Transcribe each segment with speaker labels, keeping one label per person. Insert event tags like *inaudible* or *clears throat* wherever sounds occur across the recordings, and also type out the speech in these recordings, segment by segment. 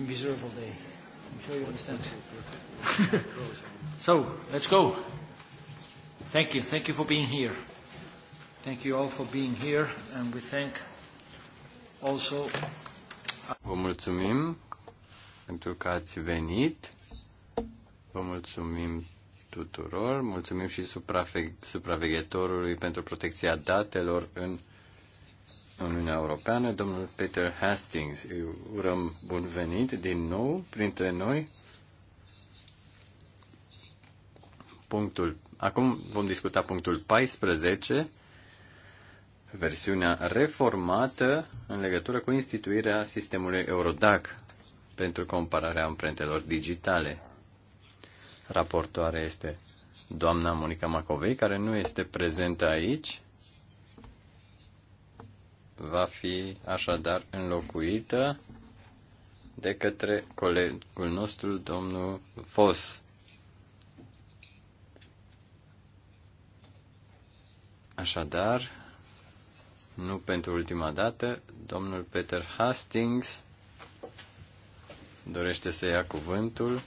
Speaker 1: miserable day. I'm sure you understand. *laughs* so, let's go. Thank you. Thank you for being here. Thank you all for being here and we thank also
Speaker 2: Vă mulțumim pentru că ați venit. Vă mulțumim tuturor. Mulțumim și supraveghetorului pentru protecția datelor în Uniunea Europeană, domnul Peter Hastings. Îi urăm bun venit din nou printre noi. Punctul. Acum vom discuta punctul 14, versiunea reformată în legătură cu instituirea sistemului Eurodac pentru compararea amprentelor digitale. Raportoare este doamna Monica Macovei, care nu este prezentă aici va fi așadar înlocuită de către colegul nostru, domnul Fos. Așadar, nu pentru ultima dată, domnul Peter Hastings dorește să ia cuvântul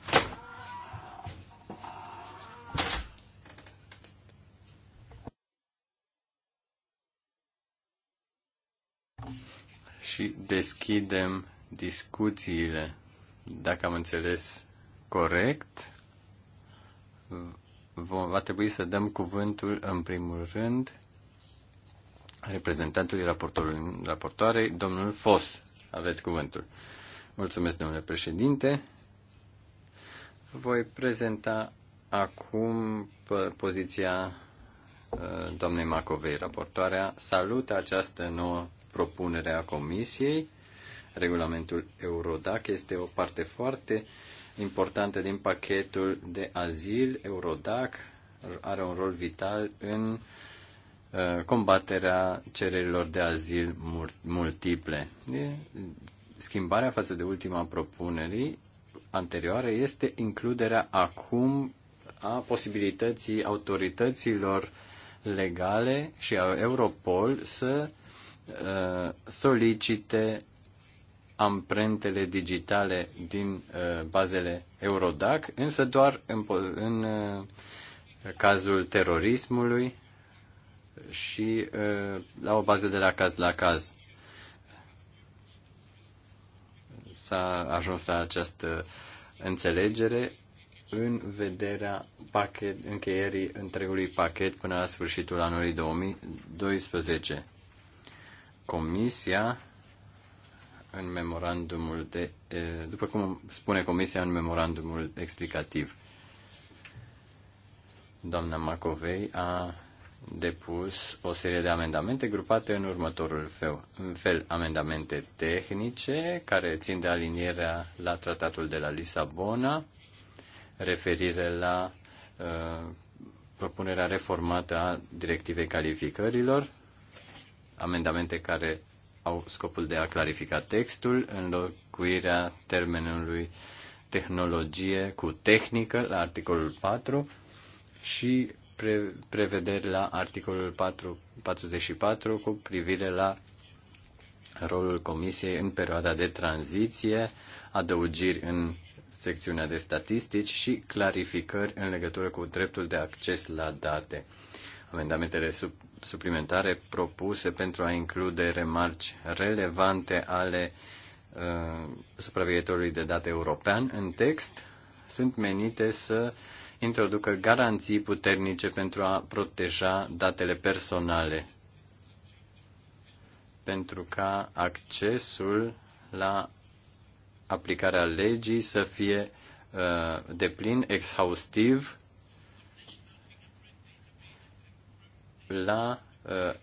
Speaker 2: și deschidem discuțiile. Dacă am înțeles corect, va trebui să dăm cuvântul în primul rând reprezentantului raportorului, raportoarei, domnul Fos. Aveți cuvântul. Mulțumesc, domnule președinte. Voi prezenta acum poziția uh, doamnei Macovei, raportoarea. Salută această nouă propunerea Comisiei. Regulamentul Eurodac este o parte foarte importantă din pachetul de azil. Eurodac are un rol vital în uh, combaterea cererilor de azil multiple. Schimbarea față de ultima propunerii anterioară este includerea acum a posibilității autorităților legale și a Europol să Uh, solicite amprentele digitale din uh, bazele Eurodac, însă doar în, în uh, cazul terorismului și la o bază de la caz la caz. S-a ajuns la această înțelegere în vederea pachet, încheierii întregului pachet până la sfârșitul anului 2012. Comisia, în memorandumul de, după cum spune Comisia în memorandumul explicativ, doamna Macovei a depus o serie de amendamente grupate în următorul fel. În fel, amendamente tehnice care țin de alinierea la tratatul de la Lisabona, referire la uh, propunerea reformată a directivei calificărilor, amendamente care au scopul de a clarifica textul, înlocuirea termenului tehnologie cu tehnică la articolul 4 și pre- prevederi la articolul 4, 44 cu privire la rolul Comisiei în perioada de tranziție, adăugiri în secțiunea de statistici și clarificări în legătură cu dreptul de acces la date. Amendamentele sub, suplimentare propuse pentru a include remarci relevante ale uh, supraveghetorului de date european în text sunt menite să introducă garanții puternice pentru a proteja datele personale, pentru ca accesul la aplicarea legii să fie uh, deplin exhaustiv la uh,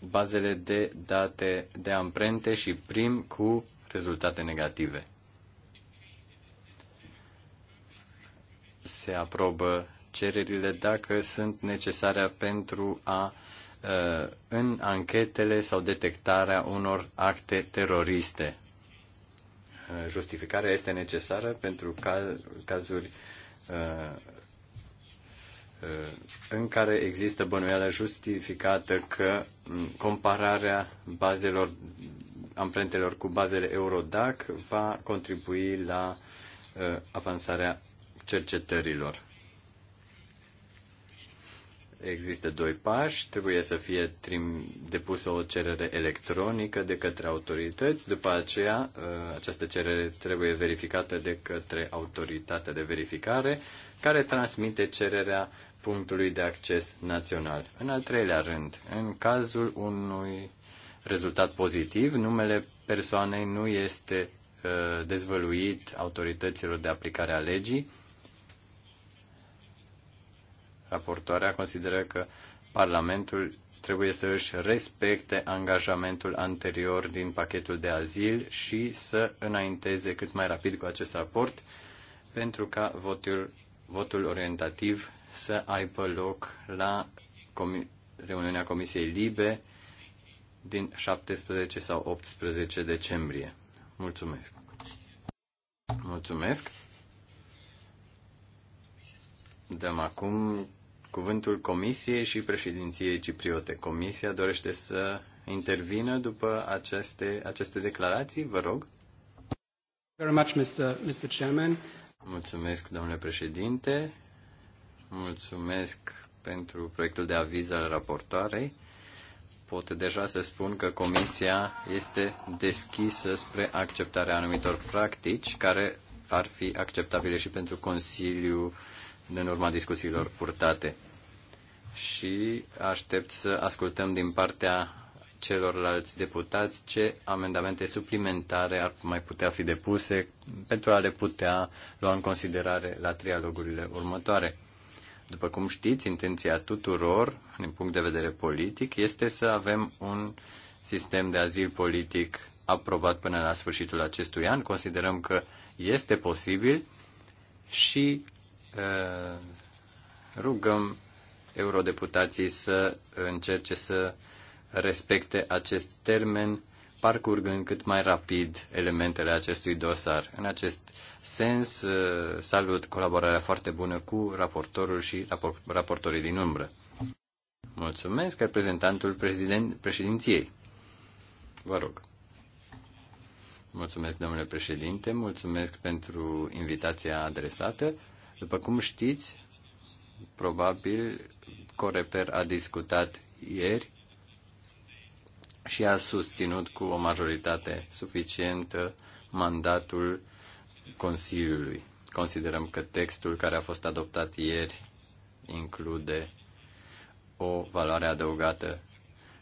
Speaker 2: bazele de date de amprente și prim cu rezultate negative. Se aprobă cererile dacă sunt necesare pentru a uh, în anchetele sau detectarea unor acte teroriste. Uh, justificarea este necesară pentru cazuri Uh, în care există bănuială justificată că compararea bazelor, amprentelor cu bazele Eurodac va contribui la uh, avansarea cercetărilor există doi pași, trebuie să fie trim, depusă o cerere electronică de către autorități, după aceea ă, această cerere trebuie verificată de către autoritatea de verificare, care transmite cererea punctului de acces național. În al treilea rând, în cazul unui rezultat pozitiv, numele persoanei nu este ă, dezvăluit autorităților de aplicare a legii, Raportoarea consideră că Parlamentul trebuie să își respecte angajamentul anterior din pachetul de azil și să înainteze cât mai rapid cu acest raport pentru ca votul, votul orientativ să aibă loc la comi- reuniunea Comisiei Libe din 17 sau 18 decembrie. Mulțumesc! Mulțumesc! Dăm acum cuvântul Comisiei și președinției cipriote. Comisia dorește să intervină după aceste, aceste declarații, vă rog.
Speaker 3: Very much, Mr. Mr. Chairman.
Speaker 2: Mulțumesc, domnule președinte. Mulțumesc pentru proiectul de aviz al raportoarei. Pot deja să spun că Comisia este deschisă spre acceptarea anumitor practici care ar fi acceptabile și pentru Consiliu în urma discuțiilor purtate. Și aștept să ascultăm din partea celorlalți deputați ce amendamente suplimentare ar mai putea fi depuse pentru a le putea lua în considerare la trialogurile următoare. După cum știți, intenția tuturor, din punct de vedere politic, este să avem un sistem de azil politic aprobat până la sfârșitul acestui an. Considerăm că este posibil și Uh, rugăm eurodeputații să încerce să respecte acest termen, parcurgând cât mai rapid elementele acestui dosar. În acest sens, uh, salut colaborarea foarte bună cu raportorul și raportorii din umbră. Mulțumesc, reprezentantul președinției. Vă rog. Mulțumesc, domnule președinte, mulțumesc pentru invitația adresată. După cum știți, probabil Coreper a discutat ieri și a susținut cu o majoritate suficientă mandatul Consiliului. Considerăm că textul care a fost adoptat ieri include o valoare adăugată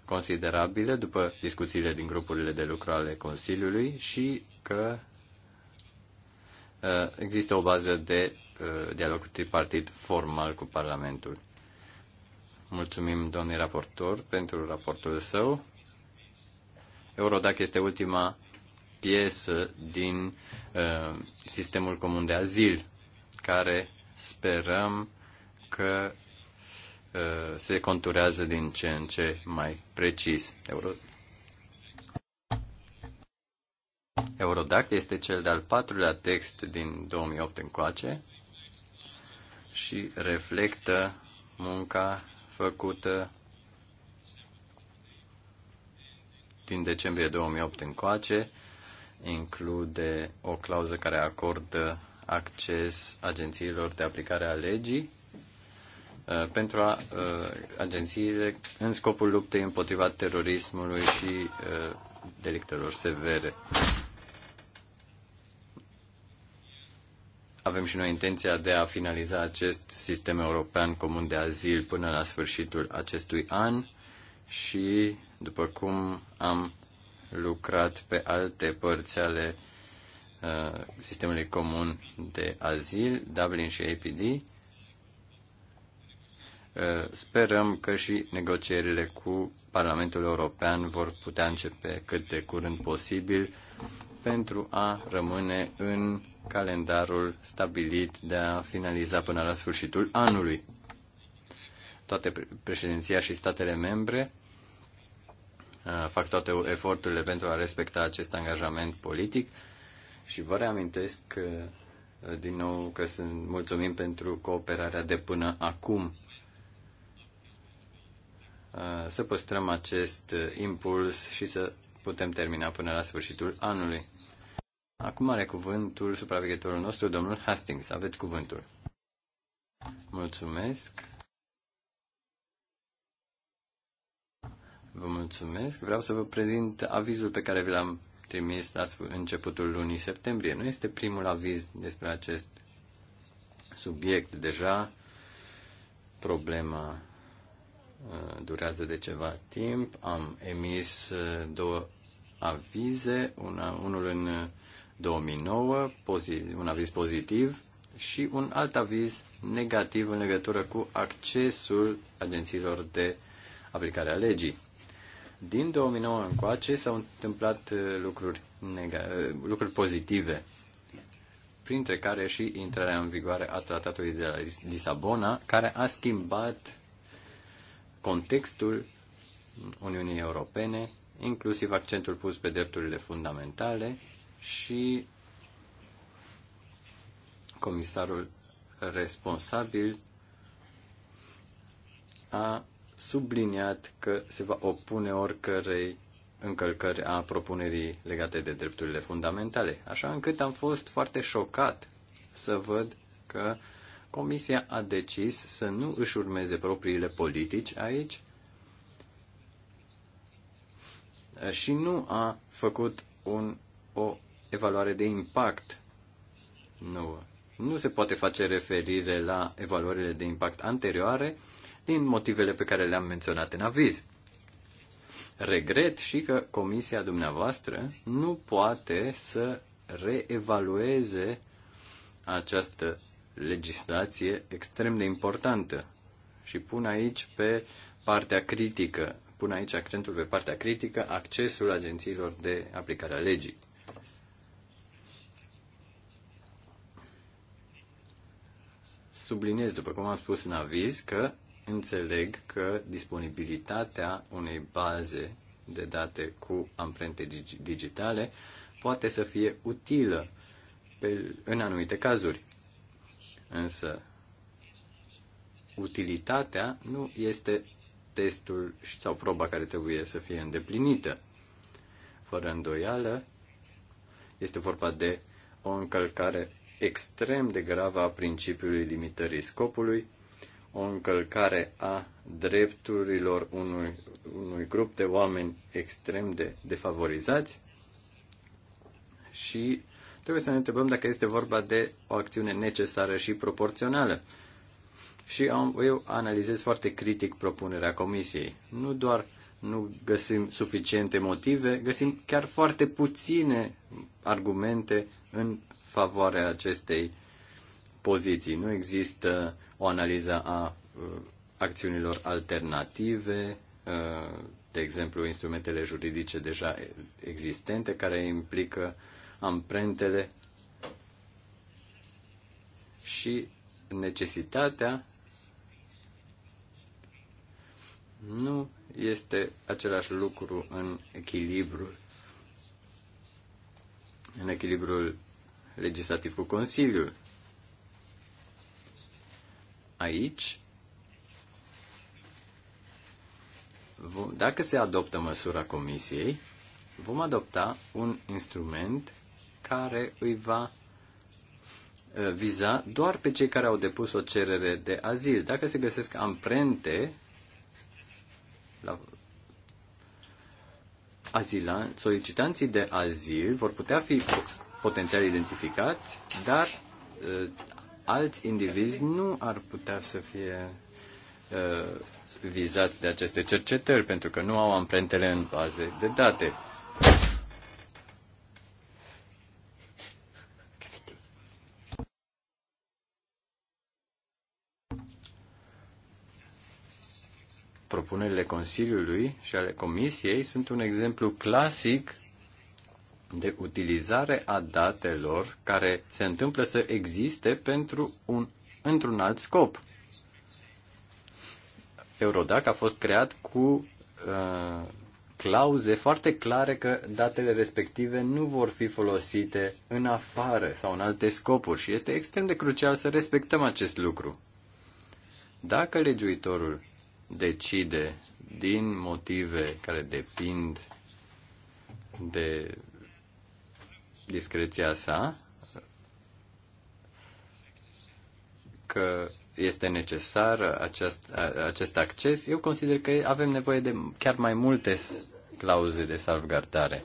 Speaker 2: considerabilă după discuțiile din grupurile de lucru ale Consiliului și că Uh, există o bază de uh, dialog tripartit formal cu Parlamentul. Mulțumim, domnului raportor, pentru raportul său. Eurodac este ultima piesă din uh, sistemul comun de azil, care sperăm că uh, se conturează din ce în ce mai precis. Euro- Eurodac este cel de-al patrulea text din 2008 încoace și reflectă munca făcută din decembrie 2008 încoace, include o clauză care acordă acces agențiilor de aplicare a legii uh, pentru a, uh, agențiile în scopul luptei împotriva terorismului și uh, delictelor severe. avem și noi intenția de a finaliza acest sistem european comun de azil până la sfârșitul acestui an și, după cum am lucrat pe alte părți ale uh, sistemului comun de azil, Dublin și APD, uh, sperăm că și negocierile cu Parlamentul European vor putea începe cât de curând posibil pentru a rămâne în calendarul stabilit de a finaliza până la sfârșitul anului. Toate președinția și statele membre fac toate eforturile pentru a respecta acest angajament politic și vă reamintesc că, din nou că sunt mulțumim pentru cooperarea de până acum. Să păstrăm acest impuls și să putem termina până la sfârșitul anului. Acum are cuvântul supraveghetorul nostru, domnul Hastings. Aveți cuvântul. Mulțumesc. Vă mulțumesc. Vreau să vă prezint avizul pe care vi l-am trimis la începutul lunii septembrie. Nu este primul aviz despre acest subiect. Deja problema Uh, durează de ceva timp. Am emis uh, două avize, una, unul în 2009, uh, un aviz pozitiv și un alt aviz negativ în legătură cu accesul agențiilor de aplicare a legii. Din 2009 încoace s-au întâmplat lucruri, nega- lucruri pozitive, printre care și intrarea în vigoare a tratatului de la Lisabona, care a schimbat contextul Uniunii Europene, inclusiv accentul pus pe drepturile fundamentale și comisarul responsabil a subliniat că se va opune oricărei încălcări a propunerii legate de drepturile fundamentale, așa încât am fost foarte șocat să văd că uh, Comisia a decis să nu își urmeze propriile politici aici și nu a făcut un, o evaluare de impact nouă. Nu se poate face referire la evaluările de impact anterioare din motivele pe care le-am menționat în aviz. Regret și că comisia dumneavoastră nu poate să reevalueze această legislație extrem de importantă și pun aici pe partea critică, pun aici accentul pe partea critică, accesul agențiilor de aplicare a legii. Subliniez, după cum am spus în aviz, că înțeleg că disponibilitatea unei baze de date cu amprente digitale poate să fie utilă pe, în anumite cazuri. Însă, utilitatea nu este testul sau proba care trebuie să fie îndeplinită. Fără îndoială, este vorba de o încălcare extrem de gravă a principiului limitării scopului, o încălcare a drepturilor unui, unui grup de oameni extrem de defavorizați și trebuie să ne întrebăm dacă este vorba de o acțiune necesară și proporțională. Și eu analizez foarte critic propunerea Comisiei. Nu doar nu găsim suficiente motive, găsim chiar foarte puține argumente în favoarea acestei poziții. Nu există o analiză a uh, acțiunilor alternative, uh, de exemplu, instrumentele juridice deja existente care implică amprentele și necesitatea nu este același lucru în echilibrul în echilibrul legislativ cu Consiliul. Aici, dacă se adoptă măsura Comisiei, vom adopta un instrument care îi va uh, viza doar pe cei care au depus o cerere de azil. Dacă se găsesc amprente la azilan, solicitanții de azil vor putea fi potențial identificați, dar uh, alți indivizi nu ar putea să fie uh, vizați de aceste cercetări pentru că nu au amprentele în baze de date. propunerile Consiliului și ale Comisiei sunt un exemplu clasic de utilizare a datelor care se întâmplă să existe pentru un, într-un alt scop. Eurodac a fost creat cu uh, clauze foarte clare că datele respective nu vor fi folosite în afară sau în alte scopuri și este extrem de crucial să respectăm acest lucru. Dacă legiuitorul decide din motive care depind de discreția sa că este necesar acest, acest acces, eu consider că avem nevoie de chiar mai multe clauze de salvgardare.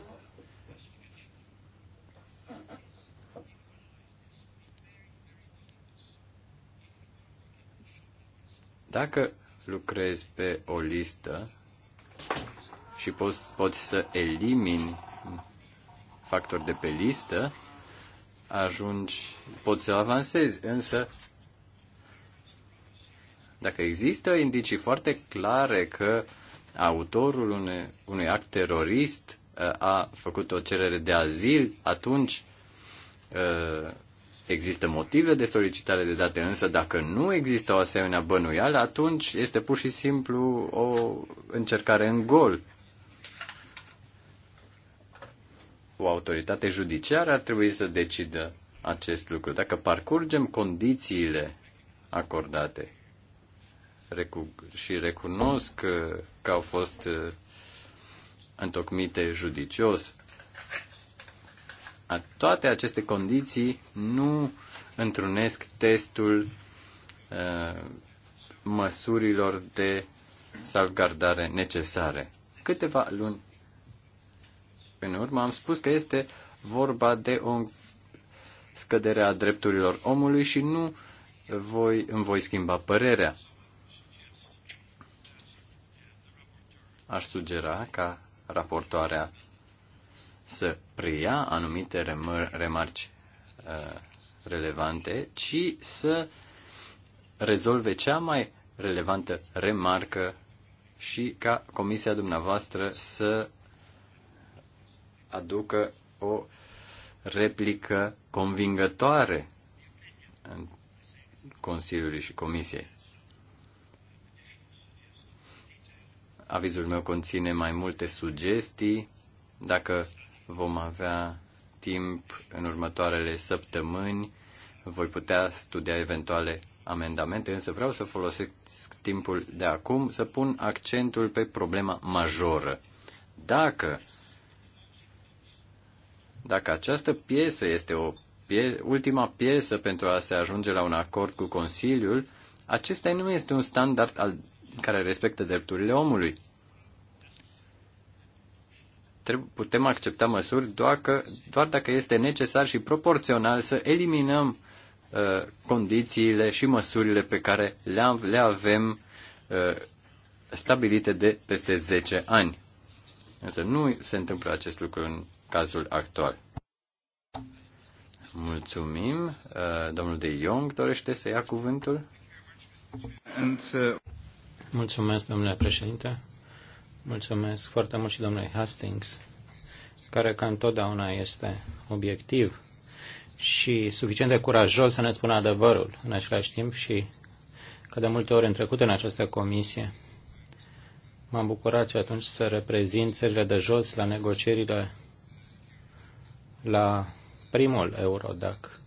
Speaker 2: Dacă lucrezi pe o listă și poți, poți să elimini factori de pe listă, ajungi, poți să avansezi, însă dacă există indicii foarte clare că autorul une, unui act terorist uh, a făcut o cerere de azil, atunci uh, Există motive de solicitare de date, însă dacă nu există o asemenea bănuială, atunci este pur și simplu o încercare în gol. O autoritate judiciară ar trebui să decidă acest lucru. Dacă parcurgem condițiile acordate și recunosc că, că au fost uh, întocmite judicios, toate aceste condiții nu întrunesc testul uh, măsurilor de salvgardare necesare. Câteva luni în urmă am spus că este vorba de o scădere a drepturilor omului și nu voi, îmi voi schimba părerea. Aș sugera ca raportoarea să preia anumite remar- remarci uh, relevante, ci să rezolve cea mai relevantă remarcă și ca comisia dumneavoastră să aducă o replică convingătoare în Consiliului și Comisiei. Avizul meu conține mai multe sugestii. Dacă Vom avea timp în următoarele săptămâni. Voi putea studia eventuale amendamente, însă vreau să folosesc timpul de acum să pun accentul pe problema majoră. Dacă, dacă această piesă este o pie, ultima piesă pentru a se ajunge la un acord cu Consiliul, acesta nu este un standard al, care respectă drepturile omului putem accepta măsuri doar, doar dacă este necesar și proporțional să eliminăm uh, condițiile și măsurile pe care le, am, le avem uh, stabilite de peste 10 ani. Însă nu se întâmplă acest lucru în cazul actual. Mulțumim. Uh, domnul de Jong dorește să ia cuvântul. Uh,
Speaker 1: Mulțumesc, domnule președinte. Mulțumesc foarte mult și domnului Hastings, care ca întotdeauna este obiectiv și suficient de curajos să ne spună adevărul în același timp și că de multe ori în trecut în această comisie m-am bucurat și atunci să reprezint țările de jos la negocierile la primul Eurodac.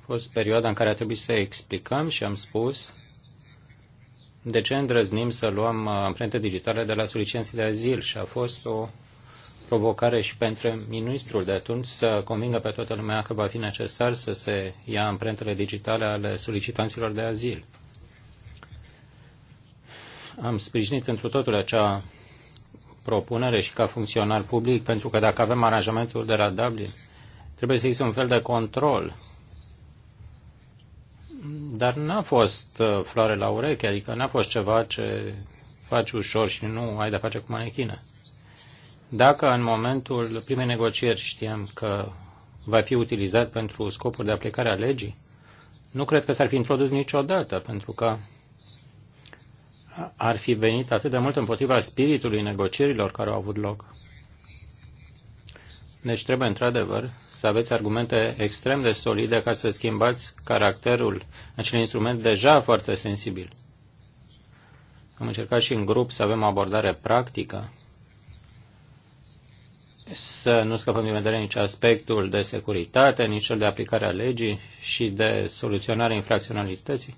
Speaker 1: A fost perioada în care a trebuit să explicăm și am spus de ce îndrăznim să luăm uh, amprente digitale de la solicitanții de azil și a fost o provocare și pentru ministrul de atunci să convingă pe toată lumea că va fi necesar să se ia amprentele digitale ale solicitanților de azil. Am sprijinit întru totul acea propunere și ca funcționar public, pentru că dacă avem aranjamentul de la Dublin, trebuie să există un fel de control dar n-a fost uh, floare la ureche, adică n-a fost ceva ce faci ușor și nu ai de-a face cu manechină. Dacă în momentul primei negocieri știam că va fi utilizat pentru scopuri de aplicare a legii, nu cred că s-ar fi introdus niciodată, pentru că ar fi venit atât de mult împotriva spiritului negocierilor care au avut loc. Deci trebuie într-adevăr să aveți argumente extrem de solide ca să schimbați caracterul acelui instrument deja foarte sensibil. Am încercat și în grup să avem o abordare practică, să nu scăpăm din vedere nici aspectul de securitate, nici cel de aplicare a legii și de soluționare infracționalității.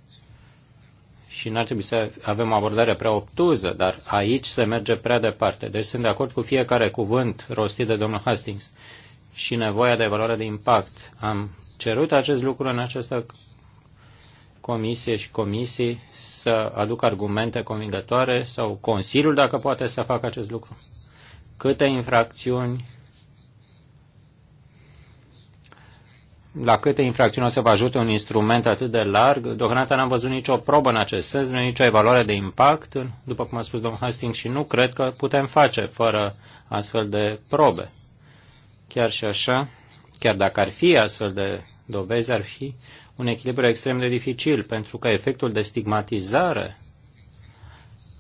Speaker 1: Și n-ar trebui să avem o abordare prea obtuză, dar aici se merge prea departe. Deci sunt de acord cu fiecare cuvânt rostit de domnul Hastings și nevoia de valoare de impact. Am cerut acest lucru în această comisie și comisii să aducă argumente convingătoare sau Consiliul, dacă poate, să facă acest lucru. Câte infracțiuni, la câte infracțiuni o să vă ajute un instrument atât de larg. Deocamdată n-am văzut nicio probă în acest sens, nu nicio evaluare de impact, după cum a spus domnul Hastings, și nu cred că putem face fără astfel de probe. Chiar și așa, chiar dacă ar fi astfel de dovezi, ar fi un echilibru extrem de dificil, pentru că efectul de stigmatizare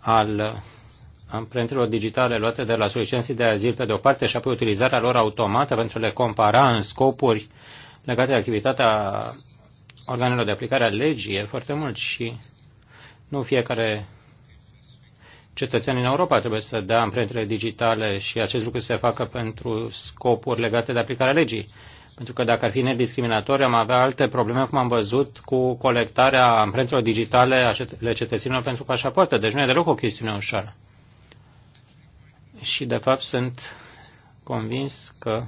Speaker 1: al amprentelor digitale luate de la solicitanții de azil pe de o parte și apoi utilizarea lor automată pentru a le compara în scopuri legate de activitatea organelor de aplicare a legii e foarte mult și nu fiecare cetățenii în Europa trebuie să dea amprentele digitale și acest lucru se facă pentru scopuri legate de aplicarea legii. Pentru că dacă ar fi nediscriminatoriu, am avea alte probleme, cum am văzut, cu colectarea amprentelor digitale ale cetățenilor pentru pașapoarte. Deci nu e deloc o chestiune ușoară. Și, de fapt, sunt convins că,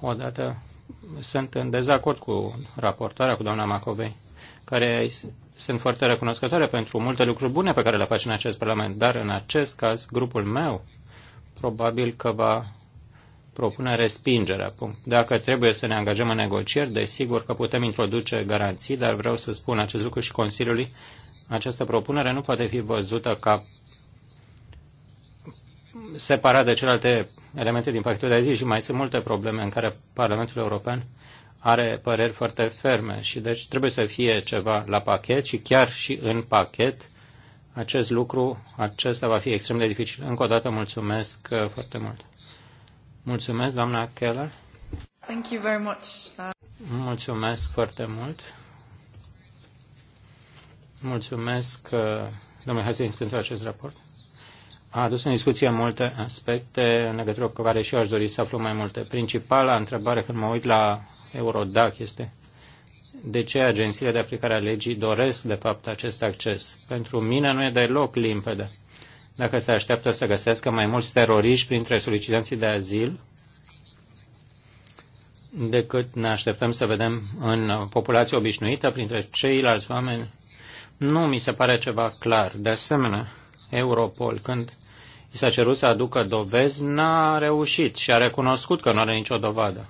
Speaker 1: odată, sunt în dezacord cu raportarea cu doamna Macovei, care sunt foarte recunoscătoare pentru multe lucruri bune pe care le face în acest Parlament, dar în acest caz, grupul meu probabil că va propune respingerea. Dacă trebuie să ne angajăm în negocieri, desigur că putem introduce garanții, dar vreau să spun acest lucru și Consiliului. Această propunere nu poate fi văzută ca separat de celelalte elemente din pachetul de zi și mai sunt multe probleme în care Parlamentul European are păreri foarte ferme și deci trebuie să fie ceva la pachet și chiar și în pachet acest lucru, acesta va fi extrem de dificil. Încă o dată mulțumesc uh, foarte mult. Mulțumesc, doamna Keller.
Speaker 3: Thank you very much. Uh,
Speaker 1: mulțumesc foarte mult. Mulțumesc, uh, domnule Hazins, pentru acest raport. A adus în discuție multe aspecte în legătură cu care și eu aș dori să aflu mai multe. Principala întrebare când mă uit la Eurodac este de ce agențiile de aplicare a legii doresc, de fapt, acest acces. Pentru mine nu e deloc limpede. Dacă se așteaptă să găsească mai mulți teroriști printre solicitanții de azil, decât ne așteptăm să vedem în populația obișnuită, printre ceilalți oameni, nu mi se pare ceva clar. De asemenea, Europol, când i s-a cerut să aducă dovezi, n-a reușit și a recunoscut că nu are nicio dovadă.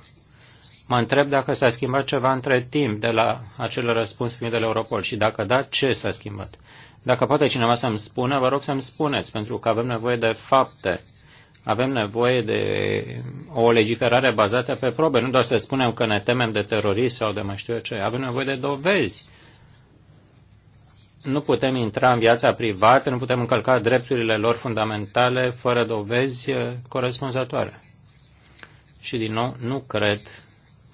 Speaker 1: Mă întreb dacă s-a schimbat ceva între timp de la acel răspuns primit de la Europol și dacă da, ce s-a schimbat? Dacă poate cineva să-mi spună, vă rog să-mi spuneți, pentru că avem nevoie de fapte. Avem nevoie de o legiferare bazată pe probe, nu doar să spunem că ne temem de terorism sau de mai știu eu ce. Avem nevoie de dovezi. Nu putem intra în viața privată, nu putem încălca drepturile lor fundamentale fără dovezi eh, corespunzătoare. Și din nou, nu cred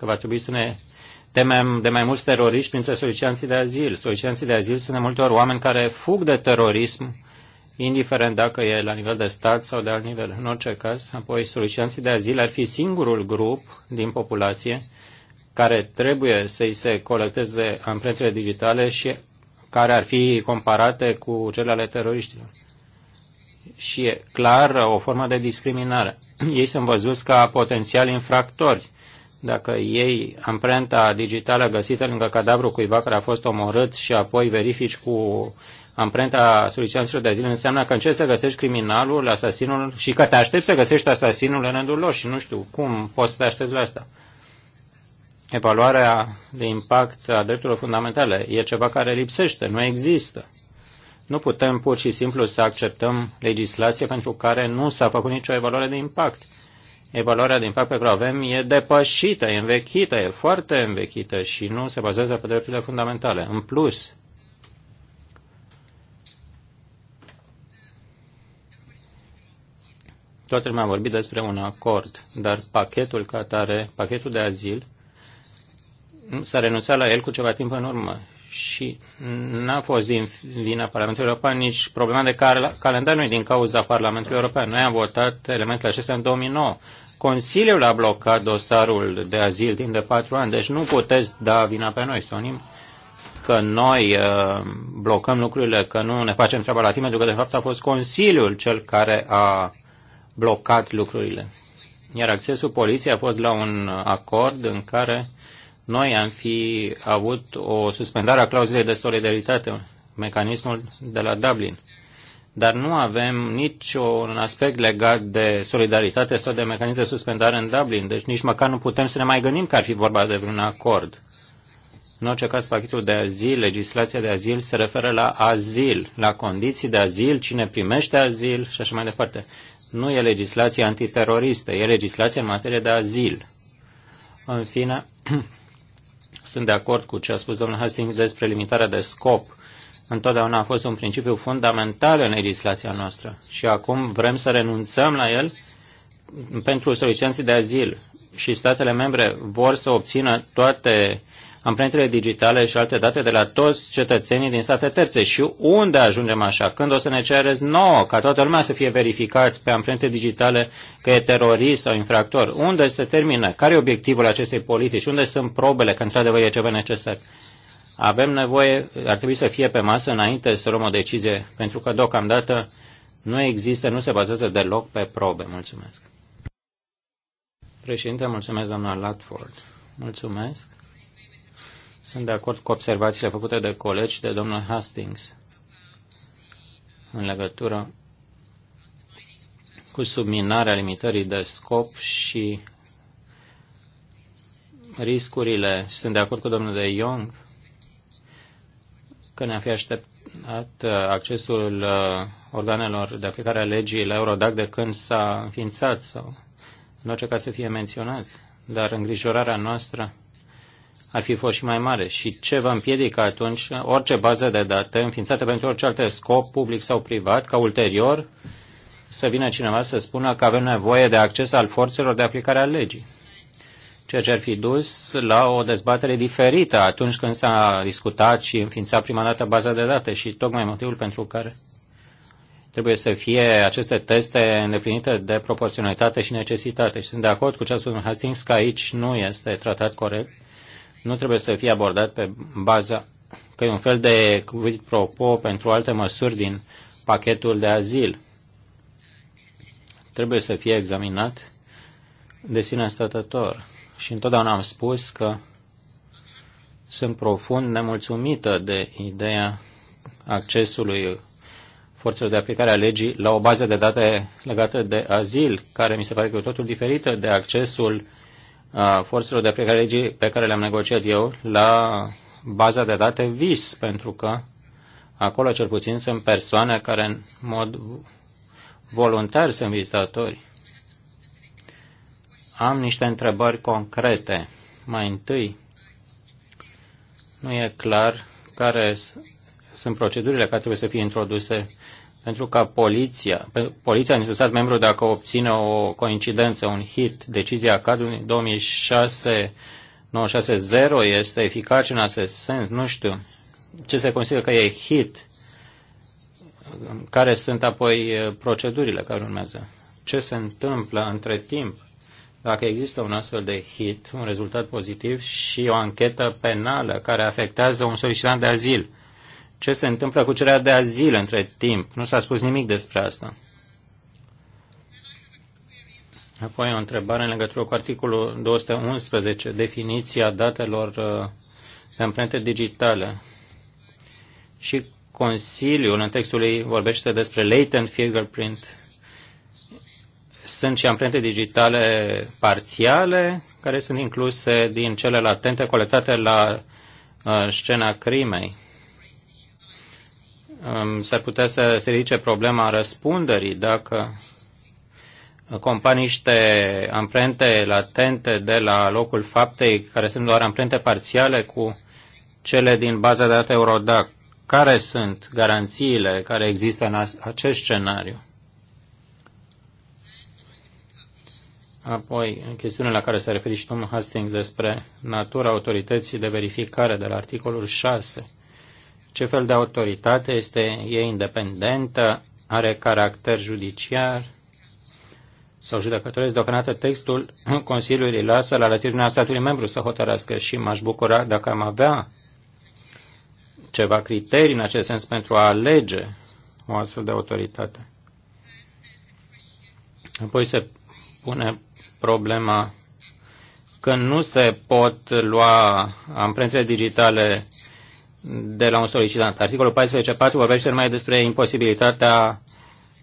Speaker 1: că va trebui să ne temem de mai mulți teroriști printre solicianții de azil. Solicianții de azil sunt de multe ori oameni care fug de terorism, indiferent dacă e la nivel de stat sau de alt nivel. În orice caz, apoi solicianții de azil ar fi singurul grup din populație care trebuie să-i se colecteze amprentele digitale și care ar fi comparate cu cele ale teroriștilor. Și e clar o formă de discriminare. *clears throat* Ei sunt văzuți ca potențiali infractori dacă iei amprenta digitală găsită lângă cadavrul cuiva care a fost omorât și apoi verifici cu amprenta solicitanților de azil, înseamnă că încerci să găsești criminalul, asasinul și că te aștepți să găsești asasinul în rândul lor și nu știu cum poți să te aștepți la asta. Evaluarea de impact a drepturilor fundamentale e ceva care lipsește, nu există. Nu putem pur și simplu să acceptăm legislație pentru care nu s-a făcut nicio evaluare de impact evaluarea de impact pe care o avem e depășită, e învechită, e foarte învechită și nu se bazează pe drepturile fundamentale. În plus, toată lumea a vorbit despre un acord, dar pachetul tare, pachetul de azil, s-a renunțat la el cu ceva timp în urmă și n-a fost din vina Parlamentului European, nici problema de cal calendar nu din cauza Parlamentului European. Noi am votat elementele acestea în 2009. Consiliul a blocat dosarul de azil timp de patru ani, deci nu puteți da vina pe noi, Sonim, că noi uh, blocăm lucrurile, că nu ne facem treaba la timp, pentru că de fapt a fost Consiliul cel care a blocat lucrurile. Iar accesul poliției a fost la un acord în care uh, noi am fi avut o suspendare a clauzei de solidaritate, mecanismul de la Dublin. Dar nu avem niciun aspect legat de solidaritate sau de mecanism de suspendare în Dublin, deci nici măcar nu putem să ne mai gândim că ar fi vorba de un acord. În orice caz, pachetul de azil, legislația de azil se referă la azil, la condiții de azil, cine primește azil și așa mai departe. Nu e legislație antiteroristă, e legislație în materie de azil. În fine, *clears throat* sunt de acord cu ce a spus domnul Hastings despre limitarea de scop. Întotdeauna a fost un principiu fundamental în legislația noastră și acum vrem să renunțăm la el pentru solicitanții de azil și statele membre vor să obțină toate uh, amprentele digitale și alte date de la toți cetățenii din state terțe. Și unde ajungem așa? Când o să ne cereți nouă ca toată lumea să fie verificat pe amprente digitale că e terorist sau infractor? Unde se termină? Care e obiectivul acestei politici? Unde sunt probele că într-adevăr e ceva necesar? Avem nevoie, ar trebui să fie pe masă înainte să luăm o decizie, pentru că deocamdată nu există, nu se bazează deloc pe probe. Mulțumesc. Președinte, mulțumesc, doamna Latford. Mulțumesc. Sunt de acord cu observațiile făcute de colegi de domnul Hastings în legătură cu subminarea limitării de scop și riscurile. Sunt de acord cu domnul de Young că ne-am fi așteptat uh, accesul uh, organelor de aplicare a legii la Eurodac de când s-a înființat sau în orice caz să fie menționat. Dar îngrijorarea noastră ar fi fost și mai mare. Și ce vă împiedică atunci orice bază de date înființată pentru orice alt scop, public sau privat, ca ulterior să vină cineva să spună că avem nevoie de acces al forțelor de aplicare a legii. Ceea ce ar fi dus la o dezbatere diferită atunci când s-a discutat și înființat prima dată baza de date și tocmai motivul pentru care trebuie să fie aceste teste îndeplinite de proporționalitate și necesitate. Și sunt de acord cu ce a spus Hastings că aici nu este tratat corect nu trebuie să fie abordat pe baza că e un fel de quid pro quo pentru alte măsuri din pachetul de azil. Trebuie să fie examinat de sine stătător. Și întotdeauna am spus că sunt profund nemulțumită de ideea accesului forțelor de aplicare a legii la o bază de date legată de azil, care mi se pare că e totul diferită de accesul uh, forțelor de legii pe care le-am negociat eu la baza de date VIS, pentru că acolo cel puțin sunt persoane care în mod voluntar sunt vizitatori. Am niște întrebări concrete. Mai întâi, nu e clar care sunt procedurile care trebuie să fie introduse pentru că poliția, poliția dintr-un stat membru, dacă obține o coincidență, un hit, decizia cadrului 2006 960 este eficace în acest sens, nu știu ce se consideră că e hit, care sunt apoi procedurile care urmează, ce se întâmplă între timp dacă există un astfel de hit, un rezultat pozitiv și o anchetă penală care afectează un solicitant de azil ce se întâmplă cu cererea de azil între timp. Nu s-a spus nimic despre asta. Apoi o întrebare în legătură cu articolul 211, definiția datelor de uh, amprente digitale. Și Consiliul în textul ei vorbește despre latent fingerprint. Sunt și amprente digitale parțiale care sunt incluse din cele latente colectate la uh, scena crimei s-ar putea să se ridice problema răspunderii dacă companii niște amprente latente de la locul faptei, care sunt doar amprente parțiale cu cele din baza de date Eurodac. Care sunt garanțiile care există în acest scenariu? Apoi, în chestiunea la care s-a referit și domnul Hastings despre natura autorității de verificare de la articolul 6 ce fel de autoritate este, e independentă, are caracter judiciar sau judecătoresc. Deocamdată textul Consiliului lasă la latitudinea statului membru să hotărască și m-aș bucura dacă am avea ceva criterii în acest sens pentru a alege o astfel de autoritate. Apoi se pune problema că nu se pot lua amprente digitale de la un solicitant. Articolul 14.4 vorbește numai despre imposibilitatea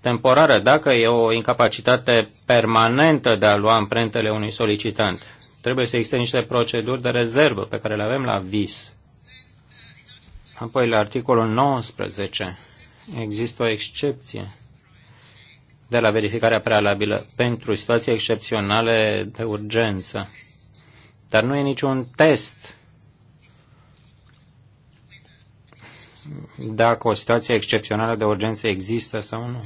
Speaker 1: temporară, dacă e o incapacitate permanentă de a lua amprentele unui solicitant. Trebuie să existe niște proceduri de rezervă pe care le avem la vis. Apoi, la articolul 19, există o excepție de la verificarea prealabilă pentru situații excepționale de urgență. Dar nu e niciun test dacă o situație excepțională de urgență există sau nu.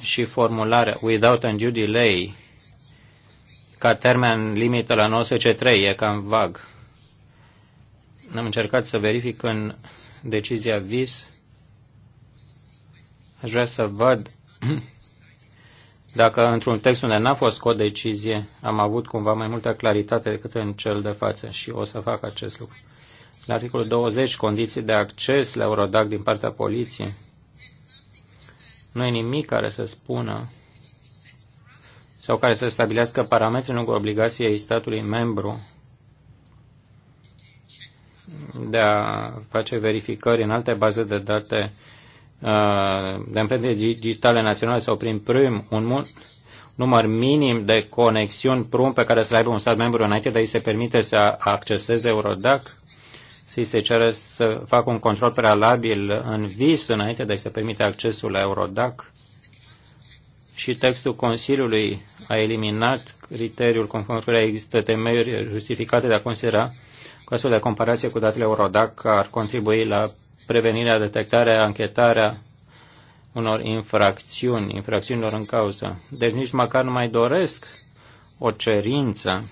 Speaker 1: Și formularea without undue delay ca termen limită la 93, e cam vag. Am încercat să verific în decizia VIS. Aș vrea să văd *clears throat* dacă într-un text unde n-a fost o decizie am avut cumva mai multă claritate decât în cel de față și o să fac acest lucru. La articolul 20, condiții de acces la Eurodac din partea poliției. Nu e nimic care să spună sau care să stabilească parametrii în obligație ai statului membru de a face verificări în alte baze de date uh, de amprente digitale naționale sau prin prim un număr minim de conexiuni prun pe care să le aibă un stat membru înainte de a-i se permite să acceseze Eurodac să se ceră să facă un control prealabil în vis înainte de a se permite accesul la Eurodac și textul Consiliului a eliminat criteriul conform căruia există temeri justificate de a considera că astfel de comparație cu datele Eurodac ar contribui la prevenirea, detectarea, anchetarea unor infracțiuni, infracțiunilor în cauză. Deci nici măcar nu mai doresc o cerință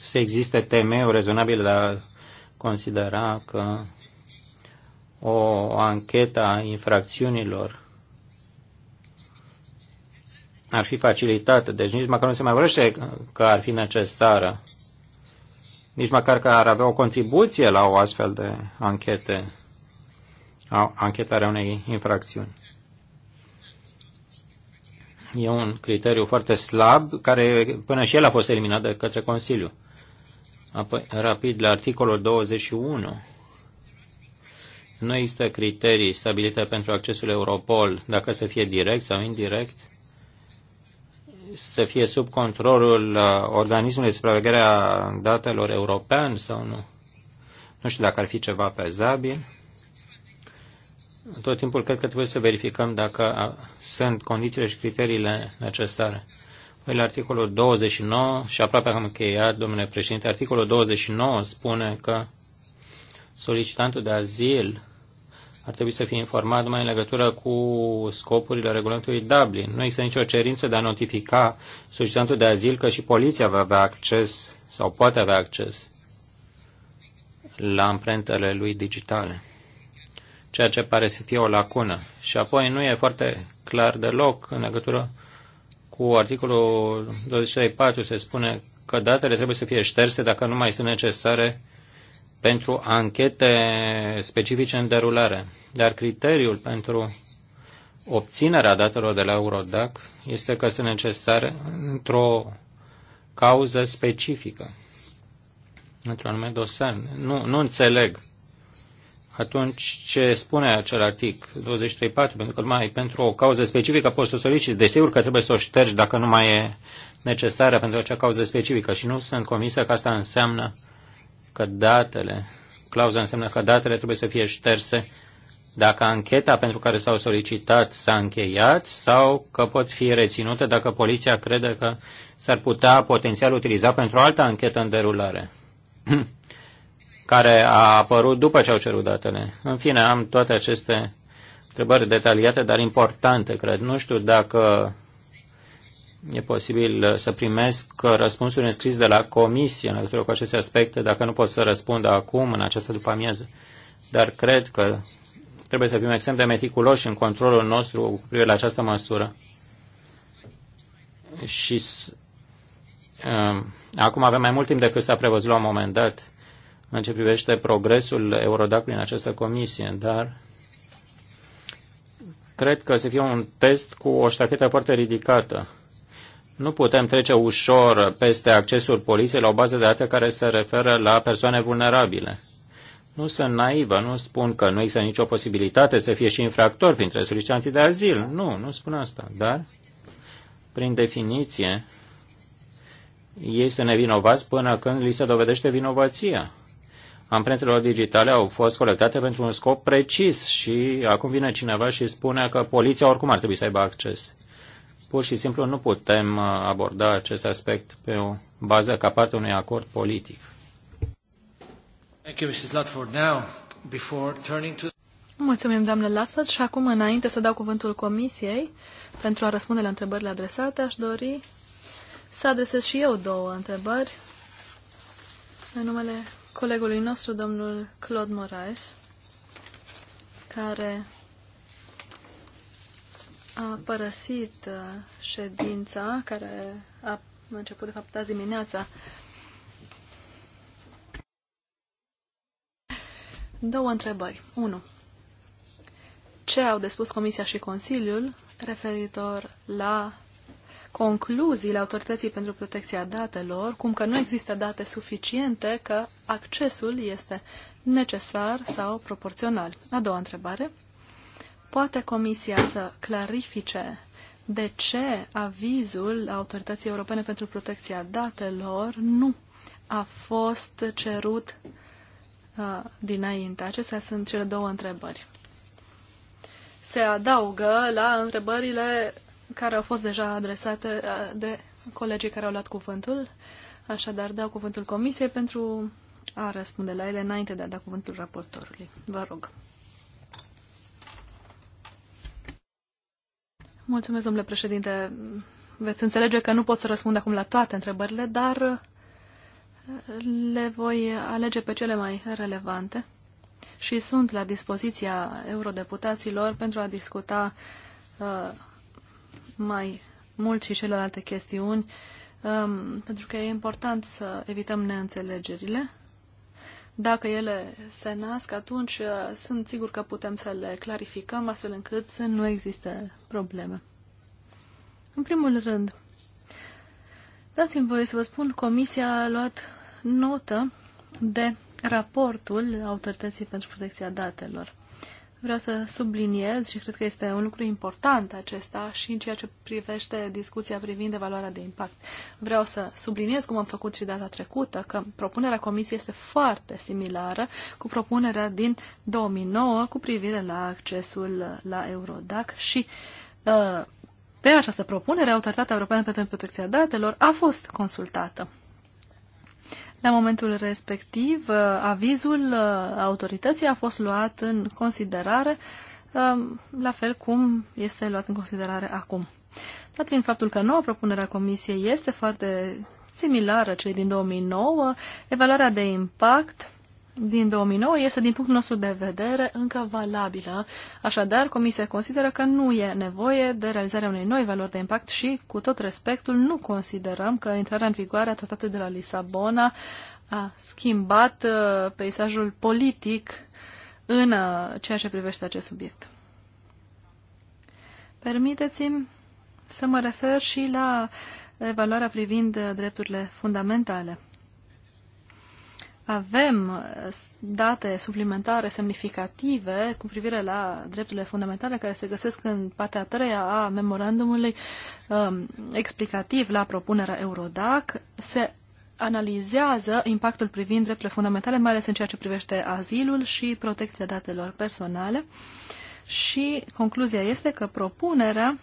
Speaker 1: să existe temeiul rezonabil la considera că o anchetă a infracțiunilor ar fi facilitată, deci nici măcar nu se mai vorbește că ar fi necesară, nici măcar că ar avea o contribuție la o astfel de anchete, anchetarea unei infracțiuni. E un criteriu foarte slab, care până și el a fost eliminat de către Consiliu. Apoi, rapid, la articolul 21, nu există criterii stabilite pentru accesul Europol, dacă să fie direct sau indirect, să fie sub controlul uh, organismului de supraveghere a datelor european sau nu. Nu știu dacă ar fi ceva fezabil. Tot timpul cred că trebuie să verificăm dacă uh, sunt condițiile și criteriile necesare. În articolul 29, și aproape am încheiat, domnule președinte, articolul 29 spune că solicitantul de azil ar trebui să fie informat mai în legătură cu scopurile regulamentului Dublin. Nu există nicio cerință de a notifica solicitantul de azil că și poliția va avea acces sau poate avea acces la amprentele lui digitale, ceea ce pare să fie o lacună. Și apoi nu e foarte clar deloc în legătură cu articolul 26.4 se spune că datele trebuie să fie șterse dacă nu mai sunt necesare pentru anchete specifice în derulare. Dar criteriul pentru obținerea datelor de la Eurodac este că sunt necesare într-o cauză specifică, într-un anume dosar. Nu, nu înțeleg atunci ce spune acel artic 23.4, pentru că mai pentru o cauză specifică poți să o soliciți. Desigur că trebuie să o ștergi dacă nu mai e necesară pentru acea cauză specifică și nu sunt convinsă că asta înseamnă că datele, clauza înseamnă că datele trebuie să fie șterse dacă ancheta pentru care s-au solicitat s-a încheiat sau că pot fi reținute dacă poliția crede că s-ar putea potențial utiliza pentru o altă anchetă în derulare. *clears throat* care a apărut după ce au cerut datele. În fine, am toate aceste întrebări detaliate, dar importante, cred. Nu știu dacă e posibil să primesc răspunsuri înscris de la comisie în legătură cu aceste aspecte, dacă nu pot să răspund acum, în această după amiază. Dar cred că trebuie să fim extrem de meticuloși în controlul nostru cu privire la această măsură. Și uh, acum avem mai mult timp decât s-a prevăzut la un moment dat în ce privește progresul Eurodac prin această comisie, dar cred că o să fie un test cu o ștachetă foarte ridicată. Nu putem trece ușor peste accesul poliției la o bază de date care se referă la persoane vulnerabile. Nu sunt naivă, nu spun că nu există nicio posibilitate să fie și infractor printre solicitanții de azil. Nu, nu spun asta. Dar, prin definiție, ei sunt nevinovați până când li se dovedește vinovăția amprentelor digitale au fost colectate pentru un scop precis și acum vine cineva și spune că poliția oricum ar trebui să aibă acces. Pur și simplu nu putem uh, aborda acest aspect pe o bază ca parte unui acord politic. Thank you, Mrs. Now, before turning to...
Speaker 4: Mulțumim, doamnă Latford. Și acum, înainte să dau cuvântul Comisiei pentru a răspunde la întrebările adresate, aș dori să adresez și eu două întrebări în numele colegului nostru, domnul Claude Moraes, care a părăsit uh, ședința, care a început, de fapt, azi dimineața. Două întrebări. Unu. Ce au de spus Comisia și Consiliul referitor la concluziile Autorității pentru Protecția Datelor, cum că nu există date suficiente, că accesul este necesar sau proporțional. A doua întrebare. Poate Comisia să clarifice de ce avizul Autorității Europene pentru Protecția Datelor nu a fost cerut uh, dinainte? Acestea sunt cele două întrebări. Se adaugă la întrebările care au fost deja adresate de colegii care au luat cuvântul. Așadar, dau cuvântul Comisiei pentru a răspunde la ele înainte de a da cuvântul raportorului. Vă rog. Mulțumesc, domnule președinte. Veți înțelege că nu pot să răspund acum la toate întrebările, dar le voi alege pe cele mai relevante și sunt la dispoziția eurodeputaților pentru a discuta uh, mai mult și celelalte chestiuni, um, pentru că e important să evităm neînțelegerile. Dacă ele se nasc, atunci uh, sunt sigur că putem să le clarificăm astfel încât să nu existe probleme. În primul rând, dați-mi voie să vă spun, Comisia a luat notă de raportul Autorității pentru Protecția Datelor. Vreau să subliniez și cred că este un lucru important acesta și în ceea ce privește discuția privind evaluarea de impact. Vreau să subliniez, cum am făcut și data trecută, că propunerea Comisiei este foarte similară cu propunerea din 2009 cu privire la accesul la Eurodac și uh, pe această propunere, Autoritatea Europeană pentru Protecția Datelor a fost consultată. La momentul respectiv, uh, avizul uh, autorității a fost luat în considerare, uh, la fel cum este luat în considerare acum. Dat fiind faptul că noua propunere a Comisiei este foarte similară celei din 2009, evaluarea de impact din 2009 este, din punctul nostru de vedere, încă valabilă. Așadar, Comisia consideră că nu e nevoie de realizarea unei noi valori de impact și, cu tot respectul, nu considerăm că intrarea în vigoare a tratatului de la Lisabona a schimbat uh, peisajul politic în uh, ceea ce privește acest subiect. Permiteți-mi să mă refer și la evaluarea privind uh, drepturile fundamentale avem uh, date suplimentare semnificative cu privire la drepturile fundamentale care se găsesc în partea a treia a memorandumului um, explicativ la propunerea Eurodac. Se analizează impactul privind drepturile fundamentale, mai ales în ceea ce privește azilul și protecția datelor personale. Și concluzia este că propunerea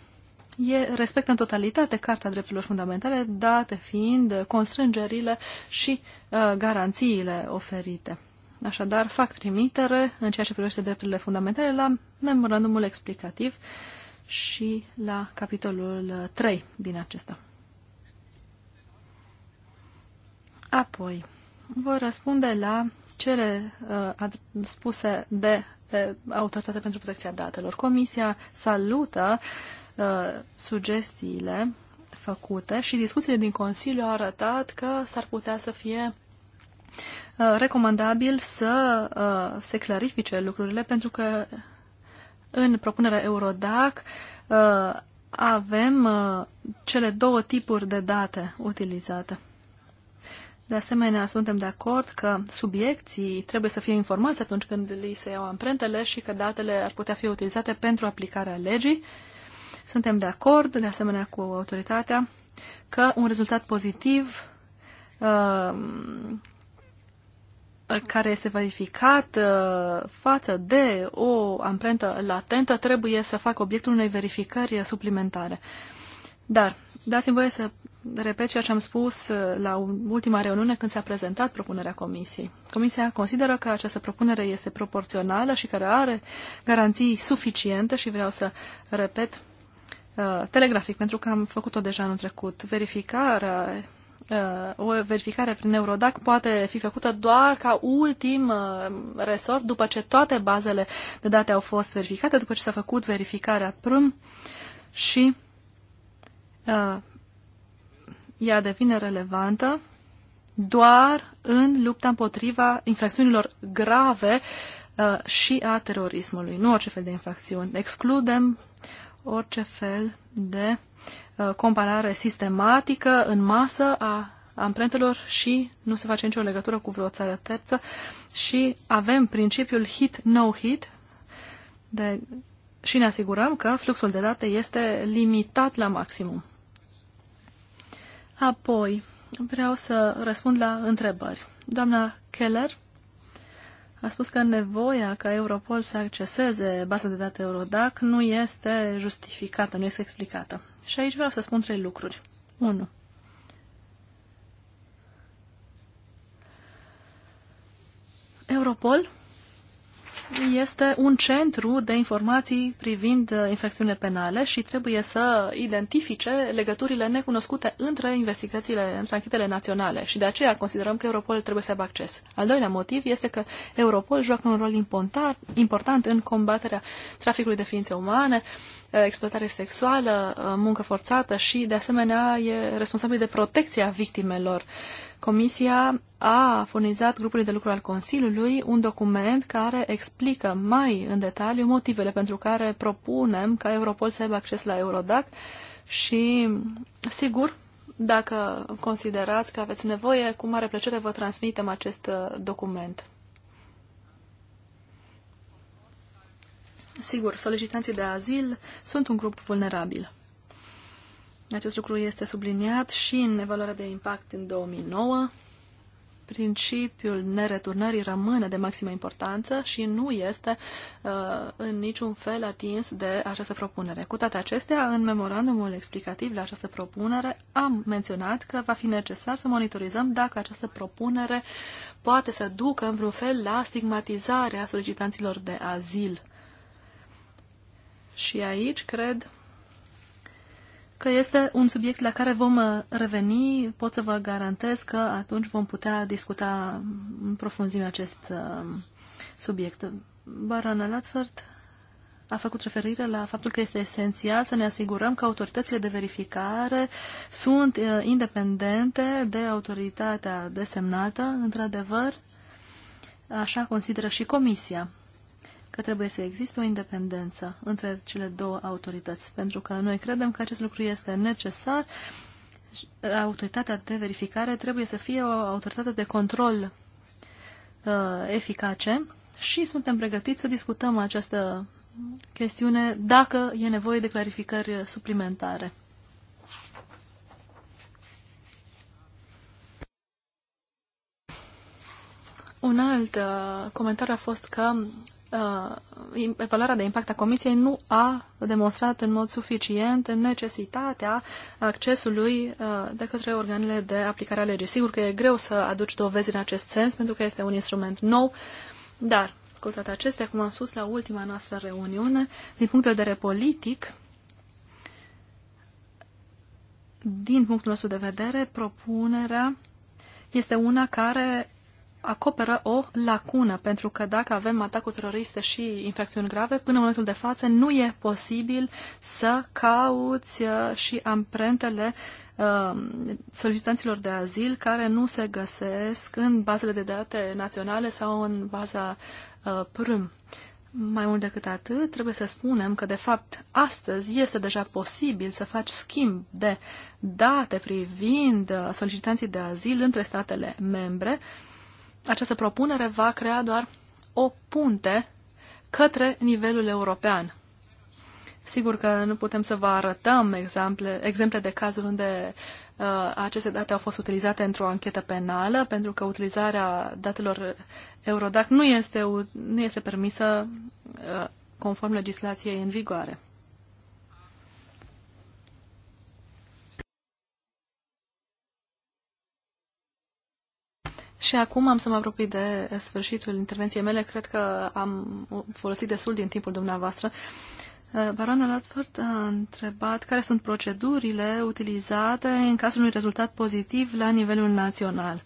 Speaker 4: e, respectă în totalitate Carta Drepturilor Fundamentale, date fiind constrângerile și uh, garanțiile oferite. Așadar, fac trimitere în ceea ce privește drepturile fundamentale la memorandumul explicativ și la capitolul 3 uh, din acesta. Apoi, voi răspunde la cele uh, spuse de uh, Autoritatea pentru Protecția Datelor. Comisia salută Uh, sugestiile făcute și discuțiile din Consiliu au arătat că s-ar putea să fie uh, recomandabil să uh, se clarifice lucrurile pentru că în propunerea Eurodac avem cele două tipuri de date utilizate. De asemenea, suntem de acord că subiecții trebuie să fie informați atunci când li se iau amprentele și că datele ar putea fi utilizate pentru aplicarea legii. Uh, suntem de acord, de asemenea, cu autoritatea că un rezultat pozitiv uh, care este verificat uh, față de o amprentă latentă trebuie să facă obiectul unei verificări suplimentare. Dar dați-mi voie să repet ceea ce am spus uh, la ultima reuniune când s-a prezentat propunerea comisiei. Comisia consideră că această propunere este proporțională și care are garanții suficiente și vreau să repet Uh, telegrafic, pentru că am făcut-o deja anul trecut. Verificarea, uh, o verificare prin Eurodac poate fi făcută doar ca ultim uh, resort, după ce toate bazele de date au fost verificate, după ce s-a făcut verificarea prâm și uh, ea devine relevantă doar în lupta împotriva infracțiunilor grave uh, și a terorismului, nu orice fel de infracțiuni. Excludem orice fel de uh, comparare sistematică în masă a amprentelor și nu se face nicio legătură cu vreo țară terță și avem principiul hit-no-hit de, și ne asigurăm că fluxul de date este limitat la maximum. Apoi, vreau să răspund la întrebări. Doamna Keller a spus că nevoia ca Europol să acceseze baza de date Eurodac nu este justificată, nu este explicată. Și aici vreau să spun trei lucruri. 1. Europol este un centru de informații privind uh, infracțiunile penale și trebuie să identifice legăturile necunoscute între investigațiile, între anchetele naționale și de aceea considerăm că Europol trebuie să aibă acces. Al doilea motiv este că Europol joacă un rol important în combaterea traficului de ființe umane, uh, exploatare sexuală, uh, muncă forțată și, de asemenea, e responsabil de protecția victimelor Comisia a furnizat grupului de lucru al Consiliului un document care explică mai în detaliu motivele pentru care propunem ca Europol să aibă acces la Eurodac și, sigur, dacă considerați că aveți nevoie, cu mare plăcere vă transmitem acest uh, document. Sigur, solicitanții de azil sunt un grup vulnerabil. Acest lucru este subliniat și în evaluarea de impact în 2009. Principiul nereturnării rămâne de maximă importanță și nu este uh, în niciun fel atins de această propunere. Cu toate acestea, în memorandumul explicativ la această propunere am menționat că va fi necesar să monitorizăm dacă această propunere poate să ducă în vreun fel la stigmatizarea solicitanților de azil. Și aici cred că este un subiect la care vom uh, reveni. Pot să vă garantez că atunci vom putea discuta în profunzime acest uh, subiect. Barana Latford a făcut referire la faptul că este esențial să ne asigurăm că autoritățile de verificare sunt uh, independente de autoritatea desemnată, într-adevăr, așa consideră și Comisia că trebuie să existe o independență între cele două autorități, pentru că noi credem că acest lucru este necesar. Autoritatea de verificare trebuie să fie o autoritate de control uh, eficace și suntem pregătiți să discutăm această chestiune dacă e nevoie de clarificări suplimentare. Un alt uh, comentariu a fost că uh, evaluarea de impact a Comisiei nu a demonstrat în mod suficient necesitatea accesului uh, de către organele de aplicare a legii. Sigur că e greu să aduci dovezi în acest sens, pentru că este un instrument nou, dar, cu toate acestea, cum am spus la ultima noastră reuniune, din punct de vedere politic, din punctul nostru de vedere, propunerea este una care acoperă o lacună, pentru că dacă avem atacuri teroriste și infracțiuni grave, până în momentul de față nu e posibil să cauți uh, și amprentele uh, solicitanților de azil care nu se găsesc în bazele de date naționale sau în baza uh, PRM. Mai mult decât atât, trebuie să spunem că, de fapt, astăzi este deja posibil să faci schimb de date privind solicitanții de azil între statele membre, uh, această propunere va crea doar o punte către nivelul european. Sigur că nu putem să vă arătăm exemple, exemple de cazuri unde uh, aceste date au fost utilizate într-o anchetă penală, pentru că utilizarea datelor Eurodac nu este, nu este permisă uh, conform legislației în vigoare. Și acum am să mă apropii de sfârșitul intervenției mele. Cred că am folosit destul din timpul dumneavoastră. Uh, Barona Radford a întrebat care sunt procedurile utilizate în cazul unui rezultat pozitiv la nivelul național.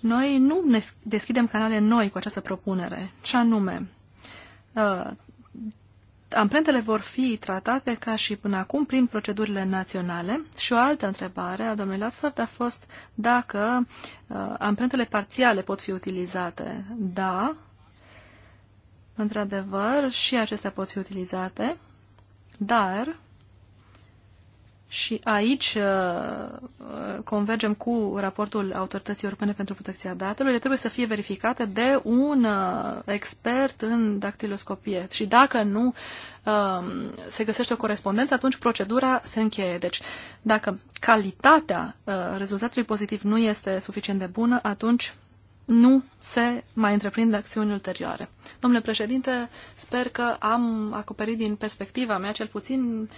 Speaker 4: Noi nu ne deschidem canale noi cu această propunere, și anume uh, amprentele vor fi tratate ca și până acum prin procedurile naționale și o altă întrebare a domnului Lasford a fost dacă uh, amprentele parțiale pot fi utilizate. Da, într-adevăr, și acestea pot fi utilizate, dar și aici uh, uh, convergem cu raportul Autorității Europene pentru Protecția Datelor. Ele trebuie să fie verificate de un uh, expert în dactiloscopie. Și dacă nu um, se găsește o corespondență, atunci procedura se încheie. Deci, dacă calitatea rezultatului pozitiv nu este suficient de bună, atunci nu se mai întreprind acțiuni ulterioare. Domnule președinte, sper că am acoperit din perspectiva mea cel puțin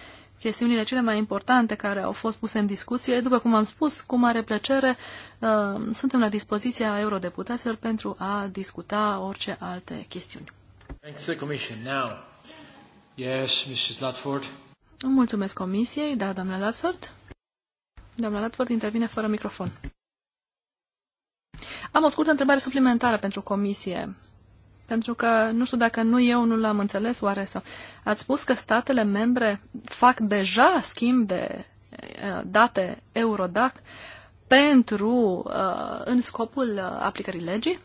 Speaker 4: chestiunile cele mai importante care au fost puse în discuție. După cum am spus, cu mare plăcere, uh, suntem la dispoziția eurodeputaților pentru a discuta orice alte chestiuni. Uh, mulțumesc comisiei. Da, doamna Latford. Doamna Latford intervine fără microfon. Am o scurtă întrebare suplimentară pentru comisie. Pentru că nu știu dacă nu eu nu l-am înțeles oare sau. Ați spus că statele membre fac deja schimb de eh, date Eurodac pentru, eh, în scopul eh, aplicării legii?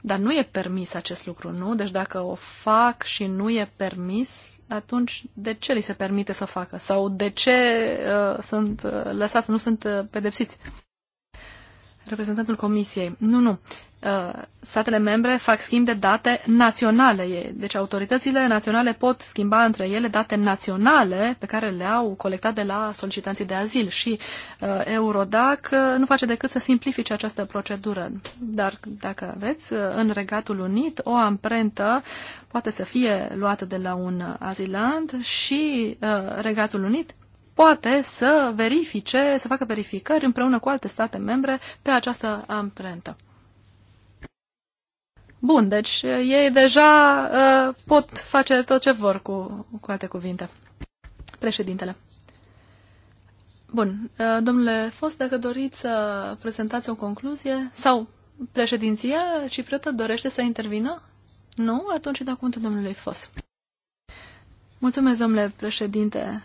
Speaker 4: Dar nu e permis acest lucru, nu? Deci dacă o fac și nu e permis, atunci de ce li se permite să o facă? Sau de ce uh, sunt uh, lăsați, nu sunt uh, pedepsiți? Reprezentantul comisiei. Nu, nu. Uh, statele membre fac schimb de date naționale. Deci autoritățile naționale pot schimba între ele date naționale pe care le-au colectat de la solicitanții de azil și uh, Eurodac uh, nu face decât să simplifice această procedură. Dar dacă veți, uh, în Regatul Unit, o amprentă poate să fie luată de la un azilant și uh, Regatul Unit poate să verifice, să facă verificări împreună cu alte state membre pe această amprentă. Bun, deci eh, ei deja uh, pot face tot ce vor cu, cu alte cuvinte. Președintele. Bun, uh, domnule Fost, dacă doriți să prezentați o concluzie sau președinția cipriotă dorește să intervină? Nu? Atunci da cuvântul domnului fost. Mulțumesc, domnule președinte.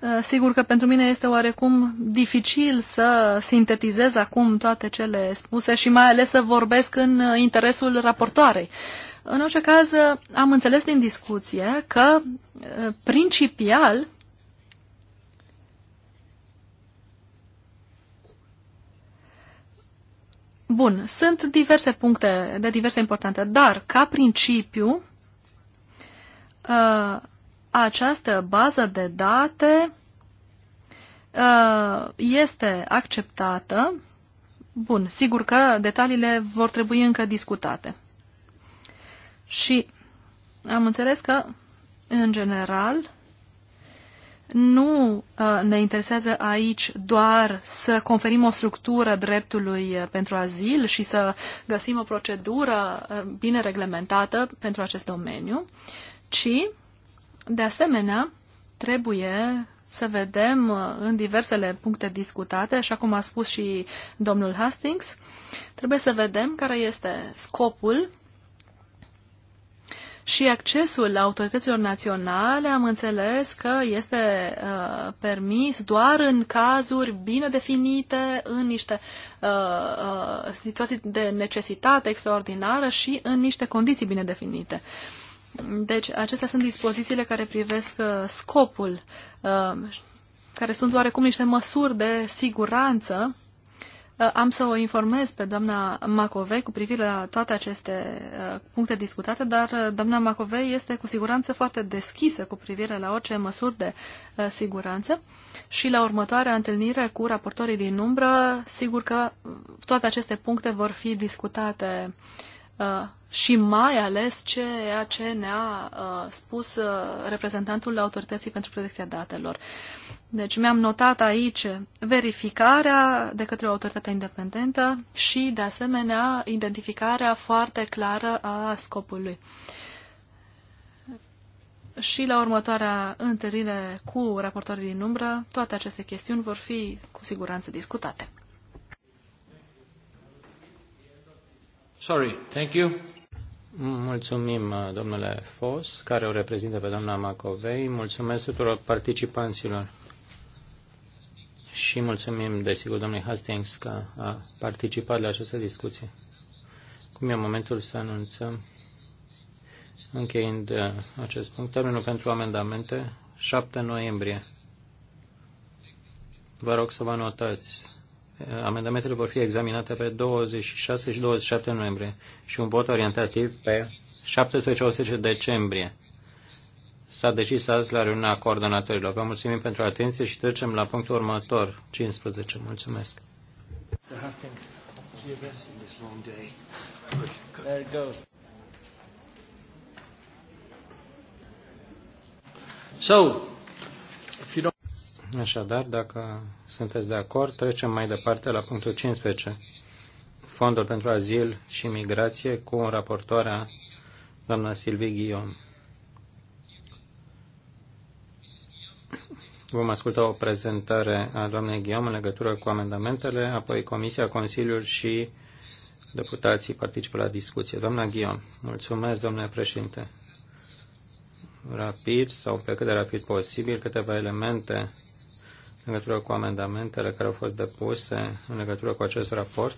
Speaker 4: Eh, sigur că pentru mine este oarecum dificil să sintetizez acum toate cele spuse și mai ales să vorbesc în eh, interesul raportoarei. În orice caz, eh, am înțeles din discuție că principial Bun, sunt diverse puncte de diverse importante, dar ca principiu această bază de date uh, este acceptată. Bun, sigur că detaliile vor trebui încă discutate. Și am înțeles că, în general, nu uh, ne interesează aici doar să conferim o structură dreptului uh, pentru azil și să găsim o procedură bine reglementată pentru acest domeniu, ci de asemenea, trebuie să vedem uh, în diversele puncte discutate, așa cum a spus și domnul Hastings, trebuie să vedem care este scopul și accesul autorităților naționale, am înțeles că este uh, permis doar în cazuri bine definite, în niște uh, uh, situații de necesitate extraordinară și în niște condiții bine definite. Deci, acestea sunt dispozițiile care privesc uh, scopul, uh, care sunt oarecum niște măsuri de siguranță. Uh, am să o informez pe doamna Macovei cu privire la toate aceste puncte discutate, dar doamna Macovei este cu siguranță foarte deschisă cu privire la orice măsuri de siguranță și la următoarea întâlnire cu raportorii din umbră, sigur că toate aceste puncte vor fi discutate uh, Uh, și mai ales ceea ce ne-a uh, spus uh, reprezentantul Autorității pentru Protecția Datelor. Deci mi-am notat aici verificarea de către o autoritate independentă și, de asemenea, identificarea foarte clară a scopului. Și la următoarea întâlnire cu raportorii din umbră, toate aceste chestiuni vor fi cu siguranță discutate.
Speaker 1: Sorry, thank you. Mulțumim, domnule Fos, care o reprezintă pe doamna Macovei. Mulțumesc tuturor participanților și mulțumim, desigur, domnului Hastings că a participat la această discuție. Cum e momentul să anunțăm, încheind uh, acest punct, termenul pentru amendamente, 7 noiembrie. Vă rog să vă notați Amendamentele vor fi examinate pe 26 și 27 noiembrie și un vot orientativ pe 17-18 decembrie. S-a decis azi la reuniunea coordonatorilor. Vă mulțumim pentru atenție și trecem la punctul următor, 15. Mulțumesc. So, Așadar, dacă sunteți de acord, trecem mai departe la punctul 15. Fondul pentru azil și migrație cu raportoarea doamna Silvie Ghion. Vom asculta o prezentare a doamnei Ghion în legătură cu amendamentele, apoi Comisia, Consiliul și deputații participă la discuție. Doamna Ghion, mulțumesc, domnule președinte. Rapid sau pe cât de rapid posibil, câteva elemente în legătură cu amendamentele care au fost depuse în legătură cu acest raport.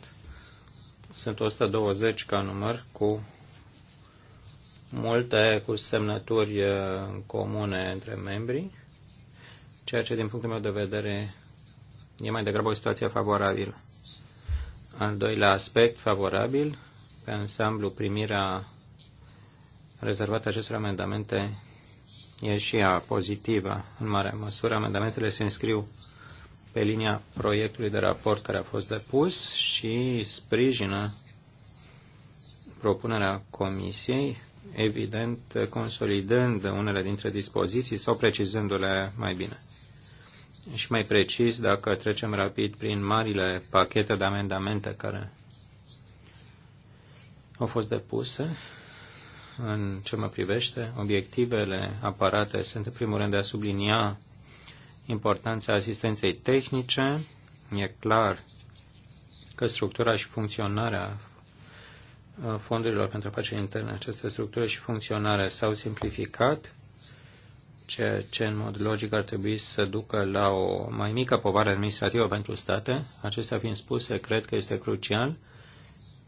Speaker 1: Sunt 120 ca număr cu multe cu semnături uh, comune între membrii, ceea ce din punctul meu de vedere e mai degrabă o situație favorabilă. Al doilea aspect favorabil, pe ansamblu primirea rezervată acestor amendamente e și ea pozitivă. În mare măsură, amendamentele se înscriu pe linia proiectului de raport care a fost depus și sprijină propunerea Comisiei, evident consolidând unele dintre dispoziții sau precizându-le mai bine. Și mai precis, dacă trecem rapid prin marile pachete de amendamente care au fost depuse, în ce mă privește, obiectivele aparate sunt în primul rând de a sublinia importanța asistenței tehnice. E clar că structura și funcționarea uh, fondurilor pentru pace interne, această structură și funcționare s-au simplificat, ceea ce în mod logic ar trebui să ducă la o mai mică povară administrativă pentru state. Acestea fiind spuse, cred că este crucial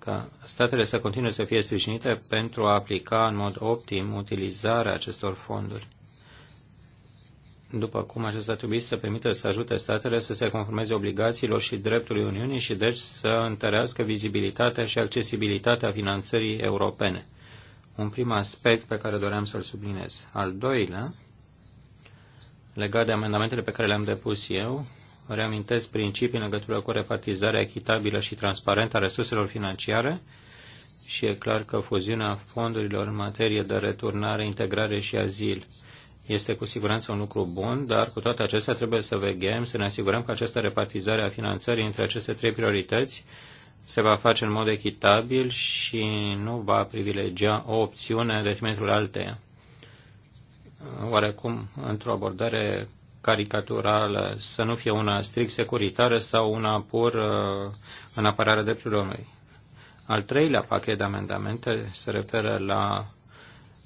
Speaker 1: ca statele să continue să fie sprijinite pentru a aplica în mod optim utilizarea acestor fonduri. După cum acesta trebuie să permită să ajute statele să se conformeze obligațiilor și dreptului Uniunii și deci să întărească vizibilitatea și accesibilitatea finanțării europene. Un prim aspect pe care doream să-l subliniez. Al doilea, legat de amendamentele pe care le-am depus eu, reamintesc principii în legătură cu repartizarea echitabilă și transparentă a resurselor financiare și e clar că fuziunea fondurilor în materie de returnare, integrare și azil este cu siguranță un lucru bun, dar cu toate acestea trebuie să veghem, să ne asigurăm că această repartizare a finanțării între aceste trei priorități se va face în mod echitabil și nu va privilegia o opțiune în detrimentul alteia. Oarecum, într-o abordare caricaturală, să nu fie una strict securitară sau una pur uh, în apărarea drepturilor omului. Al treilea pachet de amendamente se referă la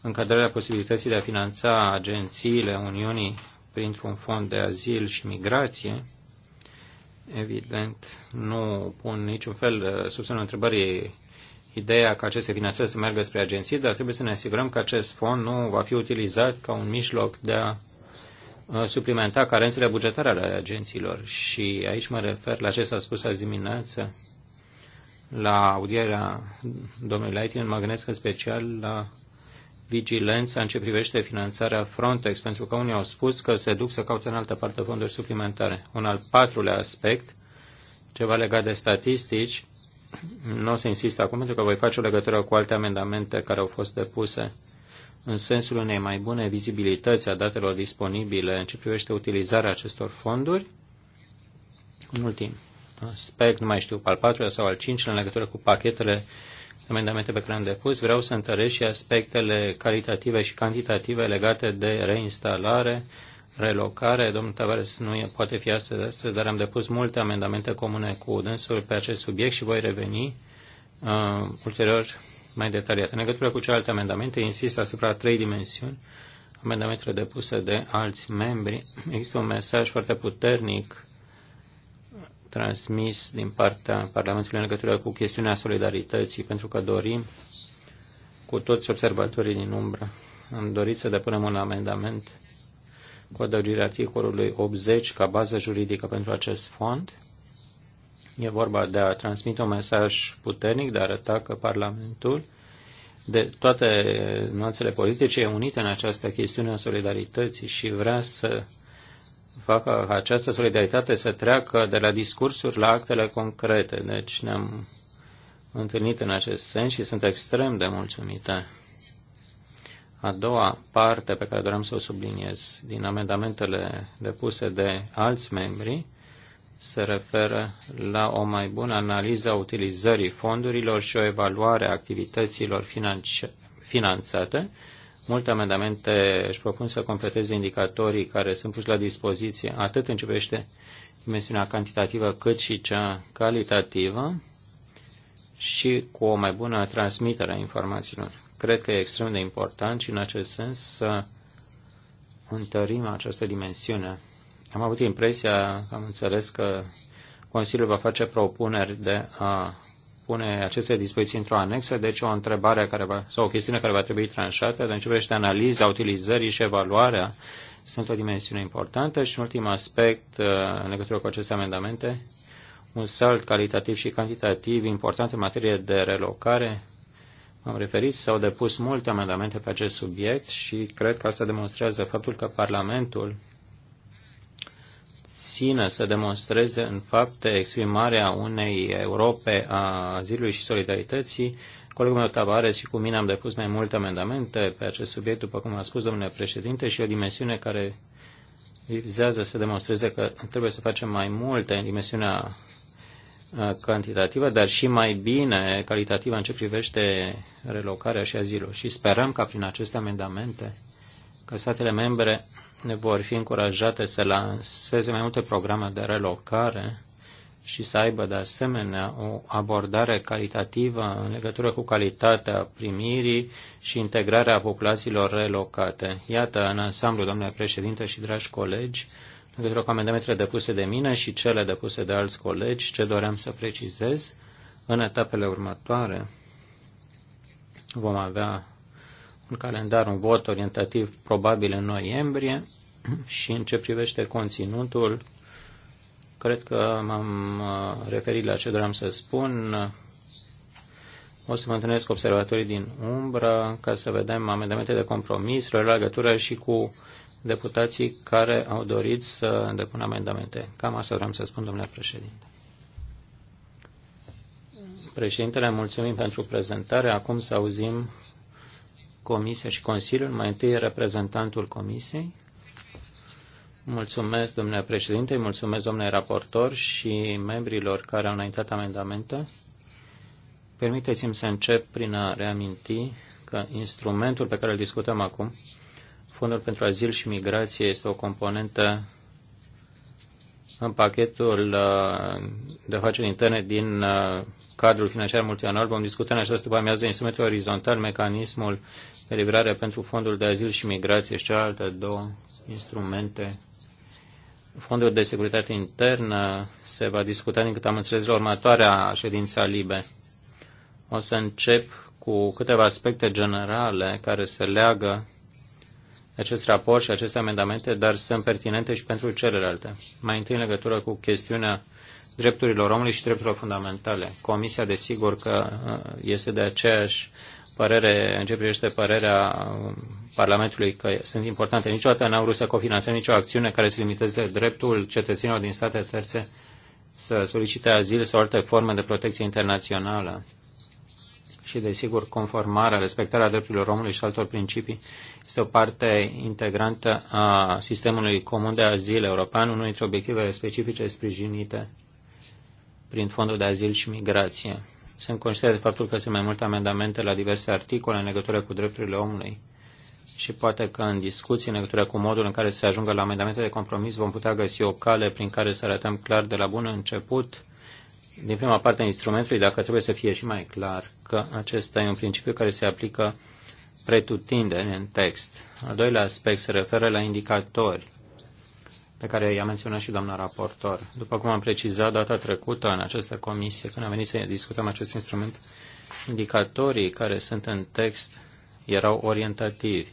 Speaker 1: încadrarea posibilității de a finanța agențiile Uniunii printr-un fond de azil și migrație. Evident, nu pun niciun fel uh, sub semnul întrebării ideea că aceste finanțări să meargă spre agenții, dar trebuie să ne asigurăm că acest fond nu va fi utilizat ca un mijloc de a Uh, suplimenta carențele bugetare ale agențiilor. Și aici mă refer la ce s-a spus azi dimineață la audierea domnului Leitin, mă gândesc în special la vigilența în ce privește finanțarea Frontex, pentru că unii au spus că se duc să caute în altă parte fonduri suplimentare. Un al patrulea aspect, ceva legat de statistici, nu o să insist acum pentru că voi face o legătură cu alte amendamente care au fost depuse în sensul unei mai bune vizibilități a datelor disponibile în ce privește utilizarea acestor fonduri. Un ultim aspect, nu mai știu, al patrulea sau al cincilea, în legătură cu pachetele de amendamente pe care le-am depus, vreau să întăresc și aspectele calitative și cantitative legate de reinstalare, relocare. Domnul Tavares nu e, poate fi astăzi, astăzi, dar am depus multe amendamente comune cu dânsul pe acest subiect și voi reveni uh, ulterior mai detaliat. În legătură cu celelalte amendamente, insist asupra trei dimensiuni, amendamentele depuse de alți membri. Există un mesaj foarte puternic transmis din partea Parlamentului în legătură cu chestiunea solidarității, pentru că dorim cu toți observatorii din umbră. Am dorit să depunem un amendament cu adăugirea articolului 80 ca bază juridică pentru acest fond E vorba de a transmite un mesaj puternic, de a arăta că Parlamentul, de toate nuanțele politice, e unit în această chestiune a solidarității și vrea să facă această solidaritate să treacă de la discursuri la actele concrete. Deci ne-am întâlnit în acest sens și sunt extrem de mulțumită. A doua parte pe care doream să o subliniez din amendamentele depuse de alți membri se referă la o mai bună analiză a utilizării fondurilor și o evaluare a activităților finanțate. Multe amendamente își propun să completeze indicatorii care sunt puși la dispoziție, atât în ce privește dimensiunea cantitativă, cât și cea calitativă și cu o mai bună transmitere a informațiilor. Cred că e extrem de important și în acest sens să întărim această dimensiune am avut impresia, am înțeles că Consiliul va face propuneri de a pune aceste dispoziții într-o anexă, deci o întrebare care va, sau o chestiune care va trebui tranșată, dar în ce privește analiza, utilizării și evaluarea, sunt o dimensiune importantă și un ultim aspect uh, în legătură cu aceste amendamente, un salt calitativ și cantitativ important în materie de relocare. am referit, s-au depus multe amendamente pe acest subiect și cred că asta demonstrează faptul că Parlamentul țină să demonstreze în fapte exprimarea unei Europe a zilului și solidarității. Colegul meu Tavares și cu mine am depus mai multe amendamente pe acest subiect, după cum a spus domnule președinte, și o dimensiune care vizează să demonstreze că trebuie să facem mai multe în dimensiunea cantitativă, dar și mai bine calitativă în ce privește relocarea și azilul. Și sperăm ca prin aceste amendamente că statele membre vor fi încurajate să lanseze mai multe programe de relocare și să aibă de asemenea o abordare calitativă în legătură cu calitatea primirii și integrarea populațiilor relocate. Iată, în ansamblu, domnule președinte și dragi colegi, în legătură cu amendamentele depuse de mine și cele depuse de alți colegi, ce doream să precizez în etapele următoare vom avea în calendar un vot orientativ probabil în noiembrie *clears throat* și în ce privește conținutul, cred că m-am uh, referit la ce doream să spun. O să mă întâlnesc cu observatorii din umbră ca să vedem amendamente de compromis, la legătură și cu deputații care au dorit să depună amendamente. Cam asta vreau să spun, domnule președinte. Președintele, mulțumim pentru prezentare. Acum să auzim Comisia și Consiliul, mai întâi reprezentantul Comisiei. Mulțumesc, domnule președinte, mulțumesc, domnule raportor și membrilor care au înaintat amendamente. Permiteți-mi să încep prin a reaminti că instrumentul pe care îl discutăm acum, Fondul pentru Azil și Migrație, este o componentă în pachetul uh, de afaceri interne din uh, cadrul financiar multianual. Vom discuta în această după amiază instrumentul orizontal, mecanismul de livrare pentru fondul de azil și migrație și alte două instrumente. Fondul de securitate internă se va discuta, din câte am înțeles, la următoarea ședință LIBE. O să încep cu câteva aspecte generale care se leagă acest raport și aceste amendamente, dar sunt pertinente și pentru celelalte. Mai întâi în legătură cu chestiunea drepturilor omului și drepturilor fundamentale. Comisia, desigur, că uh, este de aceeași părere, în ce privește părerea uh, Parlamentului că sunt importante. Niciodată n-au vrut să cofinanțăm nicio acțiune care să limiteze dreptul cetățenilor din state terțe să solicite azil sau alte forme de protecție internațională și, desigur, conformarea, respectarea drepturilor omului și altor principii este o parte integrantă a sistemului comun de azil european, unul dintre obiectivele specifice sprijinite prin fondul de azil și migrație. Sunt conștient de faptul că sunt mai multe amendamente la diverse articole în legătură cu drepturile omului și poate că în discuții în legătură cu modul în care se ajungă la amendamente de compromis vom putea găsi o cale prin care să arătăm clar de la bun început din prima parte a instrumentului, dacă trebuie să fie și mai clar că acesta e un principiu care se aplică pretutindeni în text. Al doilea aspect se referă la indicatori pe care i-a menționat și doamna raportor. După cum am precizat data trecută în această comisie, când am venit să discutăm acest instrument, indicatorii care sunt în text erau orientativi.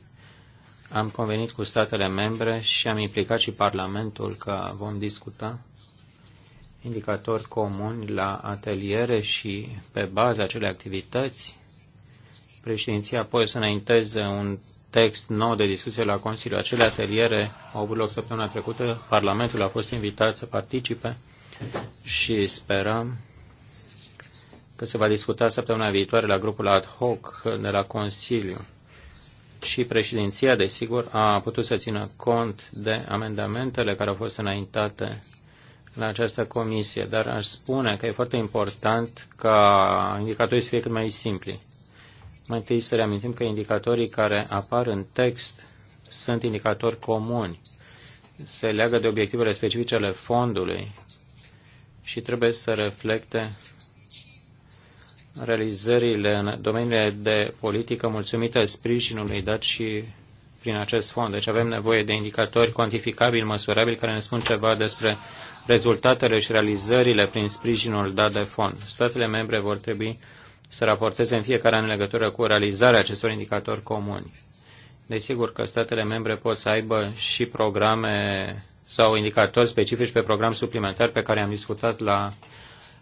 Speaker 1: Am convenit cu statele membre și am implicat și Parlamentul că vom discuta indicatori comuni la ateliere și pe baza acelei activități, președinția apoi să înainteze un text nou de discuție la Consiliu. Acele ateliere au avut loc săptămâna trecută, Parlamentul a fost invitat să participe și sperăm că se va discuta săptămâna viitoare la grupul ad hoc de la Consiliu. Și președinția, desigur, a putut să țină cont de amendamentele care au fost înaintate la această comisie, dar aș spune că e foarte important ca indicatorii să fie cât mai simpli. Mai întâi să reamintim că indicatorii care apar în text sunt indicatori comuni. Se leagă de obiectivele specifice ale fondului și trebuie să reflecte realizările în domeniile de politică mulțumită sprijinului dat și prin acest fond. Deci avem nevoie de indicatori cuantificabili, măsurabili, care ne spun ceva despre rezultatele și realizările prin sprijinul dat de fond. Statele membre vor trebui să raporteze în fiecare an în legătură cu realizarea acestor indicatori comuni. Desigur că statele membre pot să aibă și programe sau indicatori specifici pe program suplimentar pe care am discutat la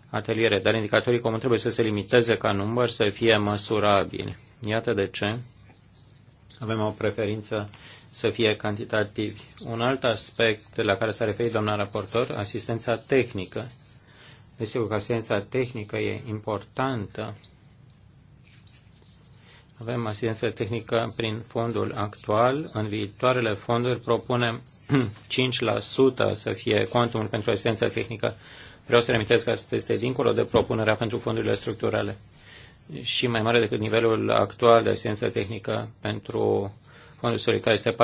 Speaker 1: ateliere, dar indicatorii comuni trebuie să se limiteze ca număr, să fie măsurabili. Iată de ce avem o preferință să fie cantitativi. Un alt aspect la care s-a referit doamna raportor, asistența tehnică. Desigur că asistența tehnică e importantă. Avem asistență tehnică prin fondul actual. În viitoarele fonduri propunem 5% *clears throat* să fie cuantumul pentru asistența tehnică. Vreau să remitesc că asta este dincolo de propunerea pentru fondurile structurale și mai mare decât nivelul actual de asistență tehnică pentru fondul solidar Este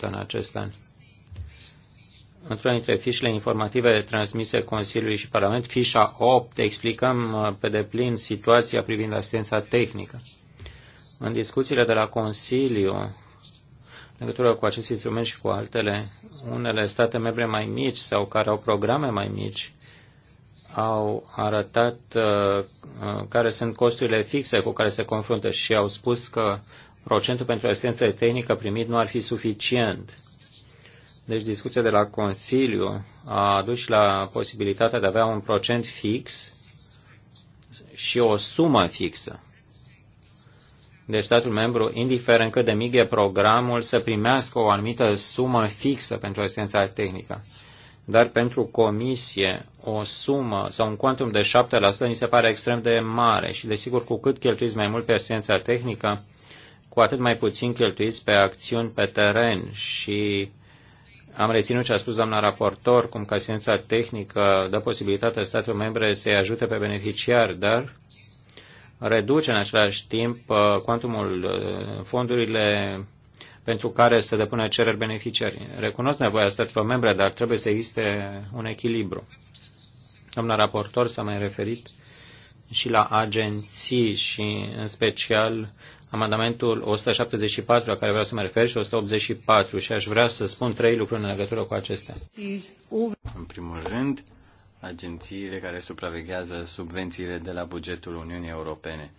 Speaker 1: 4,3% în acest an. Într-una dintre fișele informative transmise Consiliului și Parlament, fișa 8, explicăm uh, pe deplin situația privind asistența tehnică. În discuțiile de la Consiliu, în legătură cu acest instrument și cu altele, unele state membre mai mici sau care au programe mai mici, au arătat uh, uh, care sunt costurile fixe cu care se confruntă și au spus că procentul pentru asistență tehnică primit nu ar fi suficient. Deci discuția de la Consiliu a adus la posibilitatea de a avea un procent fix și o sumă fixă. Deci statul membru, indiferent cât de mic e programul, să primească o anumită sumă fixă pentru asistența tehnică dar pentru comisie o sumă sau un quantum de 7% mi se pare extrem de mare și desigur cu cât cheltuiți mai mult pe asistența tehnică, cu atât mai puțin cheltuiți pe acțiuni pe teren și am reținut ce a spus doamna raportor, cum că asistența tehnică dă posibilitatea statelor membre să-i ajute pe beneficiari, dar reduce în același timp uh, cuantumul uh, fondurile pentru care se depune cereri beneficiarii. Recunosc nevoia statelor membre, dar trebuie să existe un echilibru. Domnul raportor s-a mai referit și la agenții și în special amendamentul 174 la care vreau să mă refer și 184 și aș vrea să spun trei lucruri în legătură cu acestea.
Speaker 2: În primul rând, agențiile care supraveghează subvențiile de la bugetul Uniunii Europene.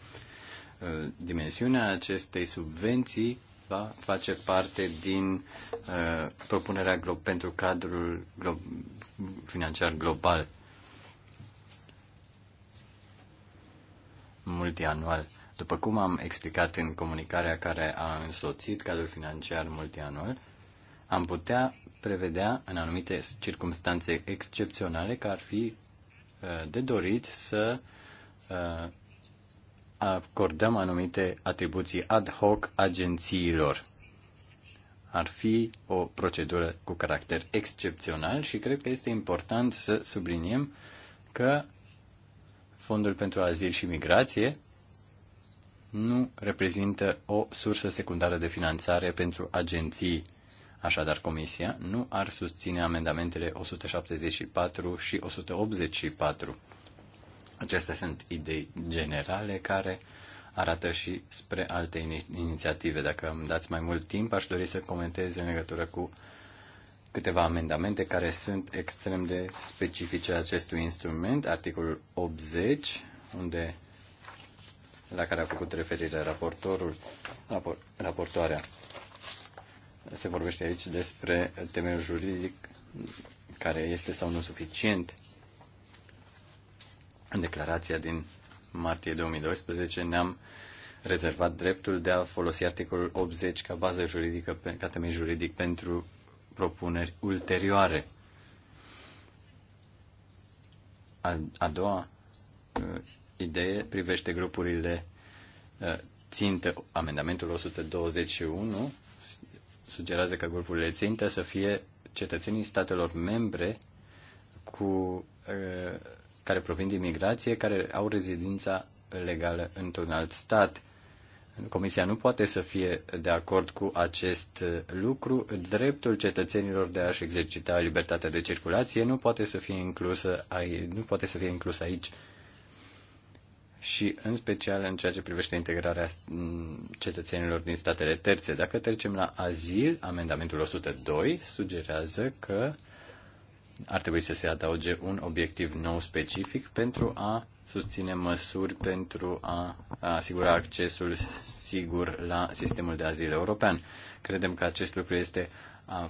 Speaker 2: Dimensiunea acestei subvenții va face parte din uh, propunerea glo- pentru cadrul glo- financiar global multianual. După cum am explicat în comunicarea care a însoțit cadrul financiar multianual, am putea prevedea în anumite circumstanțe excepționale că ar fi uh, de dorit să uh, acordăm anumite atribuții ad hoc agențiilor. Ar fi o procedură cu caracter excepțional și cred că este important să subliniem că Fondul pentru Azil și Migrație nu reprezintă o sursă secundară de finanțare pentru agenții. Așadar, Comisia nu ar susține amendamentele 174 și 184. Acestea sunt idei generale care arată și spre alte inițiative. Dacă îmi dați mai mult timp, aș dori să comentez în legătură cu câteva amendamente care sunt extrem de specifice acestui instrument. Articolul 80, unde la care a făcut referire raportorul, rapor, raportoarea. Se vorbește aici despre temeiul juridic care este sau nu suficient în declarația din martie 2012 ne-am rezervat dreptul de a folosi articolul 80 ca bază juridică, ca temei juridic pentru propuneri ulterioare. A, a doua uh, idee privește grupurile uh, țintă. Amendamentul 121 sugerează că grupurile țintă să fie cetățenii statelor membre cu uh, care provin din migrație, care au rezidența legală într-un alt stat. Comisia nu poate să fie de acord cu acest lucru. Dreptul cetățenilor de a-și exercita libertatea de circulație nu poate să fie inclusă, nu poate să fie inclus aici. Și în special în ceea ce privește integrarea mm, cetățenilor din statele terțe. Dacă trecem la azil, amendamentul 102 sugerează că ar trebui să se adauge un obiectiv nou specific pentru a susține măsuri pentru a, asigura accesul sigur la sistemul de azil european. Credem că acest lucru este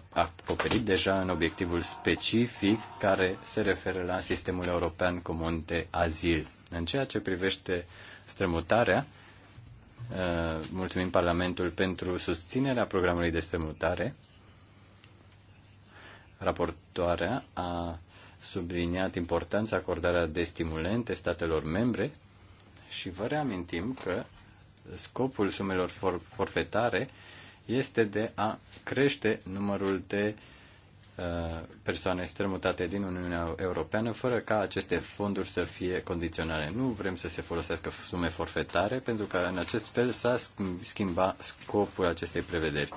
Speaker 2: acoperit deja în obiectivul specific care se referă la sistemul european comun de azil. În ceea ce privește strămutarea, uh, mulțumim Parlamentul pentru susținerea programului de strămutare Raportoarea a subliniat importanța acordarea de stimulente statelor membre și vă reamintim că scopul sumelor for- forfetare este de a crește numărul de uh, persoane strămutate din Uniunea Europeană fără ca aceste fonduri să fie condiționale. Nu vrem să se folosească sume forfetare pentru că în acest fel s-a schimba scopul acestei prevederi.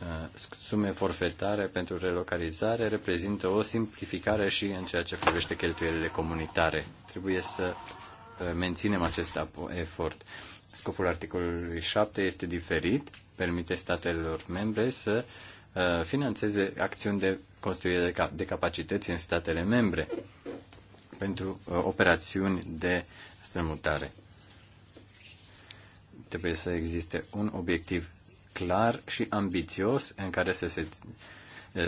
Speaker 2: Uh, sume forfetare pentru relocalizare reprezintă o simplificare și în ceea ce privește cheltuielile comunitare. Trebuie să uh, menținem acest efort. Scopul articolului 7 este diferit, permite statelor membre să uh, financeze acțiuni de construire de capacități în statele membre pentru operațiuni de strămutare. Trebuie să existe un obiectiv clar și ambițios în care să se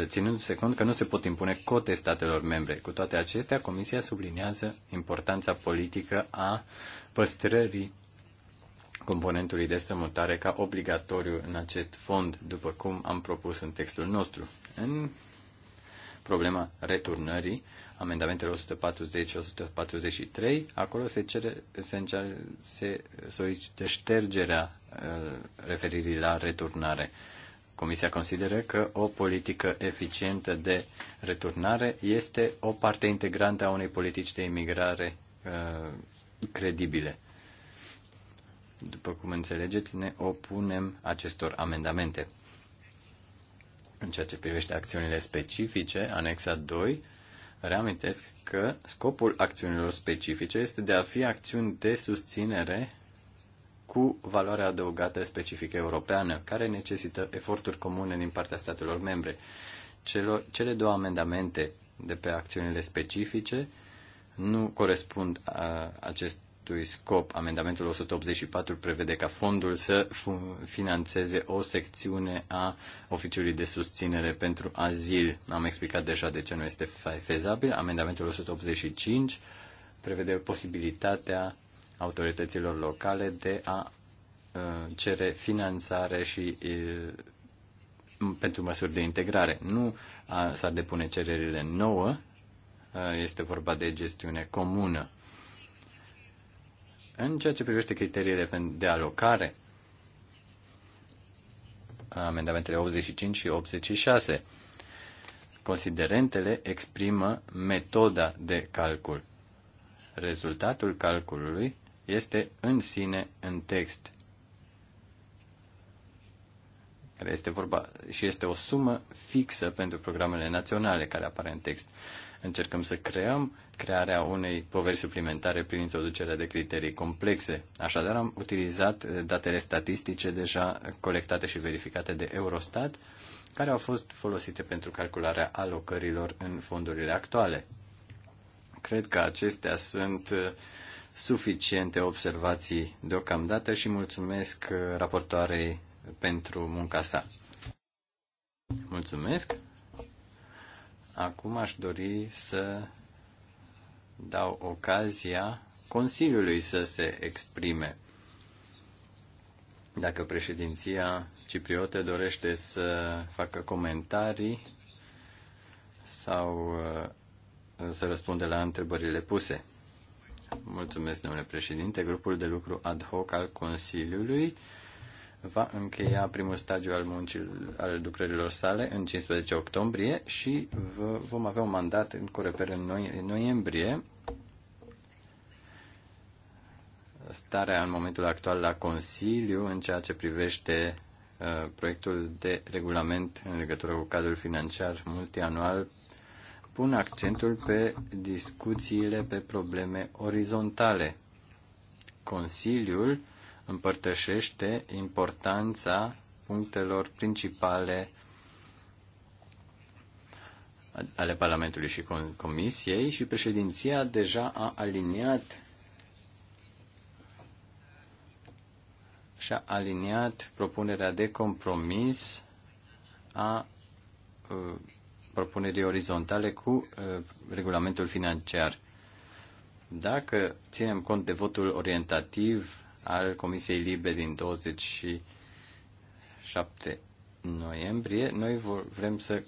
Speaker 2: ținând se cont că nu se pot impune cote statelor membre. Cu toate acestea, Comisia subliniază importanța politică a păstrării componentului de strămutare ca obligatoriu în acest fond, după cum am propus în textul nostru. În problema returnării, amendamentele 140-143, acolo se, cere, se, încearcă, se solicită ștergerea uh, referirii la returnare. Comisia consideră că o politică eficientă de returnare este o parte integrantă a unei politici de imigrare uh, credibile. După cum înțelegeți, ne opunem acestor amendamente. În ceea ce privește acțiunile specifice, anexa 2, reamintesc că scopul acțiunilor specifice este de a fi acțiuni de susținere cu valoare adăugată specifică europeană, care necesită eforturi comune din partea statelor membre. Celor, cele două amendamente de pe acțiunile specifice nu corespund a, acest, acestui scop. Amendamentul 184 prevede ca fondul să financeze o secțiune a oficiului de susținere pentru azil. Am explicat deja de ce nu este fezabil. Amendamentul 185 prevede posibilitatea autorităților locale de a uh, cere finanțare și uh, pentru măsuri de integrare. Nu s-ar depune cererile nouă, uh, este vorba de gestiune comună. În ceea ce privește criteriile de alocare, amendamentele 85 și 86, considerentele exprimă metoda de calcul. Rezultatul calculului este în sine în text, care este vorba și este o sumă fixă pentru programele naționale care apare în text. Încercăm să creăm crearea unei poveri suplimentare prin introducerea de criterii complexe. Așadar, am utilizat eh, datele statistice deja colectate și verificate de Eurostat, care au fost folosite pentru calcularea alocărilor în fondurile actuale. Cred că acestea sunt eh, suficiente observații deocamdată și mulțumesc eh, raportoarei pentru munca sa. Mulțumesc. Acum aș dori să dau ocazia Consiliului să se exprime. Dacă președinția cipriote dorește să facă comentarii sau uh, să răspundă la întrebările puse. Mulțumesc, domnule președinte. Grupul de lucru ad hoc al Consiliului va încheia primul stagiu al muncii al lucrărilor sale în 15 octombrie și vom avea un mandat în Coreper în, noi, în noiembrie. Starea în momentul actual la Consiliu în ceea ce privește uh, proiectul de regulament în legătură cu cadrul financiar multianual pun accentul pe discuțiile pe probleme orizontale. Consiliul împărtășește importanța punctelor principale ale Parlamentului și Comisiei și președinția deja a aliniat și-a aliniat propunerea de compromis a uh, propunerii orizontale cu uh, regulamentul financiar. Dacă ținem cont de votul orientativ al Comisiei Libe din 27 noiembrie, noi vrem să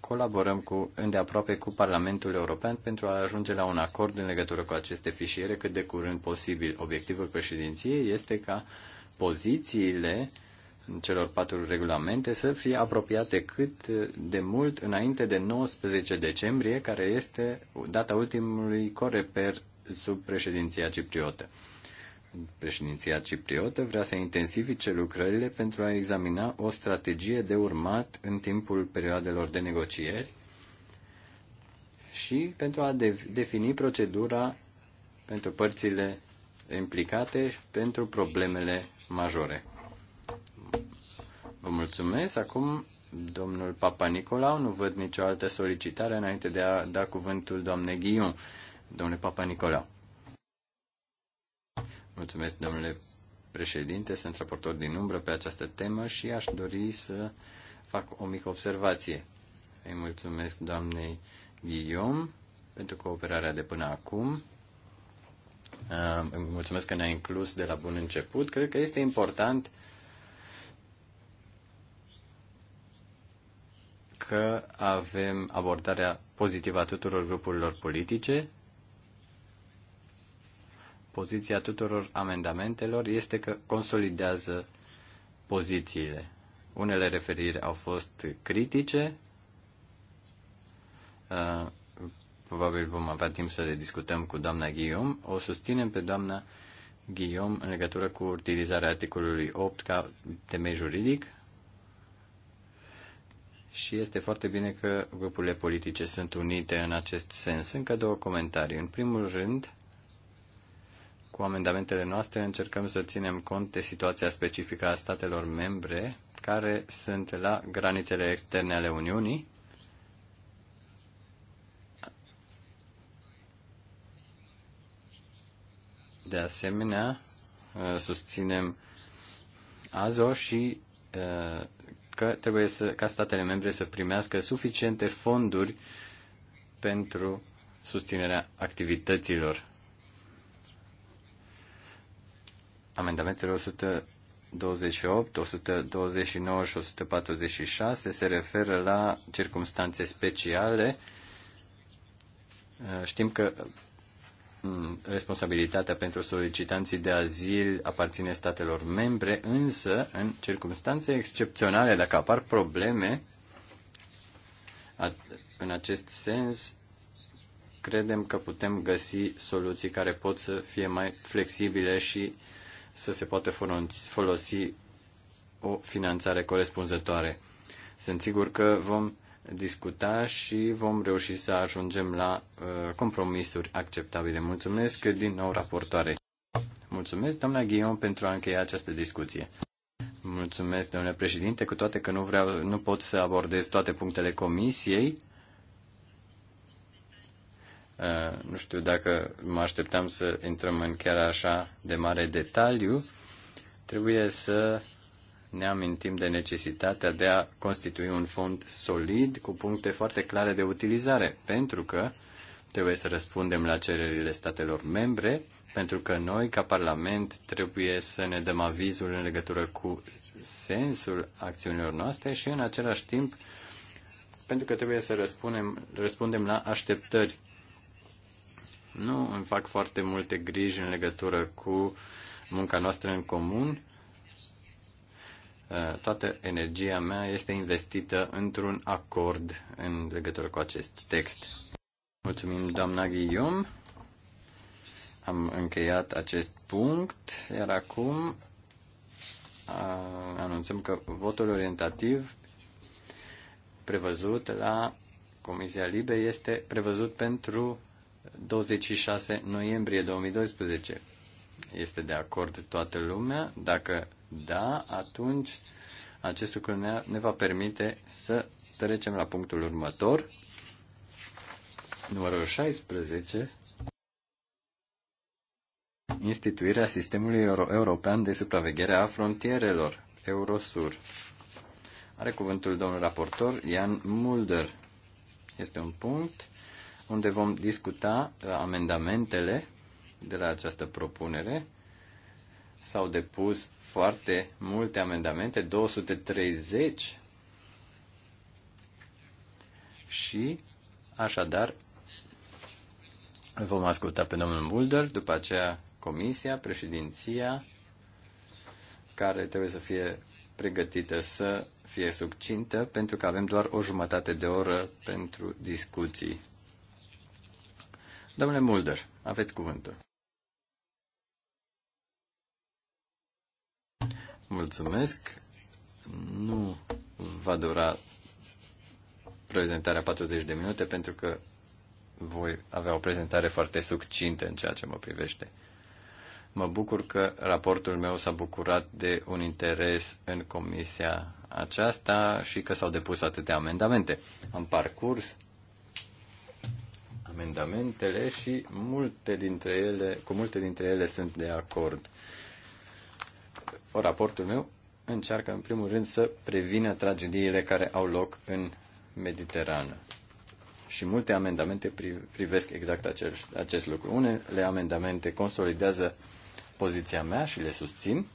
Speaker 2: colaborăm cu, îndeaproape cu Parlamentul European pentru a ajunge la un acord în legătură cu aceste fișiere cât de curând posibil. Obiectivul președinției este ca pozițiile celor patru regulamente să fie apropiate cât de mult înainte de 19 decembrie, care este data ultimului coreper sub președinția cipriotă. Președinția cipriotă vrea să intensifice lucrările pentru a examina o strategie de urmat în timpul perioadelor de negocieri și pentru a de- defini procedura pentru părțile implicate pentru problemele majore. Vă mulțumesc. Acum, domnul Papa Nicolau, nu văd nicio altă solicitare înainte de a da cuvântul doamnei Ghiu. Domnule Papa Nicolau. Mulțumesc, domnule președinte, sunt raportor din umbră pe această temă și aș dori să fac o mică observație. Îi mulțumesc doamnei Guillaume pentru cooperarea de până acum. Îmi mulțumesc că ne-a inclus de la bun început. Cred că este important că avem abordarea pozitivă a tuturor grupurilor politice poziția tuturor amendamentelor este că consolidează pozițiile. Unele referiri au fost critice, uh, probabil vom avea timp să le discutăm cu doamna Guillaume, o susținem pe doamna Guillaume în legătură cu utilizarea articolului 8 ca temei juridic și este foarte bine că grupurile politice sunt unite în acest sens. Încă două comentarii. În primul rând, cu amendamentele noastre încercăm să ținem cont de situația specifică a statelor membre care sunt la granițele externe ale Uniunii, De asemenea, uh, susținem AZO și uh, că trebuie să, ca statele membre să primească suficiente fonduri pentru susținerea activităților. Amendamentele 128, 129 și 146 se referă la circumstanțe speciale. Uh, știm că mm, responsabilitatea pentru solicitanții de azil aparține statelor membre, însă, în circunstanțe excepționale, dacă apar probleme, în acest sens, credem că putem găsi soluții care pot să fie mai flexibile și uh, să se poată folosi o finanțare corespunzătoare. Sunt sigur că vom discuta și vom reuși să ajungem la uh, compromisuri acceptabile. Mulțumesc din nou raportoare. Mulțumesc, doamna Ghion, pentru a încheia această discuție. Mulțumesc, domnule președinte, cu toate că nu, vreau, nu pot să abordez toate punctele comisiei, Uh, nu știu dacă mă așteptam să intrăm în chiar așa de mare detaliu. Trebuie să ne amintim de necesitatea de a constitui un fond solid cu puncte foarte clare de utilizare, pentru că trebuie să răspundem la cererile statelor membre, pentru că noi, ca Parlament, trebuie să ne dăm avizul în legătură cu sensul acțiunilor noastre și, în același timp, pentru că trebuie să răspundem, răspundem la așteptări nu îmi fac foarte multe griji în legătură cu munca noastră în comun. Eh, toată energia mea este investită într-un acord în legătură cu acest text. Mulțumim, doamna Ghiom. Am încheiat acest punct, iar acum anunțăm că votul orientativ prevăzut la Comisia Libe este prevăzut pentru 26 noiembrie 2012. Este de acord toată lumea? Dacă da, atunci acest lucru ne, ne va permite să trecem la punctul următor, numărul 16, instituirea sistemului Euro- european de supraveghere a frontierelor, Eurosur. Are cuvântul domnul raportor Ian Mulder. Este un punct unde vom discuta uh, amendamentele de la această propunere. S-au depus foarte multe amendamente, 230 și așadar vom asculta pe domnul Mulder, după aceea comisia, președinția, care trebuie să fie pregătită să fie succintă, pentru că avem doar o jumătate de oră pentru discuții. Domnule Mulder, aveți cuvântul. Mulțumesc. Nu va dura prezentarea 40 de minute pentru că voi avea o prezentare foarte succintă în ceea ce mă privește. Mă bucur că raportul meu s-a bucurat de un interes în comisia aceasta și că s-au depus atâtea amendamente. Am parcurs amendamentele și multe dintre ele, cu multe dintre ele sunt de acord. O, raportul meu încearcă în primul rând să prevină tragediile care au loc în Mediterană. Și multe amendamente privesc exact acel, acest lucru. Unele amendamente consolidează poziția mea și le susțin.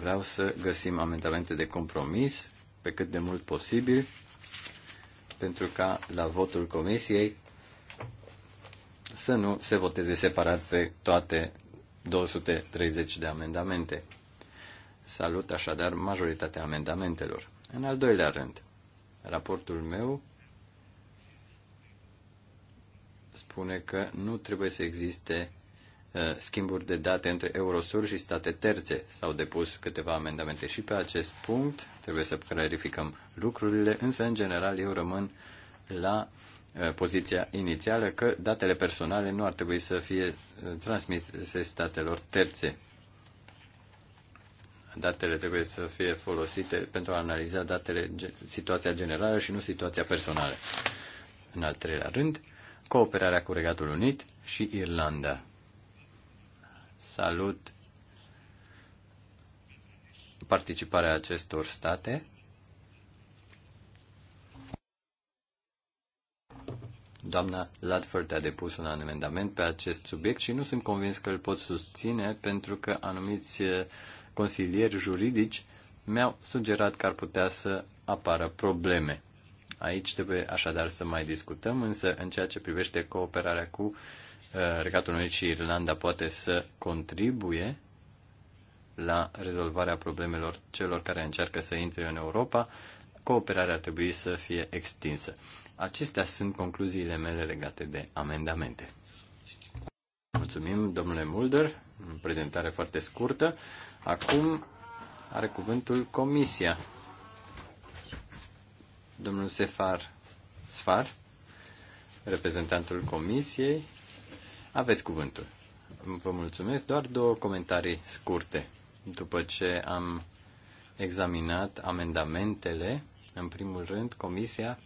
Speaker 2: Vreau să găsim amendamente de compromis pe cât de mult posibil pentru ca la votul comisiei să nu se voteze separat pe toate 230 de amendamente. Salut așadar majoritatea amendamentelor. În al doilea rând, raportul meu spune că nu trebuie să existe Uh, schimburi de date între Eurosur și state terțe. S-au depus câteva amendamente și pe acest punct. Trebuie să clarificăm lucrurile, însă, în general, eu rămân la uh, poziția inițială că datele personale nu ar trebui să fie uh, transmise statelor terțe. Datele trebuie să fie folosite pentru a analiza datele, situația generală și nu situația personală. În al treilea rând, cooperarea cu Regatul Unit și Irlanda. Salut participarea acestor state. Doamna Ladford a depus un amendament pe acest subiect și nu sunt convins că îl pot susține pentru că anumiți eh, consilieri juridici mi-au sugerat că ar putea să apară probleme. Aici trebuie așadar să mai discutăm, însă în ceea ce privește cooperarea cu uh, Uh, Regatul Unit și Irlanda poate să contribuie la rezolvarea problemelor celor care încearcă să intre în Europa, cooperarea ar trebui să fie extinsă. Acestea sunt concluziile mele legate de amendamente. Mulțumim, domnule Mulder, prezentare foarte scurtă. Acum are cuvântul Comisia. Domnul Sefar Sfar, reprezentantul Comisiei aveți cuvântul. Vă mulțumesc. Doar două comentarii scurte. După ce am examinat amendamentele, în primul rând, Comisia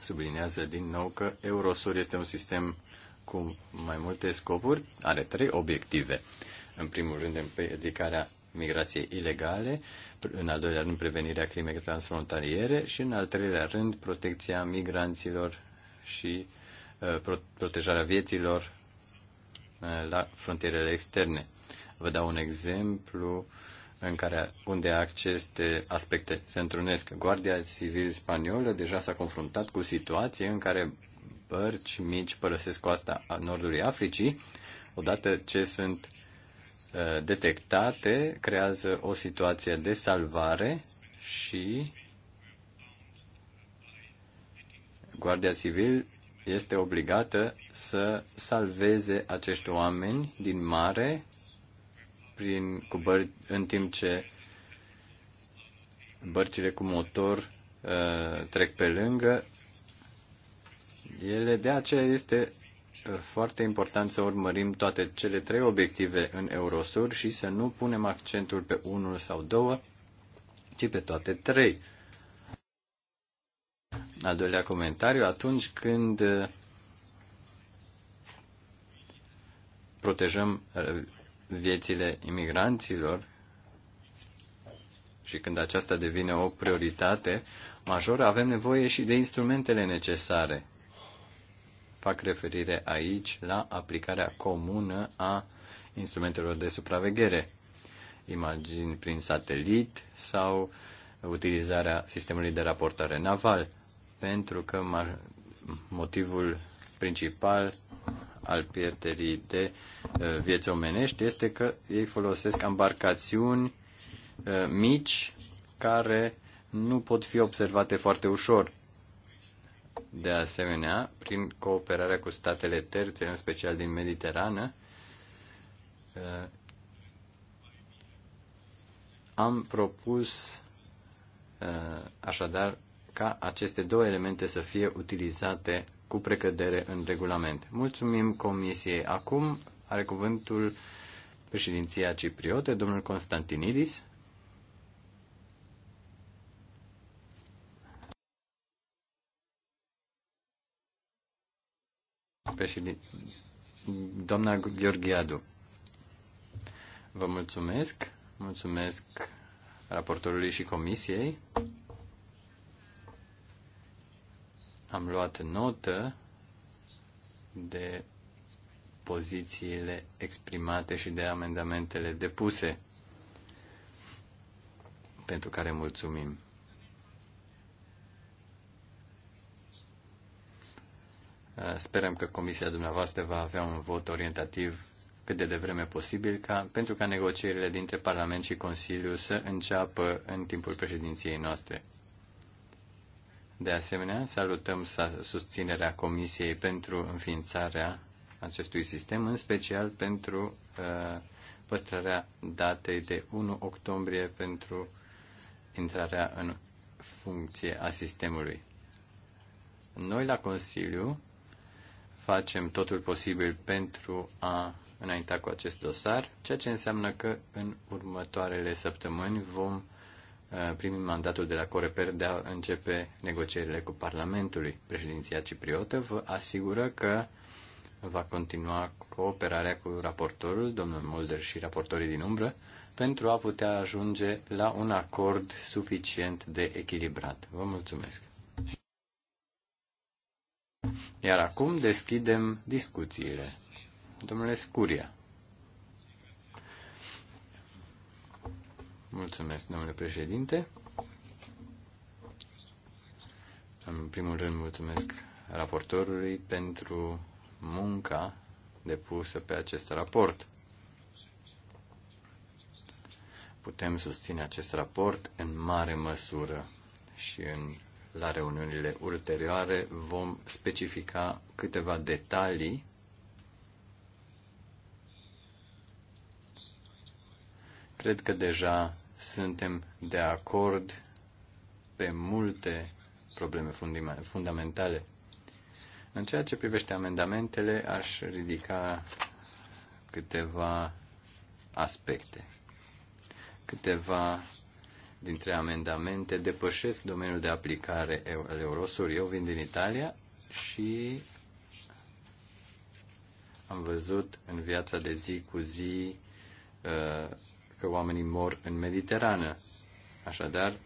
Speaker 2: sublinează din nou că Eurosur este un sistem cu mai multe scopuri, are trei obiective. În primul rând, împiedicarea migrației ilegale, în al doilea rând, prevenirea crimei transfrontaliere și, în al treilea rând, protecția migranților și uh, Uh, protejarea vieților uh, la frontierele externe. Vă dau un exemplu în care unde aceste aspecte se întrunesc. Guardia Civil Spaniolă deja s-a confruntat cu situație în care bărci mici părăsesc coasta a nordului Africii, odată ce sunt uh, detectate, creează o situație de salvare și Guardia Civil este obligată să salveze acești oameni din mare prin, cu băr- în timp ce bărcile cu motor uh, trec pe lângă. Ele de aceea este uh, foarte important să urmărim toate cele trei obiective în Eurosur și să nu punem accentul pe unul sau două, ci pe toate trei. Al doilea comentariu, atunci când uh, protejăm uh, viețile imigranților și când aceasta devine o prioritate majoră, avem nevoie și de instrumentele necesare. Fac referire aici la aplicarea comună a instrumentelor de supraveghere, imagini prin satelit sau utilizarea sistemului de raportare naval pentru că motivul principal al pierderii de uh, vieți omenești este că ei folosesc embarcațiuni uh, mici care nu pot fi observate foarte ușor. De asemenea, prin cooperarea cu statele terțe, în special din Mediterană, uh, am propus așadar ca aceste două elemente să fie utilizate cu precădere în regulament. Mulțumim Comisiei. Acum are cuvântul președinția cipriote, domnul Constantinidis. Președin... Doamna Gheorghiadu, vă mulțumesc, mulțumesc raportorului și comisiei. Am luat notă de pozițiile exprimate și de amendamentele depuse, pentru care mulțumim. Sperăm că comisia dumneavoastră va avea un vot orientativ cât de devreme posibil ca, pentru ca negocierile dintre Parlament și Consiliu să înceapă în timpul președinției noastre. De asemenea, salutăm susținerea Comisiei pentru înființarea acestui sistem, în special pentru uh, păstrarea datei de 1 octombrie pentru intrarea în funcție a sistemului. Noi la Consiliu facem totul posibil pentru a înainta cu acest dosar, ceea ce înseamnă că în următoarele săptămâni vom Uh, primim mandatul de la Coreper de a începe negocierile cu Parlamentului. Președinția cipriotă vă asigură că va continua cooperarea cu raportorul, domnul Mulder și raportorii din umbră, pentru a putea ajunge la un acord suficient de echilibrat. Vă mulțumesc! Iar acum deschidem discuțiile. Domnule Scuria. Mulțumesc, domnule președinte. În primul rând, mulțumesc raportorului pentru munca depusă pe acest raport. Putem susține acest raport în mare măsură și în, la reuniunile ulterioare vom specifica câteva detalii Cred că deja suntem de acord pe multe probleme fundamentale. În ceea ce privește amendamentele, aș ridica câteva aspecte. Câteva dintre amendamente depășesc domeniul de aplicare al Eurosur. Eu vin din Italia și am văzut în viața de zi cu zi uh, că oamenii mor în Mediterană. Așadar,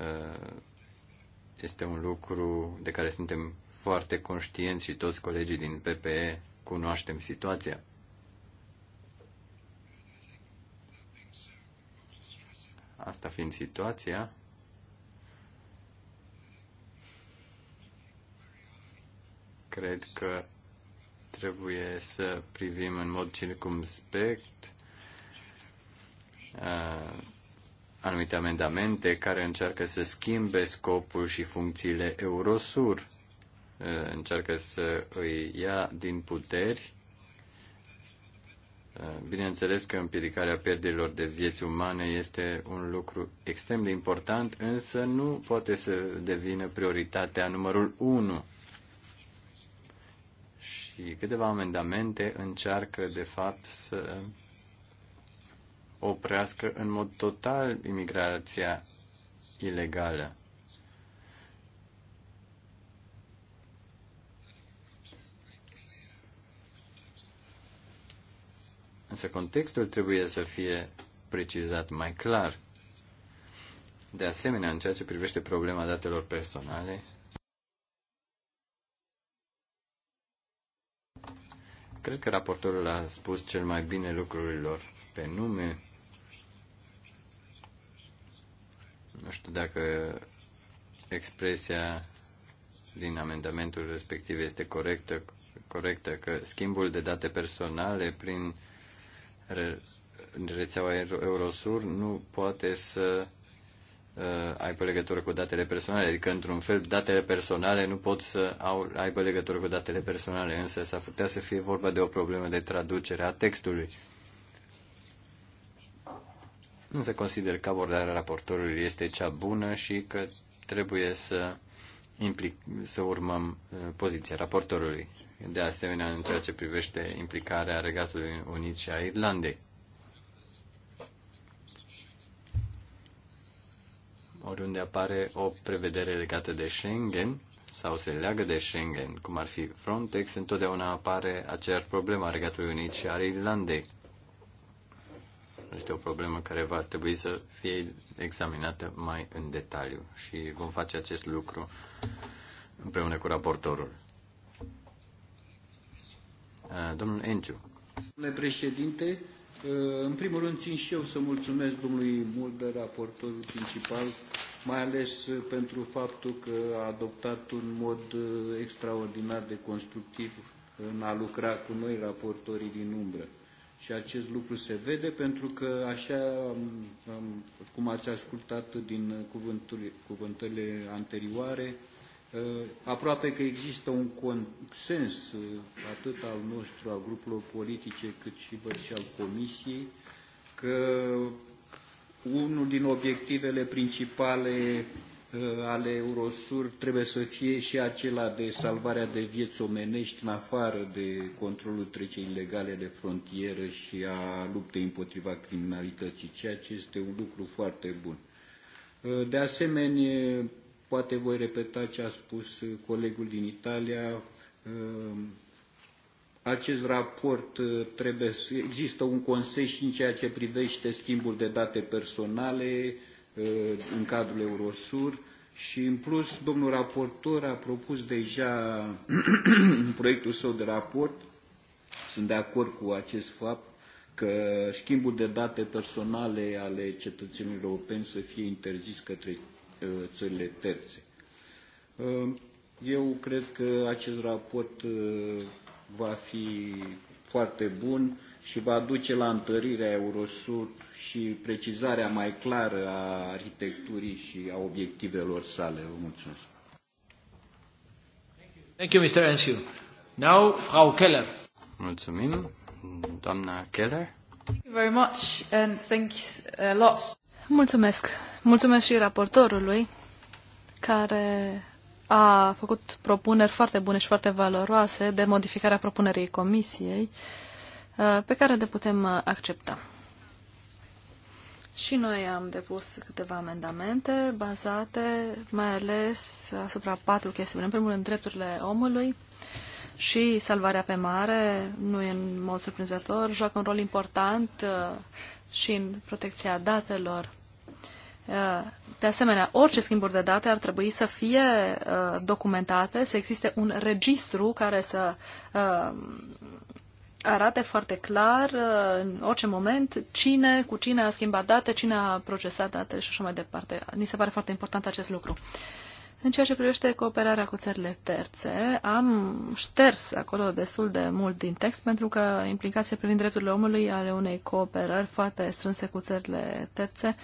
Speaker 2: ă, este un lucru de care suntem foarte conștienți și toți colegii din PPE cunoaștem situația. Asta fiind situația, cred că trebuie să privim în mod circumspect Uh, anumite amendamente care încearcă să schimbe scopul și funcțiile Eurosur, uh, încearcă să îi ia din puteri. Uh, bineînțeles că împiedicarea pierderilor de vieți umane este un lucru extrem de important, însă nu poate să devină prioritatea numărul 1. Și câteva amendamente încearcă, de fapt, să oprească în mod total imigrația ilegală. Însă contextul trebuie să fie precizat mai clar. De asemenea, în ceea ce privește problema datelor personale, cred că raportorul a spus cel mai bine lucrurilor pe nume. Nu știu dacă expresia din amendamentul respectiv este corectă, corectă că schimbul de date personale prin rețeaua Eurosur nu poate să uh, aibă legătură cu datele personale. Adică, într-un fel, datele personale nu pot să au, aibă legătură cu datele personale, însă s-ar putea să fie vorba de o problemă de traducere a textului. Uh, Însă consider că abordarea raportorului este cea bună și că trebuie să, implic, să urmăm uh, poziția raportorului. De asemenea, în ceea ce privește implicarea Regatului Unit și a Irlandei. Oriunde apare o prevedere legată de Schengen sau se leagă de Schengen, cum ar fi Frontex, întotdeauna apare aceeași problemă a Regatului Unit și a Irlandei este o problemă care va trebui să fie examinată mai în detaliu și vom face acest lucru împreună cu raportorul. Domnul Enciu.
Speaker 3: Domnule președinte, în primul rând țin și eu să mulțumesc domnului Mulder, raportorul principal, mai ales pentru faptul că a adoptat un mod extraordinar de constructiv în a lucra cu noi, raportorii din umbră. Și acest lucru se vede pentru că așa cum ați ascultat din cuvântările anterioare, ă, aproape că există un consens ă, atât al nostru, al grupurilor politice, cât și, văd, și al Comisiei, că unul din obiectivele principale Uh, ale Eurosur trebuie să fie și acela de salvarea de vieți omenești în afară de controlul trecerii ilegale de frontieră și a luptei împotriva criminalității, ceea ce este un lucru foarte bun. Uh, de asemenea, poate voi repeta ce a spus colegul din Italia, uh, acest raport trebuie să există un consens și în ceea ce privește schimbul de date personale, Uh, în cadrul Eurosur și în plus domnul raportor a propus deja *clears throat* în proiectul său de raport, sunt de acord cu acest fapt, că schimbul de date personale ale cetățenilor europeni să fie interzis către uh, țările terțe. Uh, eu cred că acest raport va fi foarte bun și va duce la întărirea Eurosur și precizarea mai clară a arhitecturii și a obiectivelor sale. Vă mulțumesc. Thank you, Mr. Ensiu. Now, Frau Keller. Mulțumim,
Speaker 2: doamna Keller.
Speaker 4: Thank you very much and thanks a lot. Mulțumesc. Mulțumesc și raportorului care a făcut propuneri foarte bune și foarte valoroase de modificarea propunerii comisiei uh, pe care le putem uh, accepta. Și noi am depus câteva amendamente bazate mai ales asupra patru chestiuni. În primul rând, drepturile omului și salvarea pe mare, nu e în mod surprinzător, joacă un rol important uh, și în protecția datelor. Uh, de asemenea, orice schimburi de date ar trebui să fie uh, documentate, să existe un registru care să arate foarte clar uh, în orice moment cine, cu cine a schimbat date, cine a procesat date și așa mai departe. Ni se pare foarte important acest lucru. În ceea ce privește cooperarea cu țările terțe, am șters acolo destul de mult din text pentru că implicația privind drepturile omului ale unei cooperări foarte strânse cu țările terțe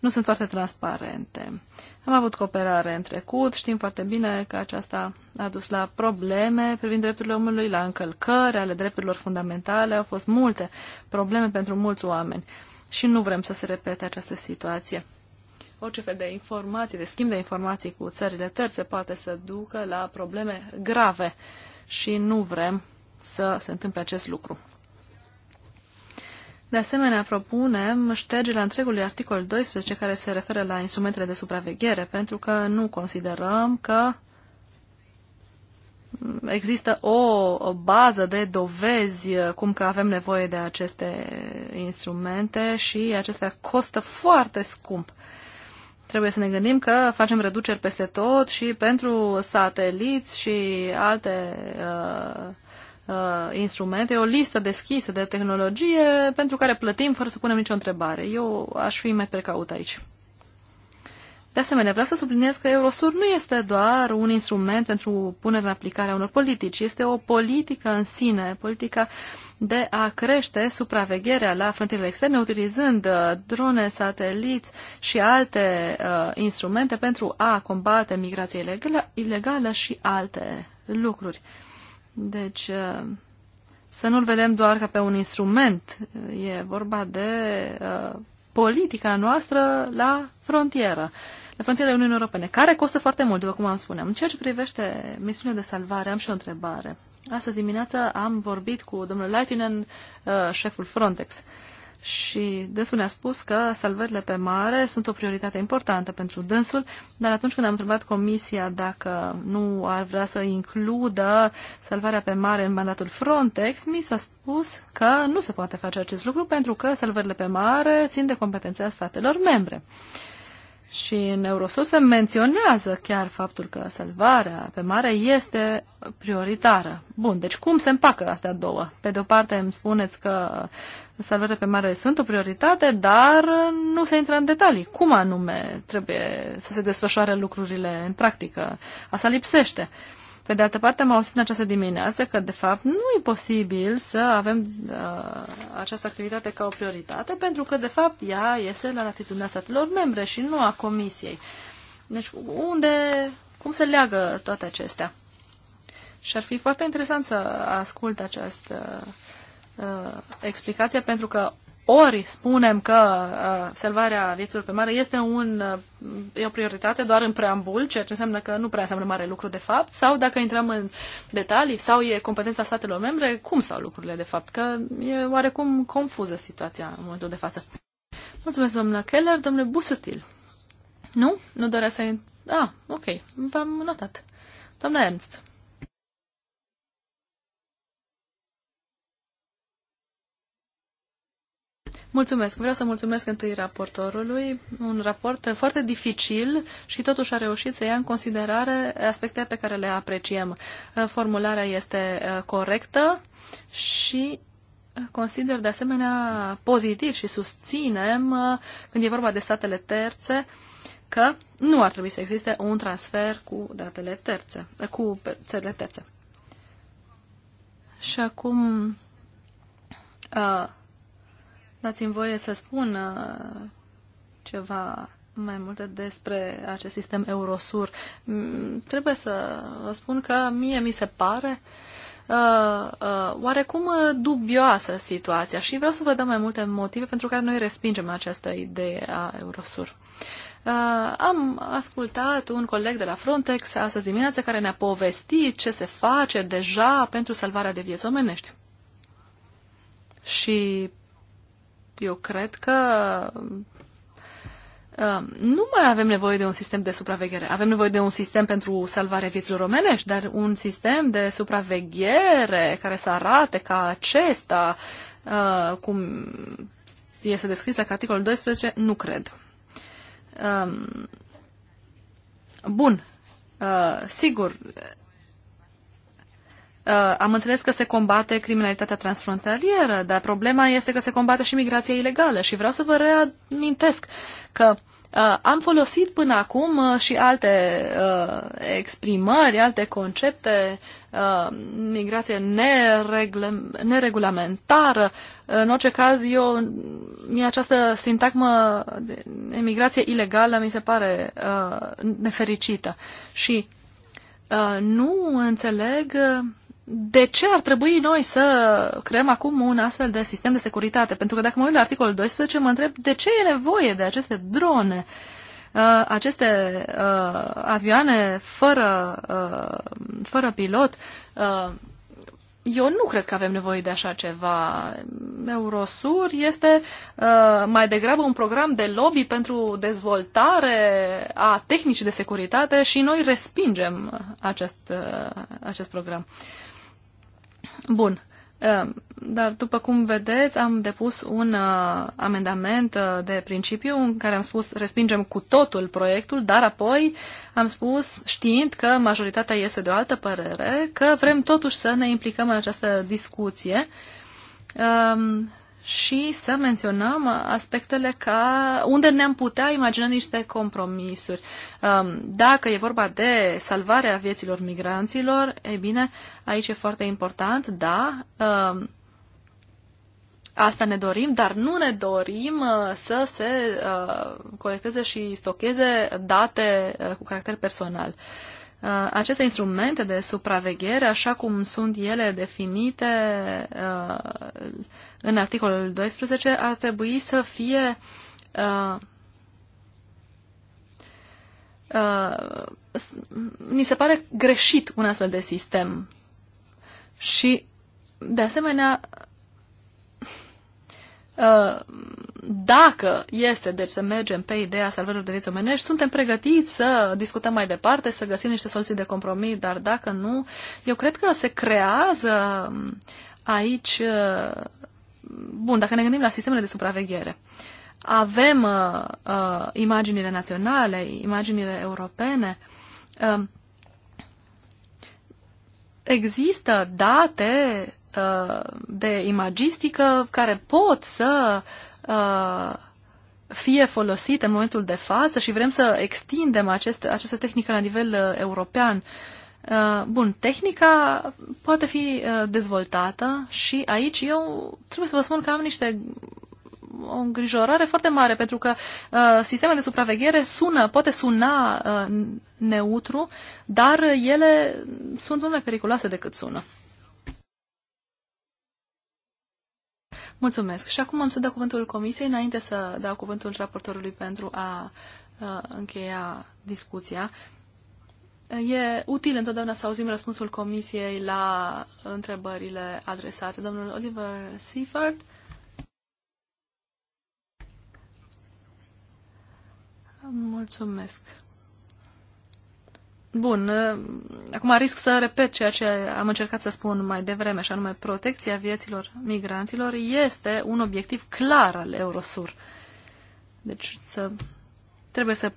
Speaker 4: nu sunt foarte transparente. Am avut cooperare în trecut, știm foarte bine că aceasta a dus la probleme privind drepturile omului, la încălcări ale drepturilor fundamentale, au fost multe probleme pentru mulți oameni și nu vrem să se repete această situație orice fel de informații, de schimb de informații cu țările terțe poate să ducă la probleme grave și nu vrem să se întâmple acest lucru. De asemenea, propunem ștergerea întregului articol 12 care se referă la instrumentele de supraveghere, pentru că nu considerăm că există o, bază de dovezi cum că avem nevoie de aceste instrumente și acestea costă foarte scump. Trebuie să ne gândim că facem reduceri peste tot și pentru sateliți și alte uh, uh, instrumente, e o listă deschisă de tehnologie pentru care plătim fără să punem nicio întrebare. Eu aș fi mai precaut aici. De asemenea, vreau să subliniez că Eurosur nu este doar un instrument pentru punerea în aplicare a unor politici, este o politică în sine, politica uh, de a crește supravegherea la frontierele externe utilizând uh, drone, sateliți și alte uh, instrumente pentru a combate migrația ilegală, ilegală și alte lucruri. Deci, uh, să nu-l vedem doar ca pe un instrument, uh, e vorba de uh, politica noastră la frontieră. Uh, la frontierele Uniunii Europene, care costă foarte mult, după cum am spuneam. În ceea ce privește misiunea de salvare, am și o întrebare. Astăzi dimineața am vorbit cu domnul Leitinen, uh, șeful Frontex, și dânsul ne-a spus că salvările pe mare sunt o prioritate importantă pentru dânsul, dar atunci când am întrebat comisia dacă nu ar vrea să includă salvarea pe mare în mandatul Frontex, mi s-a spus că nu se poate face acest lucru pentru că salvările pe mare țin de competența statelor membre. Uh, și în Eurosus se menționează chiar faptul că salvarea pe mare este prioritară. Bun, deci cum se împacă astea două? Pe de o parte îmi spuneți că salvarea pe mare sunt o prioritate, dar nu se intră în detalii. Cum anume trebuie să se desfășoare lucrurile în practică? Asta lipsește. Uh, pe de altă parte, am auzit în această dimineață că, de fapt, nu e posibil să avem uh, această activitate ca o prioritate, pentru că, de fapt, ea este la latitudinea statelor membre și nu a Comisiei. Deci, unde, cum se leagă toate acestea? Și ar fi foarte interesant să ascult această uh, explicație, pentru că ori spunem că uh, salvarea vieților pe mare este un, uh, e o prioritate doar în preambul, ceea ce înseamnă că nu prea înseamnă mare lucru de fapt, sau dacă intrăm în detalii, sau e competența statelor membre, cum stau lucrurile de fapt, că e oarecum confuză situația în momentul de față. Mulțumesc, domnule Keller, domnule Busutil. Nu? Nu doresc să... Ah, ok, v-am notat. Doamna Ernst. Mulțumesc. Vreau să mulțumesc întâi raportorului. Un raport foarte dificil și totuși a reușit să ia în considerare aspecte pe care le apreciem. Formularea este uh, corectă și uh, consider de asemenea pozitiv și susținem uh, când e vorba de statele terțe că nu ar trebui să existe un transfer cu datele terțe, cu țările terțe. Și acum Dați-mi voie să spun uh, ceva mai multe despre acest sistem Eurosur. Mm, trebuie să vă spun că mie mi se pare uh, uh, oarecum dubioasă situația și vreau să vă dau mai multe motive pentru care noi respingem această idee a Eurosur. Uh, am ascultat un coleg de la Frontex astăzi dimineață care ne-a povestit ce se face deja pentru salvarea de vieți omenești. Și eu cred că uh, nu mai avem nevoie de un sistem de supraveghere. Avem nevoie de un sistem pentru salvarea vieților omenești, dar un sistem de supraveghere care să arate ca acesta, uh, cum este descris la articolul 12, nu cred. Um, bun. Uh, sigur, Uh, am înțeles că se combate criminalitatea transfrontalieră, dar problema este că se combate și migrația ilegală și vreau să vă reamintesc că uh, am folosit până acum uh, și alte uh, exprimări, alte concepte, uh, migrație neregle, neregulamentară. În orice caz, eu, mie această sintagmă de emigrație ilegală mi se pare uh, nefericită. Și uh, nu înțeleg uh, de ce ar trebui noi să creăm acum un astfel de sistem de securitate? Pentru că dacă mă uit la articolul 12, mă întreb de ce e nevoie de aceste drone, uh, aceste uh, avioane fără, uh, fără pilot. eu nu cred că avem nevoie de așa ceva. Eurosur este mai degrabă un program de lobby pentru dezvoltare a tehnicii de securitate și noi respingem acest, acest program. Bun. Ehm, dar, după cum vedeți, am depus un uh, amendament uh, de principiu în care am spus respingem cu totul proiectul, dar apoi am spus, știind că majoritatea este de o altă părere, că vrem totuși să ne implicăm în această discuție. Ehm, și să menționăm aspectele ca unde ne-am putea imagina niște compromisuri. Um, dacă e vorba de salvarea vieților migranților, e bine, aici e foarte important, da, um, asta ne dorim, dar nu ne dorim uh, să se uh, colecteze și stocheze date uh, cu caracter personal aceste instrumente de supraveghere, așa cum sunt ele definite în articolul 12 ar trebui să fie uh, uh, ni se pare greșit un astfel de sistem. Și, de asemenea, uh, dacă este, deci să mergem pe ideea salvărilor de vieți omenești, suntem pregătiți să discutăm mai departe, să găsim niște soluții de compromis, dar dacă nu, eu cred că se creează aici bun, dacă ne gândim la sistemele de supraveghere, avem uh, uh, imaginile naționale, imaginile europene, uh, există date uh, de imagistică care pot să uh, fie folosite în momentul de față și vrem să extindem acest, această tehnică la nivel uh, european. Uh, Uh, bun, tehnica poate fi uh, dezvoltată și aici eu trebuie să vă spun că am niște o îngrijorare foarte mare, pentru că uh, sistemele de supraveghere sună, poate suna uh, neutru, dar ele sunt mult mai periculoase decât sună. Mulțumesc. Și acum am să dau cuvântul comisiei, înainte să dau cuvântul raportorului pentru a uh, încheia discuția. E util întotdeauna să auzim răspunsul comisiei la întrebările adresate. Domnul Oliver Seifert. Mulțumesc. Bun, acum risc să repet ceea ce am încercat să spun mai devreme, și anume protecția vieților migranților este un obiectiv clar al Eurosur. Deci să, trebuie să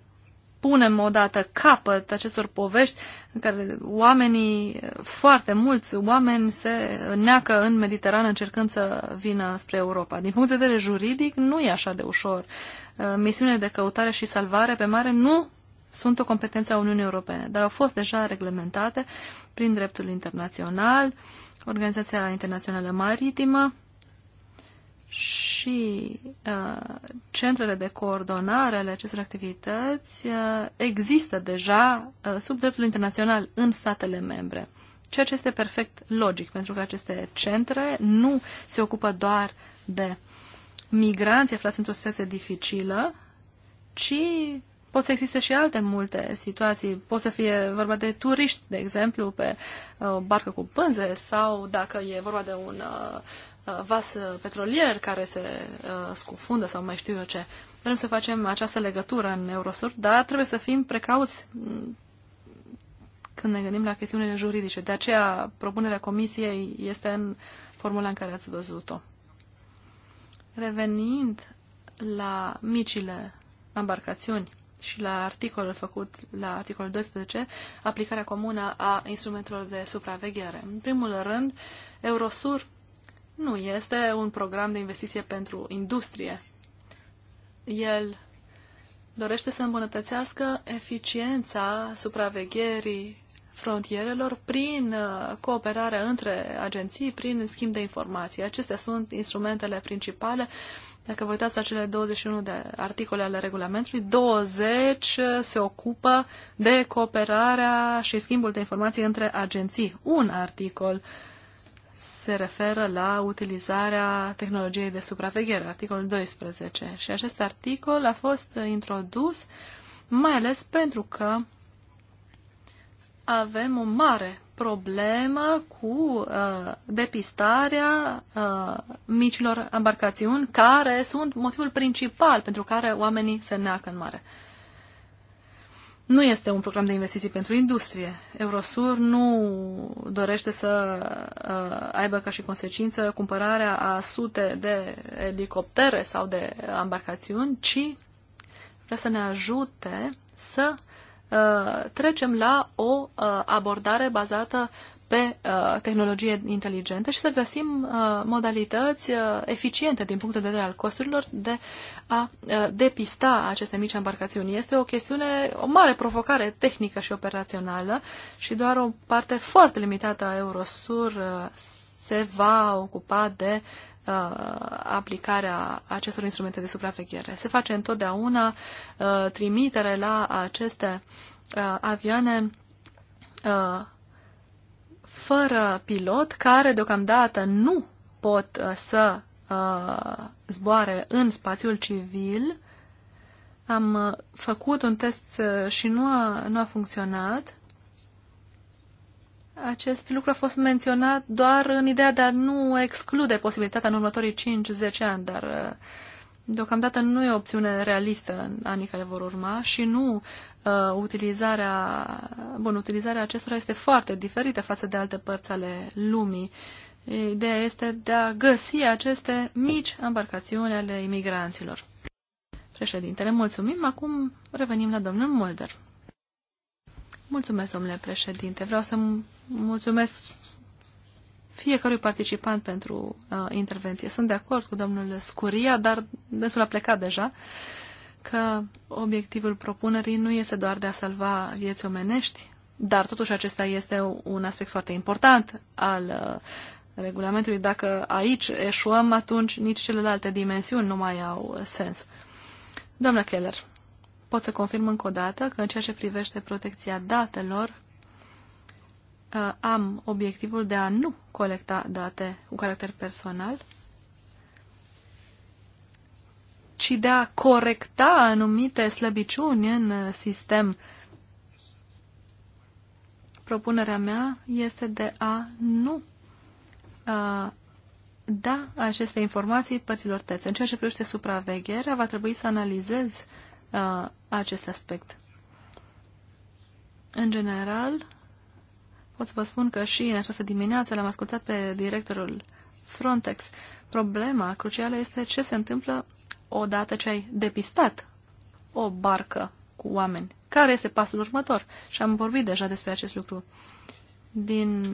Speaker 4: punem odată capăt acestor povești în care oamenii, foarte mulți oameni se neacă în Mediterană încercând să vină spre Europa. Din punct de vedere juridic, nu e așa de ușor. Uh, misiunile de căutare și salvare pe mare nu sunt o competență a Uniunii Europene, dar au fost deja reglementate prin dreptul internațional, Organizația Internațională Maritimă, și uh, centrele de coordonare ale acestor activități uh, există deja uh, sub dreptul internațional în statele membre, ceea ce este perfect logic, pentru că aceste centre nu se ocupă doar de migranți aflați într-o situație dificilă, ci pot să existe și alte multe situații. Pot să fie vorba de turiști, de exemplu, pe uh, o barcă cu pânze sau dacă e vorba de un uh, Uh, vas uh, petrolier care se uh, scufundă sau mai știu eu ce. Vrem să facem această legătură în Eurosur, dar trebuie să fim precauți mm, când ne gândim la chestiunile juridice. De aceea, propunerea comisiei este în formula în care ați văzut-o. Revenind la micile embarcațiuni și la articolul făcut, la articolul 12, aplicarea comună a instrumentelor de supraveghere. În primul rând, Eurosur nu este un program de investiție pentru industrie. El dorește să îmbunătățească eficiența supravegherii frontierelor prin uh, cooperare între agenții, prin schimb de informații. Acestea sunt instrumentele principale. Dacă vă uitați la cele 21 de articole ale regulamentului, 20 se ocupă de cooperarea și schimbul de informații între agenții. Un articol uh, se referă la utilizarea tehnologiei de supraveghere, articolul 12. Și acest articol a fost introdus mai ales pentru că avem o mare problemă cu uh, depistarea uh, micilor embarcațiuni, care sunt motivul principal pentru care oamenii se neacă în mare. Uh, nu este un program de investiții pentru industrie. Eurosur nu dorește să uh, aibă ca și consecință cumpărarea a sute de elicoptere sau de embarcațiuni, ci vrea să ne ajute să uh, trecem la o uh, abordare bazată pe uh, tehnologie inteligentă și să găsim uh, modalități uh, eficiente din punct de vedere al costurilor de a uh, depista aceste mici embarcațiuni. Este o chestiune, o mare provocare tehnică și operațională și doar o parte foarte limitată a Eurosur uh, se va ocupa de uh, aplicarea acestor instrumente de supraveghere. Se face întotdeauna uh, trimitere la aceste uh, avioane uh, fără pilot care deocamdată nu pot uh, să uh, zboare în spațiul civil. Am uh, făcut un test uh, și nu a, nu a funcționat. Acest lucru a fost menționat doar în ideea de a nu exclude posibilitatea în următorii 5-10 ani, dar deocamdată nu e o opțiune realistă în anii care vor urma și nu uh, utilizarea, bun, utilizarea acestora este foarte diferită față de alte părți ale lumii. Ideea este de a găsi aceste mici embarcațiuni ale imigranților. Președintele, mulțumim. Acum revenim la domnul Mulder. Mulțumesc, domnule președinte. Vreau să mulțumesc fiecărui participant pentru uh, intervenție. Sunt de acord cu domnul Scuria, dar desul a plecat deja. Uh, că obiectivul propunerii nu este doar de a salva vieți omenești, dar totuși acesta este un aspect foarte important al uh, regulamentului. Dacă aici eșuăm, atunci nici celelalte dimensiuni nu mai au uh, sens. Doamna Keller, pot să confirm încă o dată că în ceea ce privește protecția datelor, uh, am obiectivul de a nu colecta date cu caracter personal, ci de a corecta anumite slăbiciuni în sistem. Propunerea mea este de a nu a, da aceste informații părților tețe. În ceea ce privește supravegherea, va trebui să analizez a, acest aspect. În general, pot să vă spun că și în această dimineață l-am ascultat pe directorul Frontex. Problema crucială este ce se întâmplă odată ce ai depistat o barcă cu oameni. Care este pasul următor? Și am vorbit deja despre acest lucru. Din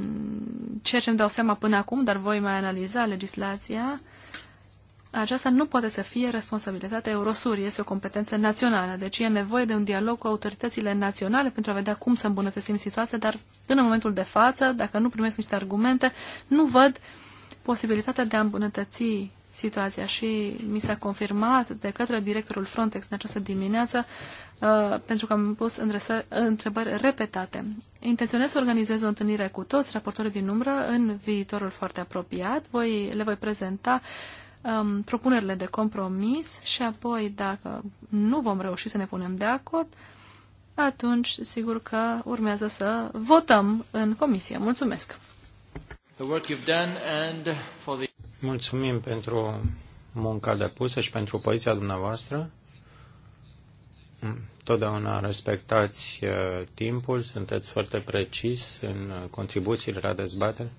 Speaker 4: ceea ce îmi dau seama până acum, dar voi mai analiza legislația, aceasta nu poate să fie responsabilitatea Eurosur, este o competență națională, deci e nevoie de un dialog cu autoritățile naționale pentru a vedea cum să îmbunătățim situația, dar până în momentul de față, dacă nu primesc niște argumente, nu văd posibilitatea de a îmbunătăți situația și mi s-a confirmat de către directorul Frontex în această dimineață uh, pentru că am pus întrebări repetate. Intenționez să organizez o întâlnire cu toți raportorii din umbră în viitorul foarte apropiat. Voi, le voi prezenta um, propunerile de compromis și apoi, dacă nu vom reuși să ne punem de acord, atunci sigur că urmează să votăm în comisie. Mulțumesc!
Speaker 1: The work you've done and for the... Mulțumim pentru munca depusă și pentru poziția dumneavoastră. Totdeauna respectați uh, timpul, sunteți foarte precis în contribuțiile la dezbatere.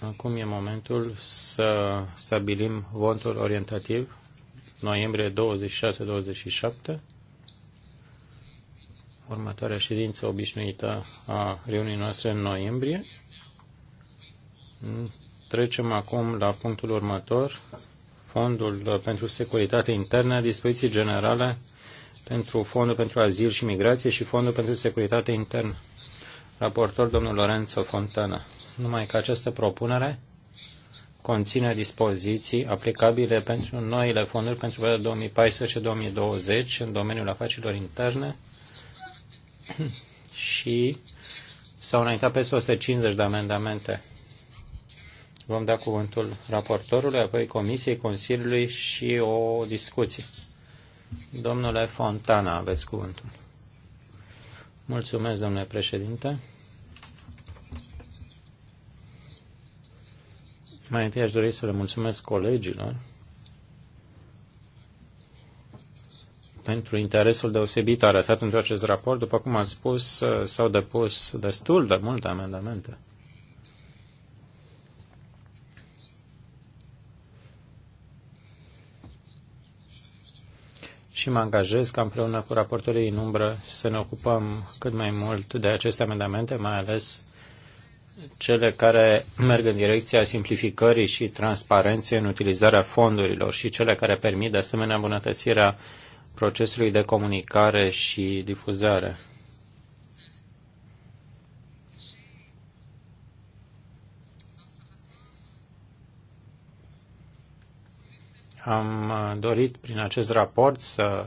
Speaker 1: Acum e momentul să stabilim votul orientativ, noiembrie 26-27, următoarea ședință obișnuită a reuniunii noastre în noiembrie. Trecem acum la punctul următor, Fondul pentru Securitate Internă, dispoziții generale pentru Fondul pentru Azil și Migrație și Fondul pentru Securitate Internă. Raportor domnul Lorenzo Fontana. Numai că această propunere conține dispoziții aplicabile pentru noile fonduri pentru perioada 2014-2020 în domeniul afacerilor interne *clears throat* și s-au înaintat peste 150 de amendamente Vom da cuvântul raportorului, apoi Comisiei, Consiliului și o discuție. Domnule Fontana, aveți cuvântul. Mulțumesc, domnule președinte. Mai întâi aș dori să le mulțumesc colegilor pentru interesul deosebit arătat într acest raport. După cum am spus, s-au depus destul de multe amendamente. și mă angajez ca împreună cu raportorii în umbră să ne ocupăm cât mai mult de aceste amendamente, mai ales cele care merg în direcția simplificării și transparenței în utilizarea fondurilor și cele care permit de asemenea îmbunătățirea procesului de comunicare și difuzare. Am uh, dorit prin acest raport să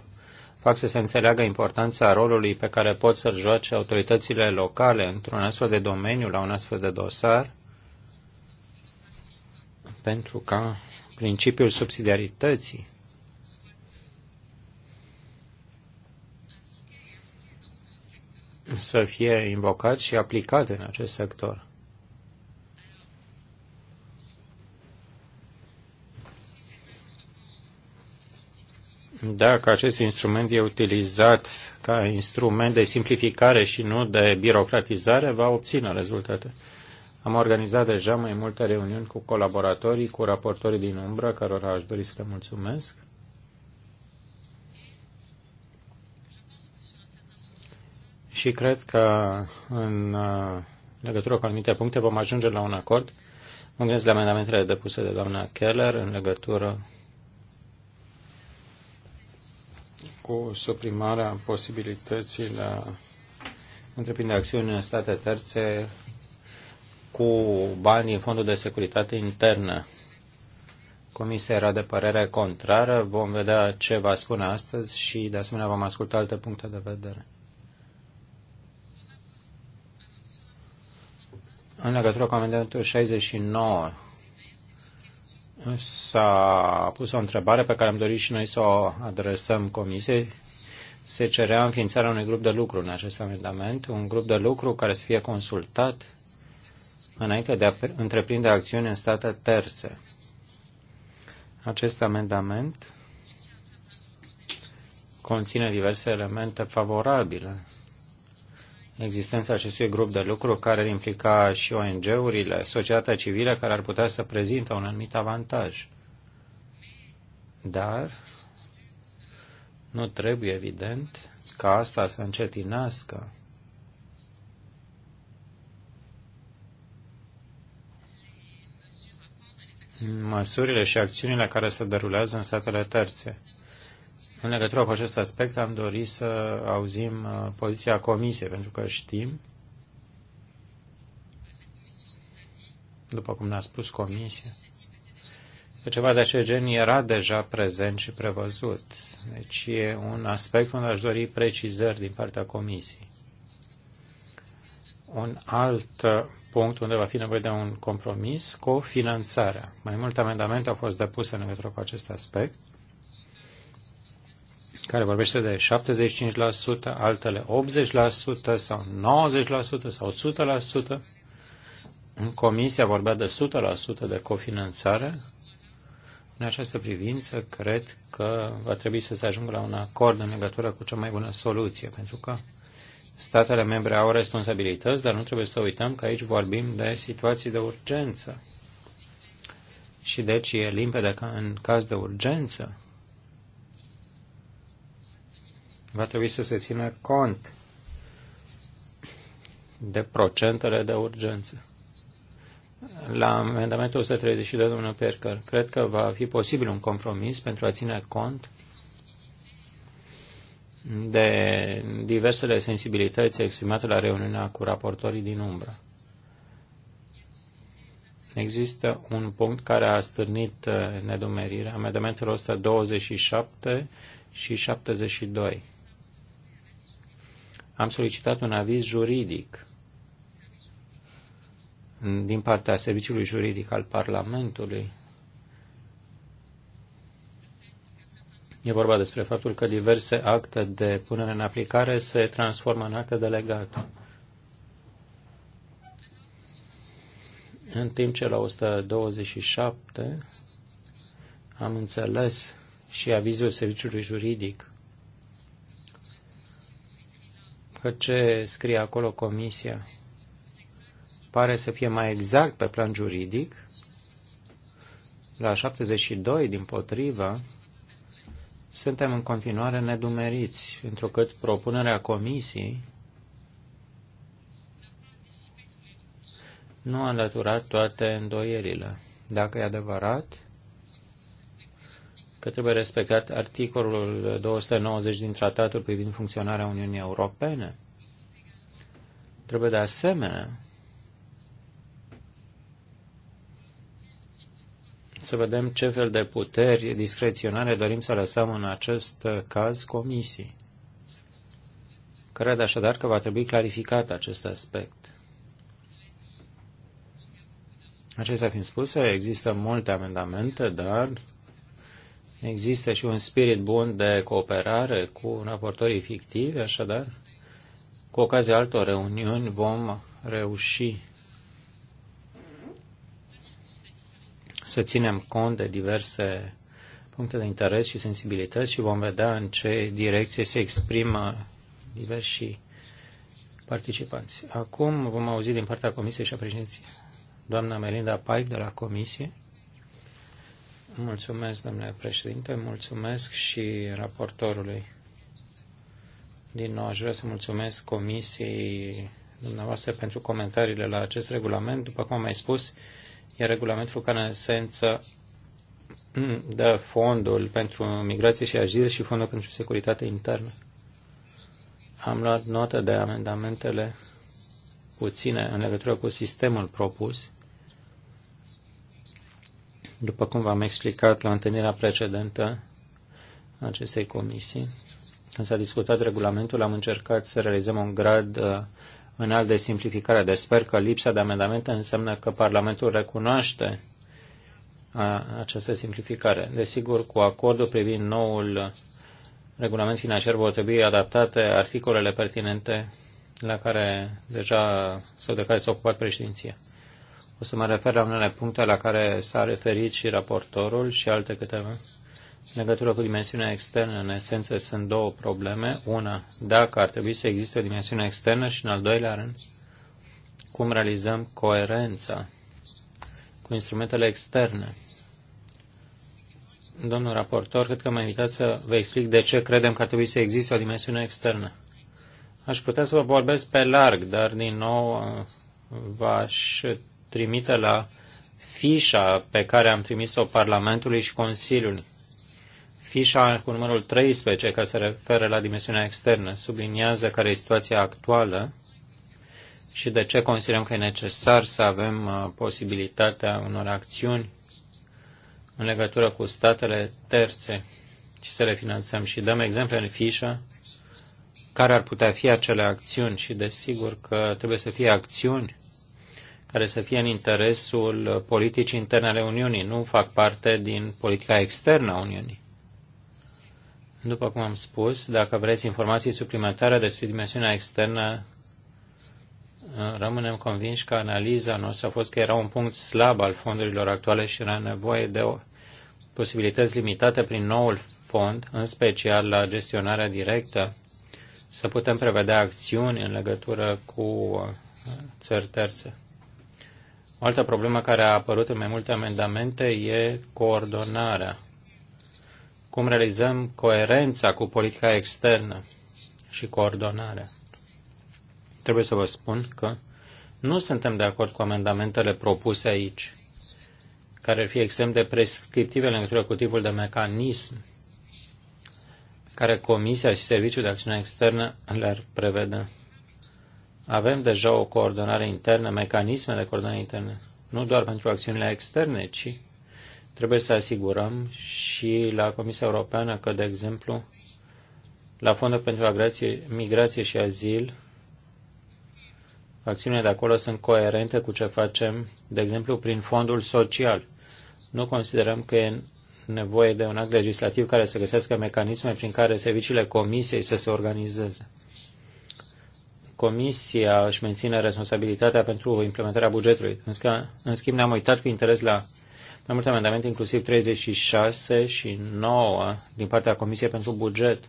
Speaker 1: fac să se înțeleagă importanța rolului pe care pot să-l joace autoritățile locale într-un astfel de domeniu, la un astfel de dosar, pentru ca principiul subsidiarității să fie invocat și aplicat în acest sector. dacă acest instrument e utilizat ca instrument de simplificare și nu de birocratizare, va obține rezultate. Am organizat deja mai multe reuniuni cu colaboratorii, cu raportorii din umbră, cărora aș dori să le mulțumesc. Și cred că în uh, legătură cu anumite puncte vom ajunge la un acord. Mă gândesc la amendamentele depuse de doamna Keller în legătură cu suprimarea posibilității la întreprinde acțiuni în state terțe cu bani din Fondul de Securitate Internă. Comisia era de părere contrară, vom vedea ce va spune astăzi și de asemenea vom asculta alte puncte de vedere. În legătură cu amendamentul 69, s-a pus o întrebare pe care am dorit și noi să o adresăm comisiei. Se cerea înființarea unui grup de lucru în acest amendament, un grup de lucru care să fie consultat înainte de a întreprinde acțiuni în state terțe. Acest amendament conține diverse elemente favorabile existența acestui grup de lucru care ar implica și ONG-urile, societatea civilă care ar putea să prezintă un anumit avantaj. Dar nu trebuie, evident, ca asta să încetinească măsurile și acțiunile care se derulează în statele terțe. În legătură cu acest aspect am dorit să auzim uh, poziția Comisiei, pentru că știm, după cum ne-a spus Comisia, că ceva de acest gen era deja prezent și prevăzut. Deci e un aspect unde aș dori precizări din partea Comisiei. Un alt uh, punct unde va fi nevoie de un compromis, cofinanțarea. Mai multe amendamente au fost depuse în legătură cu acest aspect care vorbește de 75%, altele 80% sau 90% sau 100%. În comisia vorbea de 100% de cofinanțare. În această privință, cred că va trebui să se ajungă la un acord în legătură cu cea mai bună soluție, pentru că statele membre au responsabilități, dar nu trebuie să uităm că aici vorbim de situații de urgență. Și deci e limpede că în caz de urgență, va trebui să se țină cont de procentele de urgență. La amendamentul 132, domnul Percăr, cred că va fi posibil un compromis pentru a ține cont de diversele sensibilități exprimate la reuniunea cu raportorii din umbră. Există un punct care a stârnit uh, nedumerirea, amendamentul 127 și 72 am solicitat un aviz juridic din partea Serviciului Juridic al Parlamentului. E vorba despre faptul că diverse acte de punere în aplicare se transformă în acte delegate. În timp ce la 127 am înțeles și avizul serviciului juridic că ce scrie acolo Comisia pare să fie mai exact pe plan juridic. La 72, din potrivă, suntem în continuare nedumeriți, întrucât propunerea Comisiei nu a înlăturat toate îndoierile. Dacă e adevărat, că trebuie respectat articolul 290 din tratatul privind funcționarea Uniunii Europene. Trebuie de asemenea să vedem ce fel de puteri discreționare dorim să lăsăm în acest caz comisii. Cred așadar că va trebui clarificat acest aspect. Acestea fiind spuse, există multe amendamente, dar Există și un spirit bun de cooperare cu raportorii fictivi, așadar, cu ocazia altor reuniuni vom reuși să ținem cont de diverse puncte de interes și sensibilități și vom vedea în ce direcție se exprimă diversi participanți. Acum vom auzi din partea Comisiei și a președinției doamna Melinda Pike de la Comisie. Mulțumesc, domnule președinte, mulțumesc și raportorului. Din nou, aș vrea să mulțumesc comisiei dumneavoastră pentru comentariile la acest regulament. După cum am mai spus, e regulamentul care, în esență, *clears throat* dă fondul pentru migrație și azil și fondul pentru securitate internă. Am luat notă de amendamentele puține în legătură cu sistemul propus după cum v-am explicat la întâlnirea precedentă acestei comisii, când s-a discutat regulamentul, am încercat să realizăm un grad uh, înalt de simplificare. Deci sper că lipsa de amendamente înseamnă că Parlamentul recunoaște uh, această simplificare. Desigur, cu acordul privind noul uh, regulament financiar vor trebui adaptate articolele pertinente la care deja sau de care s-a ocupat președinția. O să mă refer la unele puncte la care s-a referit și raportorul și alte câteva. În legătură cu dimensiunea externă, în esență, sunt două probleme. Una, dacă ar trebui să existe o dimensiune externă și, în al doilea rând, cum realizăm coerența cu instrumentele externe. Domnul raportor, cred că mă a invitat să vă explic de ce credem că ar trebui să existe o dimensiune externă. Aș putea să vă vorbesc pe larg, dar, din nou, v-aș trimite la fișa pe care am trimis-o Parlamentului și Consiliului. Fișa cu numărul 13, care se referă la dimensiunea externă, subliniază care e situația actuală și de ce considerăm că e necesar să avem uh, posibilitatea unor acțiuni în legătură cu statele terțe și să le finanțăm. Și dăm exemple în fișă care ar putea fi acele acțiuni și desigur că trebuie să fie acțiuni care să fie în interesul politicii interne ale Uniunii, nu fac parte din politica externă a Uniunii. După cum am spus, dacă vreți informații suplimentare despre dimensiunea externă, rămânem convinși că analiza noastră a fost că era un punct slab al fondurilor actuale și era nevoie de o posibilități limitate prin noul fond, în special la gestionarea directă, să putem prevedea acțiuni în legătură cu țări terțe. O altă problemă care a apărut în mai multe amendamente e coordonarea. Cum realizăm coerența cu politica externă și coordonarea? Trebuie să vă spun că nu suntem de acord cu amendamentele propuse aici, care ar fi extrem de prescriptive în legătură cu tipul de mecanism care Comisia și Serviciul de Acțiune Externă le-ar prevede. Avem deja o coordonare internă, mecanisme de coordonare internă, nu doar pentru acțiunile externe, ci trebuie să asigurăm și la Comisia Europeană că, de exemplu, la Fondul pentru Agrație, Migrație și Azil, acțiunile de acolo sunt coerente cu ce facem, de exemplu, prin fondul social. Nu considerăm că e nevoie de un act legislativ care să găsească mecanisme prin care serviciile comisiei să se organizeze. Comisia își menține responsabilitatea pentru implementarea bugetului. În schimb, ne-am uitat cu interes la mai multe amendamente, inclusiv 36 și 9 din partea Comisiei pentru Buget,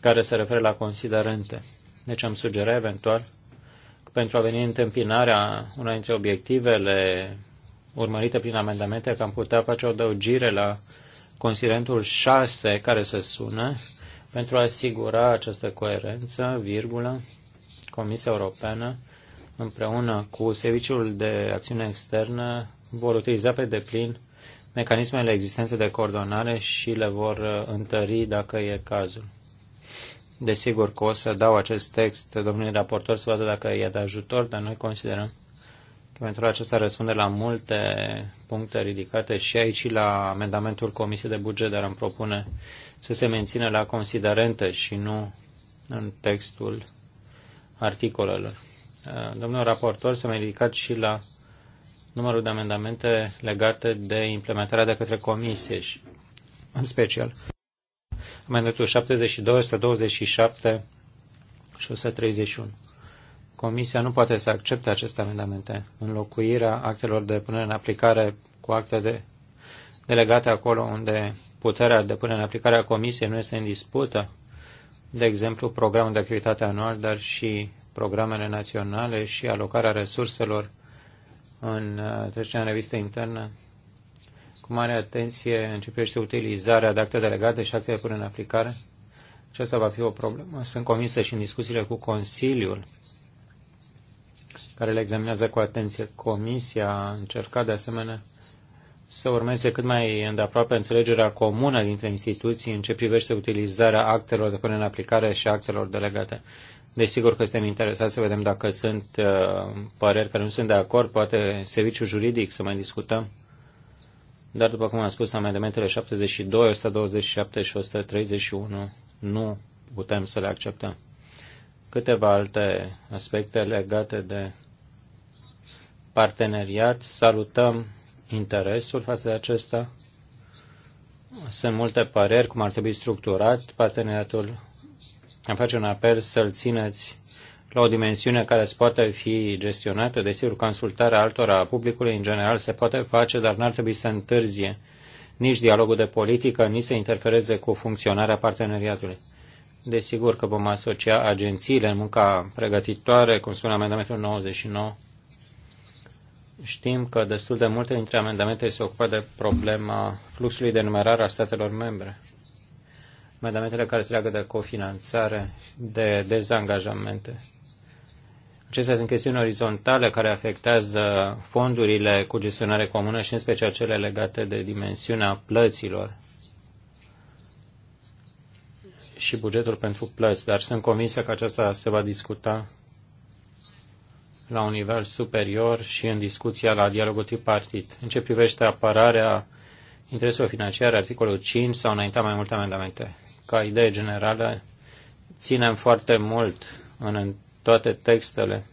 Speaker 1: care se referă la considerente. Deci am sugerat eventual pentru a veni în întâmpinarea una dintre obiectivele urmărite prin amendamente, că am putea face o adăugire la considerentul 6 care se sună pentru a asigura această coerență, virgulă, Comisia Europeană, împreună cu Serviciul de Acțiune Externă, vor utiliza pe deplin mecanismele existente de coordonare și le vor uh, întări dacă e cazul. Desigur că o să dau acest text domnului raportor să vadă dacă e de ajutor, dar noi considerăm pentru acesta răspunde la multe puncte ridicate și aici și la amendamentul Comisiei de Buget, dar îmi propune să se mențină la considerente și nu în textul articolelor. Domnul raportor s-a mai ridicat și la numărul de amendamente legate de implementarea de către Comisie și în special amendamentul 72, 127 și 131. Comisia nu poate să accepte aceste amendamente. Înlocuirea actelor de punere în aplicare cu acte de delegate acolo unde puterea de punere în aplicare a Comisiei nu este în dispută, de exemplu, programul de activitate anual, dar și programele naționale și alocarea resurselor în uh, trecerea în revistă internă. Cu mare atenție începește utilizarea de acte delegate și acte de punere în aplicare. Aceasta va fi o problemă. Sunt convinsă și în discuțiile cu Consiliul care le examinează cu atenție Comisia, a încercat de asemenea să urmeze cât mai îndeaproape înțelegerea comună dintre instituții în ce privește utilizarea actelor de până în aplicare și actelor delegate. Desigur că suntem interesați să vedem dacă sunt uh, păreri care nu sunt de acord, poate serviciul juridic să mai discutăm. Dar, după cum am spus, amendamentele 72, 127 și 131 nu putem să le acceptăm. Câteva alte aspecte legate de parteneriat, salutăm interesul față de acesta. Sunt multe păreri cum ar trebui structurat parteneriatul. Am face un apel să-l țineți la o dimensiune care se poate fi gestionată. Desigur, consultarea altora a publicului în general se poate face, dar n-ar trebui să întârzie nici dialogul de politică, nici să interfereze cu funcționarea parteneriatului. Desigur că vom asocia agențiile în munca pregătitoare, cum spune amendamentul 99, Știm că destul de multe dintre amendamente se ocupă de problema fluxului de numerare a statelor membre. Amendamentele care se leagă de cofinanțare, de dezangajamente. Acestea sunt chestiuni orizontale care afectează fondurile cu gestionare comună și în special cele legate de dimensiunea plăților și bugetul pentru plăți, dar sunt convinsă că aceasta se va discuta la un nivel superior și în discuția la dialogul tripartit. În ce privește apărarea intereselor financiare, articolul 5 s-au înaintat mai multe amendamente. Ca idee generală, ținem foarte mult în toate textele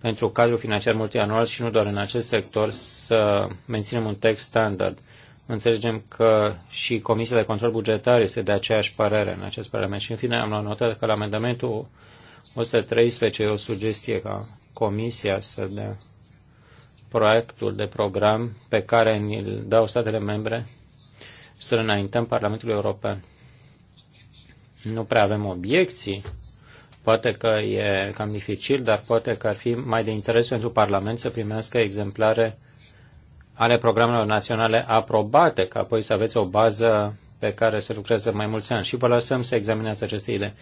Speaker 1: pentru cadrul financiar multianual și nu doar în acest sector să menținem un text standard. Înțelegem că și Comisia de Control Bugetar este de aceeași părere în acest Parlament. Și în fine am notat că la amendamentul 113 e o sugestie ca Comisia să dea proiectul de program pe care îl dau statele membre să-l înaintăm Parlamentului European. Nu prea avem obiecții, poate că e cam dificil, dar poate că ar fi mai de interes pentru Parlament să primească exemplare ale programelor naționale aprobate, ca apoi să aveți o bază pe care să lucreze mai mulți ani. Și vă lăsăm să examinați aceste idei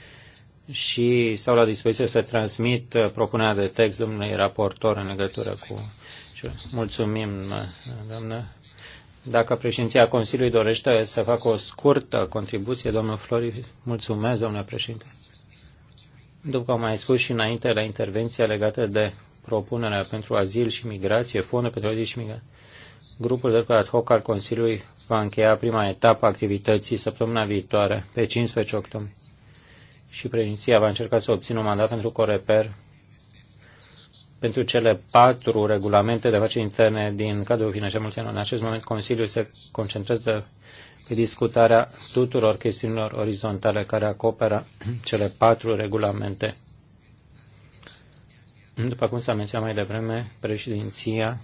Speaker 1: și stau la dispoziție să transmit uh, propunerea de text domnului raportor în legătură cu... Mulțumim, doamnă. Dacă președinția Consiliului dorește să facă o scurtă contribuție, domnul Flori, mulțumesc, domnule președinte. După cum am mai spus și înainte la intervenția legată de propunerea pentru azil și migrație, fondul pentru azil și migrație, grupul de pe ad hoc al Consiliului va încheia prima etapă a activității săptămâna viitoare, pe 15 octombrie și președinția va încerca să obțină un mandat pentru Coreper pentru cele patru regulamente de afaceri interne din cadrul financiar multianual. În acest moment, Consiliul se concentrează pe discutarea tuturor chestiunilor orizontale care acoperă *clears throat* cele patru regulamente. După cum s-a menționat mai devreme, președinția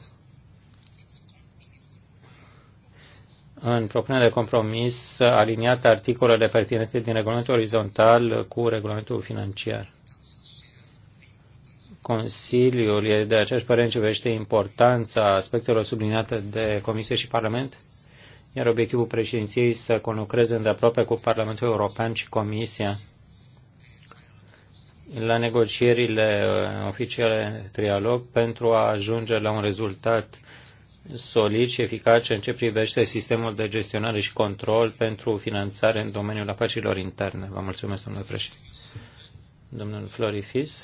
Speaker 1: în propunerea de compromis aliniată articolele pertinente din regulamentul orizontal cu regulamentul financiar. Consiliul e de aceeași părere în ce vește importanța aspectelor subliniate de Comisie și Parlament, iar obiectivul președinției să conlucreze îndeaproape cu Parlamentul European și Comisia la negocierile uh, oficiale trialog pentru a ajunge la un rezultat solid și eficace în ce privește sistemul de gestionare și control pentru finanțare în domeniul afacerilor interne. Vă mulțumesc, domnule președinte. Domnul Florifis.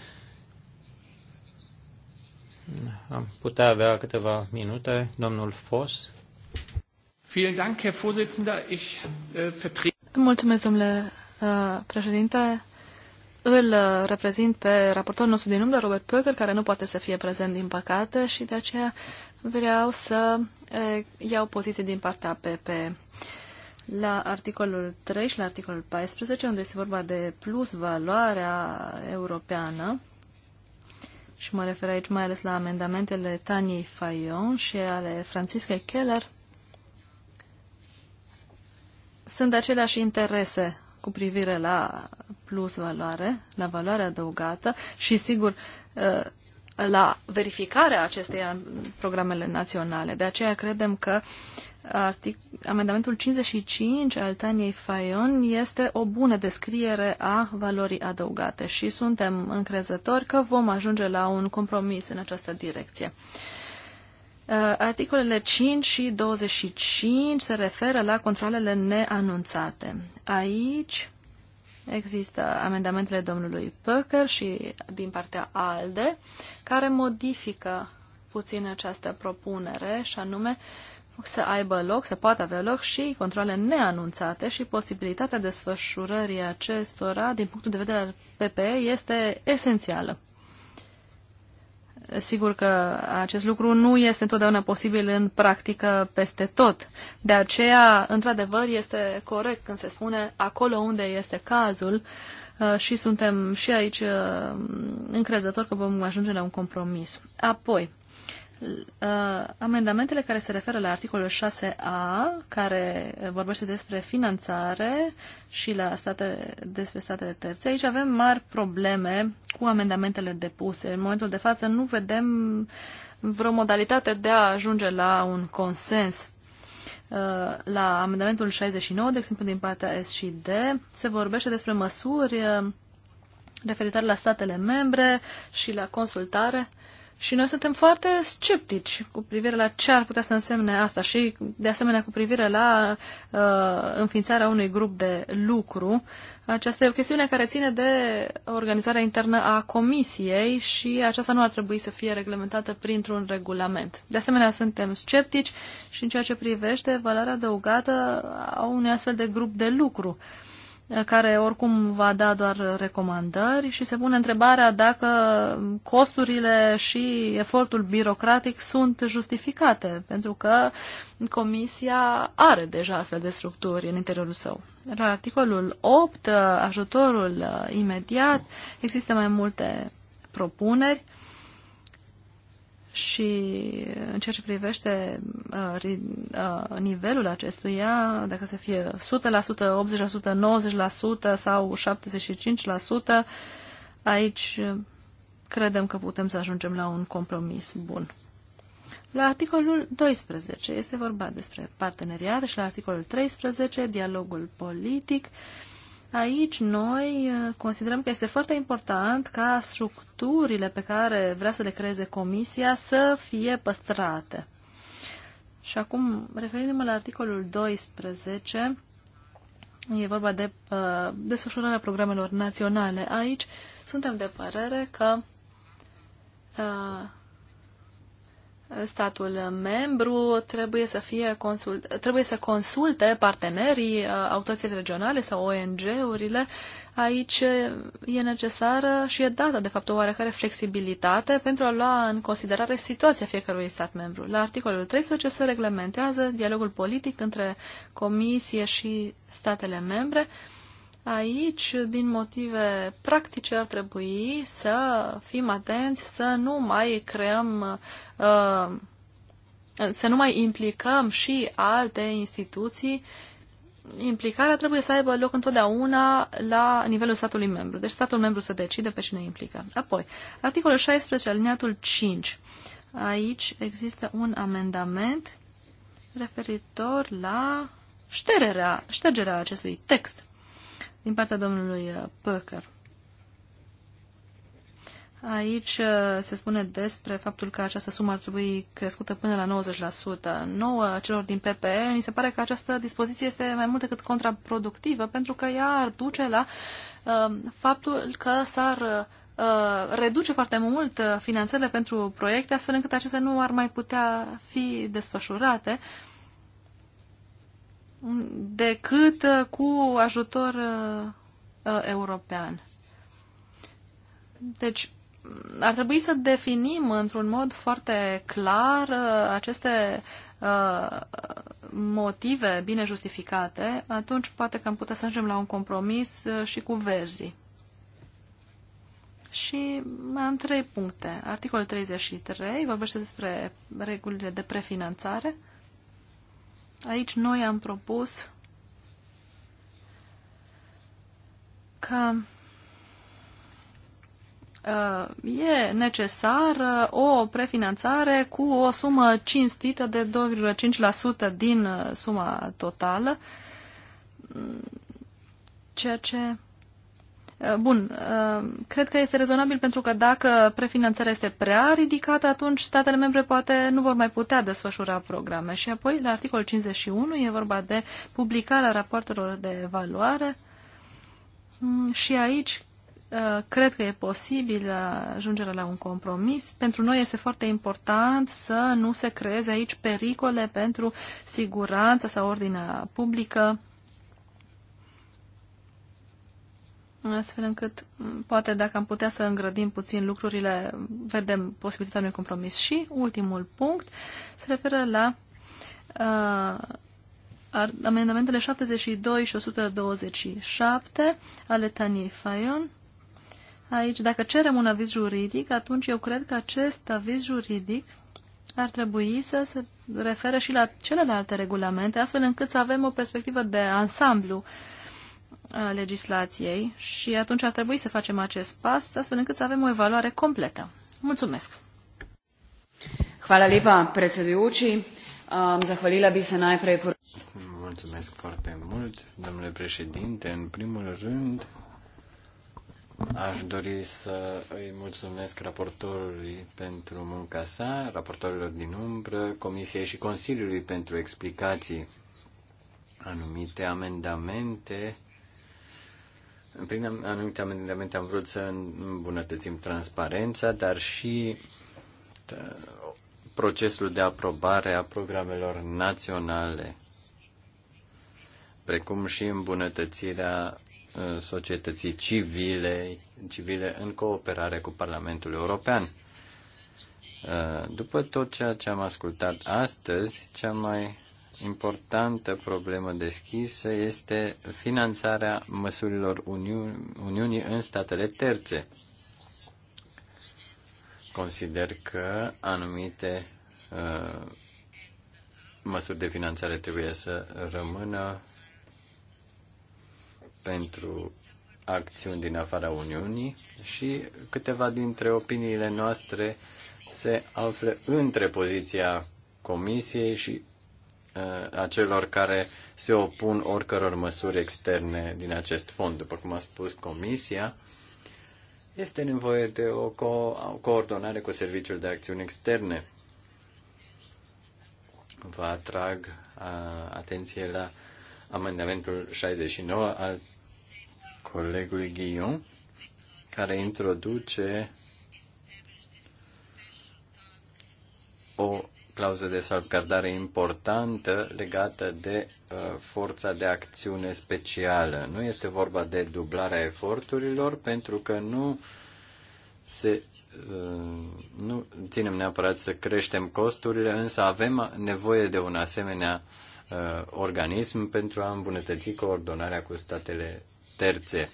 Speaker 1: Am putea avea câteva minute. Domnul Fos. Äh,
Speaker 4: mulțumesc, domnule uh, președinte. Îl uh, reprezint pe raportorul nostru din umbră, Robert Pöcker, care nu poate să fie prezent, din păcate, și de aceea vreau să iau poziție din partea PP la articolul 3 și la articolul 14, unde este vorba de plus valoarea europeană, și mă refer aici mai ales la amendamentele Taniei Fayon și ale Francisca Keller, sunt aceleași interese cu privire la plus valoare, la valoarea adăugată și, sigur, la verificarea acestei programele naționale. De aceea credem că artic- amendamentul 55 al Taniei Faion este o bună descriere a valorii adăugate și suntem încrezători că vom ajunge la un compromis în această direcție. Uh, articolele 5 și 25 se referă la controlele neanunțate. Aici Există amendamentele domnului Păcăr și din partea ALDE, care modifică puțin această propunere și anume să aibă loc, să poată avea loc și controle neanunțate și posibilitatea desfășurării acestora din punctul de vedere al PPE este esențială. Sigur că acest lucru nu este întotdeauna posibil în practică peste tot. De aceea, într-adevăr, este corect când se spune acolo unde este cazul uh, și suntem și aici uh, încrezători că vom ajunge la un compromis. Apoi, uh, amendamentele care se referă la articolul 6a, care vorbește despre finanțare și la state, despre statele terțe, aici avem mari probleme cu amendamentele depuse. În momentul de față nu vedem vreo modalitate de a ajunge la un consens. Uh, la amendamentul 69, de exemplu, din partea S și D, se vorbește despre măsuri uh, referitoare la statele membre și la consultare și noi suntem foarte sceptici cu privire la ce ar putea să însemne asta și, de asemenea, cu privire la uh, înființarea unui grup de lucru. Aceasta e o chestiune care ține de organizarea internă a comisiei și aceasta nu ar trebui să fie reglementată printr-un regulament. De asemenea, suntem sceptici și în ceea ce privește valoarea adăugată a unui astfel de grup de lucru. Uh, care oricum va da doar recomandări și se pune întrebarea dacă costurile și efortul birocratic sunt justificate, pentru că Comisia are deja astfel de structuri în interiorul său. La articolul 8, ajutorul imediat, există mai multe propuneri. Și în ceea ce privește uh, uh, nivelul acestuia, dacă să fie 100%, 80%, 90% sau 75%, aici uh, credem că putem să ajungem la un compromis bun. La articolul 12 este vorba despre parteneriat și la articolul 13 dialogul politic. Uh, Aici noi uh, considerăm că este foarte important ca structurile pe care vrea să le creeze Comisia să fie păstrate. Și acum, referindu-mă la articolul 12, e vorba de uh, desfășurarea programelor naționale. Aici suntem de părere că uh, statul membru trebuie să, fie consult, trebuie să consulte partenerii, uh, autoritățile regionale sau ONG-urile. Aici e necesară și e dată, de fapt, o oarecare flexibilitate pentru a lua în considerare situația fiecărui stat membru. La articolul 13 se reglementează dialogul politic între Comisie și statele membre Aici, din motive practice, ar trebui să fim atenți, să nu mai creăm, uh, să nu mai implicăm și alte instituții. Implicarea trebuie să aibă loc întotdeauna la nivelul statului membru. Deci statul membru să decide pe cine implică. Apoi, articolul 16, aliniatul 5. Aici există un amendament referitor la ștererea, ștergerea acestui text din partea domnului uh, Păcăr. Aici uh, se spune despre faptul că această sumă ar trebui crescută până la 90%. Nouă celor din PPE, mi se pare că această dispoziție este mai mult decât contraproductivă, pentru că ea ar duce la uh, faptul că s-ar uh, reduce foarte mult uh, finanțele pentru proiecte, astfel încât acestea nu ar mai putea fi desfășurate. Uh, decât uh, cu ajutor uh, uh, european. Deci, ar trebui să definim într-un mod foarte clar aceste motive bine justificate, atunci poate că am putea să ajungem la un compromis și cu verzii. Și mai am trei puncte. Articolul 33 vorbește despre regulile de prefinanțare. Uh, Aici noi am propus că uh, e necesară o prefinanțare cu o sumă cinstită de 2,5% din uh, suma totală, ceea ce Uh, bun, uh, cred că este rezonabil pentru că dacă prefinanțarea este prea ridicată, atunci statele membre poate nu vor mai putea desfășura programe. Și apoi, la articolul 51, e vorba de publicarea rapoartelor de evaluare mm, și aici uh, cred că e posibil ajungerea la un compromis. Pentru noi este foarte important să nu se creeze aici pericole pentru siguranța sau ordinea publică astfel încât poate dacă am putea să îngrădim puțin lucrurile, vedem posibilitatea unui compromis. Și ultimul punct se referă la uh, amendamentele 72 și 127 ale Taniei Fayon. Aici, dacă cerem un aviz juridic, atunci eu cred că acest aviz juridic ar trebui să se referă și la celelalte regulamente, astfel încât să avem o perspectivă de ansamblu uh, legislației și atunci ar trebui să facem acest pas astfel încât să avem o evaluare completă. Mulțumesc! Hvala lepa, predsedujoči. Zahvalila bi se najprej...
Speaker 2: Mulțumesc foarte mult, domnule președinte. În primul rând, Aș dori să îi mulțumesc raportorului pentru munca sa, raportorilor din umbră, Comisiei și Consiliului pentru explicații. Anumite amendamente prin anumite amendamente am vrut să îmbunătățim transparența, dar și procesul de aprobare a programelor naționale, precum și îmbunătățirea ă, societății civile, civile în cooperare cu Parlamentul European. Ă, după tot ceea ce am ascultat astăzi, cea mai importantă problemă deschisă este finanțarea măsurilor Uniunii, Uniunii în statele terțe. Consider că anumite uh, măsuri de finanțare trebuie să rămână pentru acțiuni din afara Uniunii și câteva dintre opiniile noastre se află între poziția Comisiei și Uh, a celor care se opun oricăror măsuri externe din acest fond. După cum a spus Comisia, este nevoie de o, co- o coordonare cu Serviciul de Acțiuni Externe. Vă atrag a, uh, atenție la amendamentul 69 al colegului Guillaume, care introduce o clauză de salvgardare importantă legată de uh, forța de acțiune specială. Nu este vorba de dublarea eforturilor, pentru că nu se uh, nu ținem neapărat să creștem costurile, însă avem nevoie de un asemenea uh, organism pentru a îmbunătăți coordonarea cu statele terțe.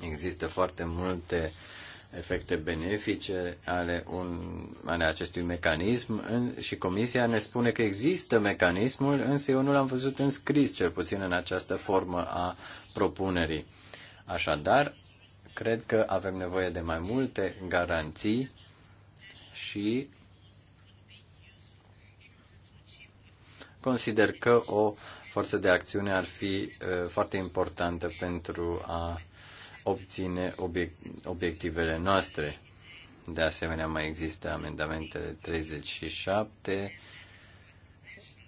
Speaker 2: Există foarte multe uh, efecte benefice ale, un, ale acestui mecanism în, și Comisia ne spune că există mecanismul, însă eu nu l-am văzut înscris, cel puțin în această formă a propunerii. Așadar, cred că avem nevoie de mai multe garanții și consider că o forță de acțiune ar fi uh, foarte importantă pentru a obține obiectivele noastre. De asemenea, mai există amendamentele 37,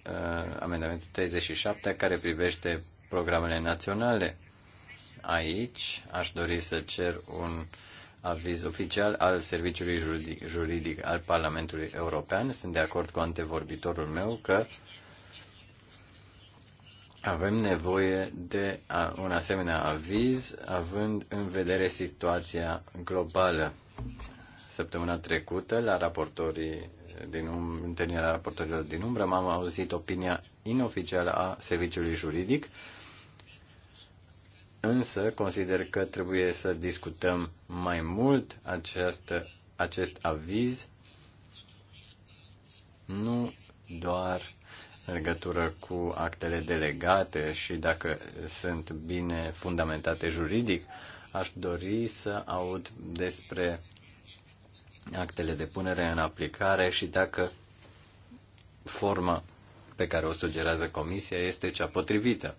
Speaker 2: uh, amendamentul 37 care privește programele naționale. Aici aș dori să cer un aviz oficial al Serviciului Juridic, juridic al Parlamentului European. Sunt de acord cu antevorbitorul meu că uh, avem nevoie de un asemenea aviz, având în vedere situația globală. Săptămâna trecută, la raportorii din um, întâlnirea raportorilor din umbră, m-am auzit opinia inoficială a serviciului juridic, însă consider că trebuie să discutăm mai mult această, acest aviz, nu doar în legătură cu actele delegate și dacă sunt bine fundamentate juridic, aș dori să aud despre actele de punere în aplicare și dacă forma pe care o sugerează Comisia este cea potrivită.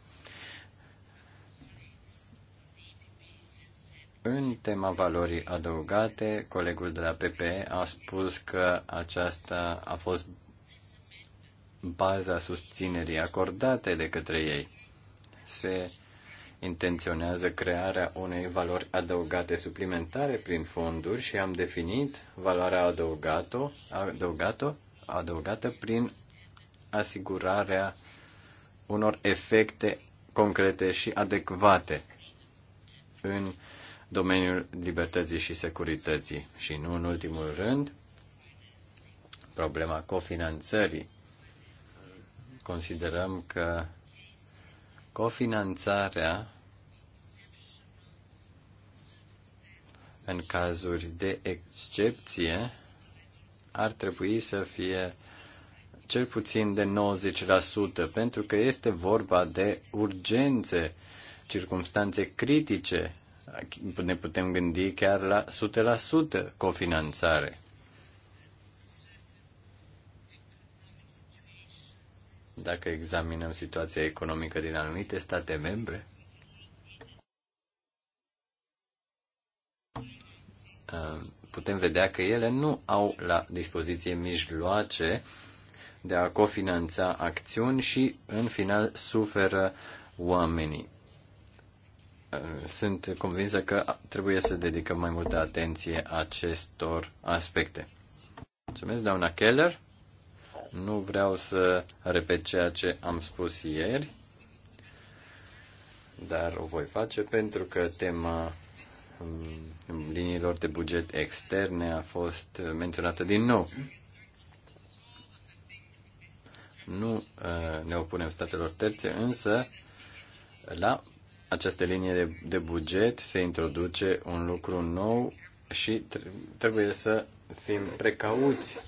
Speaker 2: În tema valorii adăugate, colegul de la PPE a spus că aceasta a fost baza susținerii acordate de către ei. Se intenționează crearea unei valori adăugate suplimentare prin fonduri și am definit valoarea adăugată, adăugată, adăugată prin asigurarea unor efecte concrete și adecvate în domeniul libertății și securității. Și nu în ultimul rând, problema cofinanțării considerăm că cofinanțarea în cazuri de excepție ar trebui să fie cel puțin de 90%, pentru că este vorba de urgențe, circumstanțe critice. Ne putem gândi chiar la 100% cofinanțare. Dacă examinăm situația economică din anumite state membre, uh, putem vedea că ele nu au la dispoziție mijloace de a cofinanța acțiuni și, în final, suferă oamenii. Uh, sunt convinsă că trebuie să dedicăm mai multă atenție acestor aspecte. Mulțumesc, doamna Keller. Nu vreau să repet ceea ce am spus ieri, dar o voi face pentru că tema mm, liniilor de buget externe a fost menționată din nou. Nu uh, ne opunem statelor terțe, însă la această linie de, de buget se introduce un lucru nou și trebuie să fim precauți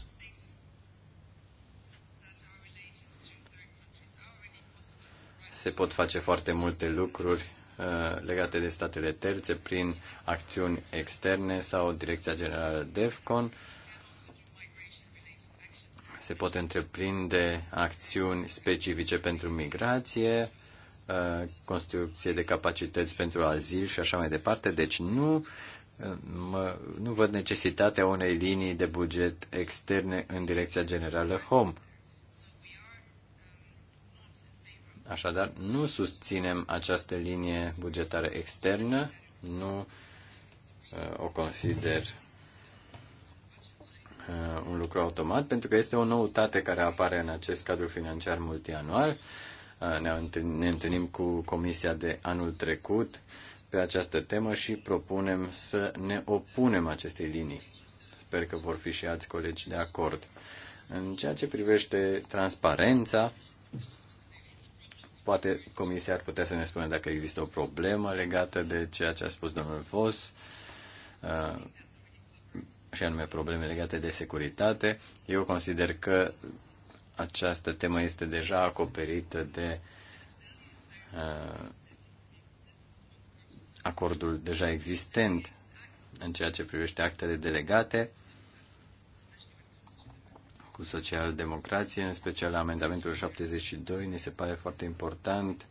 Speaker 2: se pot face foarte multe lucruri uh, legate de statele terțe prin acțiuni externe sau Direcția Generală DEFCON. Se pot întreprinde acțiuni specifice pentru migrație, uh, construcție de capacități pentru azil și așa mai departe. Deci nu, uh, mă, nu văd necesitatea unei linii de buget externe în Direcția Generală HOME Așadar, nu susținem această linie bugetară externă, nu uh, o consider uh, un lucru automat, pentru că este o noutate care apare în acest cadru financiar multianual. Uh, ne întâlnim cu Comisia de anul trecut pe această temă și propunem să ne opunem acestei linii. Sper că vor fi și alți colegi de acord. În ceea ce privește transparența, Poate Comisia ar putea să ne spună dacă există o problemă legată de ceea ce a spus domnul Vos, uh, și anume probleme legate de securitate. Eu consider că această temă este deja acoperită de uh, acordul deja existent în ceea ce privește actele delegate cu socialdemocrație, în special amendamentul 72, ne se pare foarte important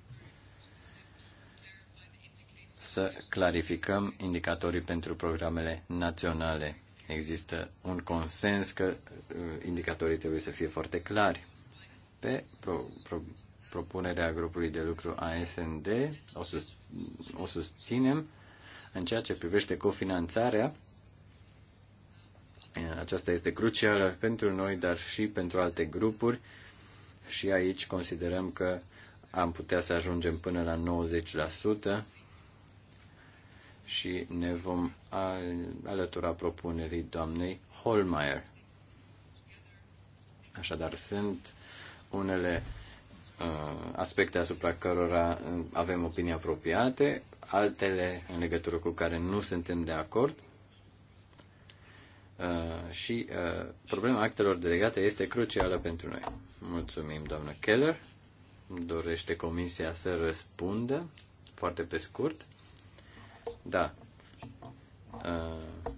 Speaker 2: să clarificăm indicatorii pentru programele naționale. Există un consens că uh, indicatorii trebuie să fie foarte clari. Pe pro, pro, propunerea grupului de lucru ASND o, sus, o susținem în ceea ce privește cofinanțarea aceasta este crucială pentru noi, dar și pentru alte grupuri și aici considerăm că am putea să ajungem până la 90% și ne vom alătura propunerii doamnei Holmeier. Așadar, sunt unele uh, aspecte asupra cărora uh, avem opinii apropiate, altele în legătură cu care nu suntem de acord Uh, și uh, problema actelor delegate este crucială pentru noi. Mulțumim, doamnă Keller. Dorește comisia să răspundă foarte pe scurt. Da. Uh,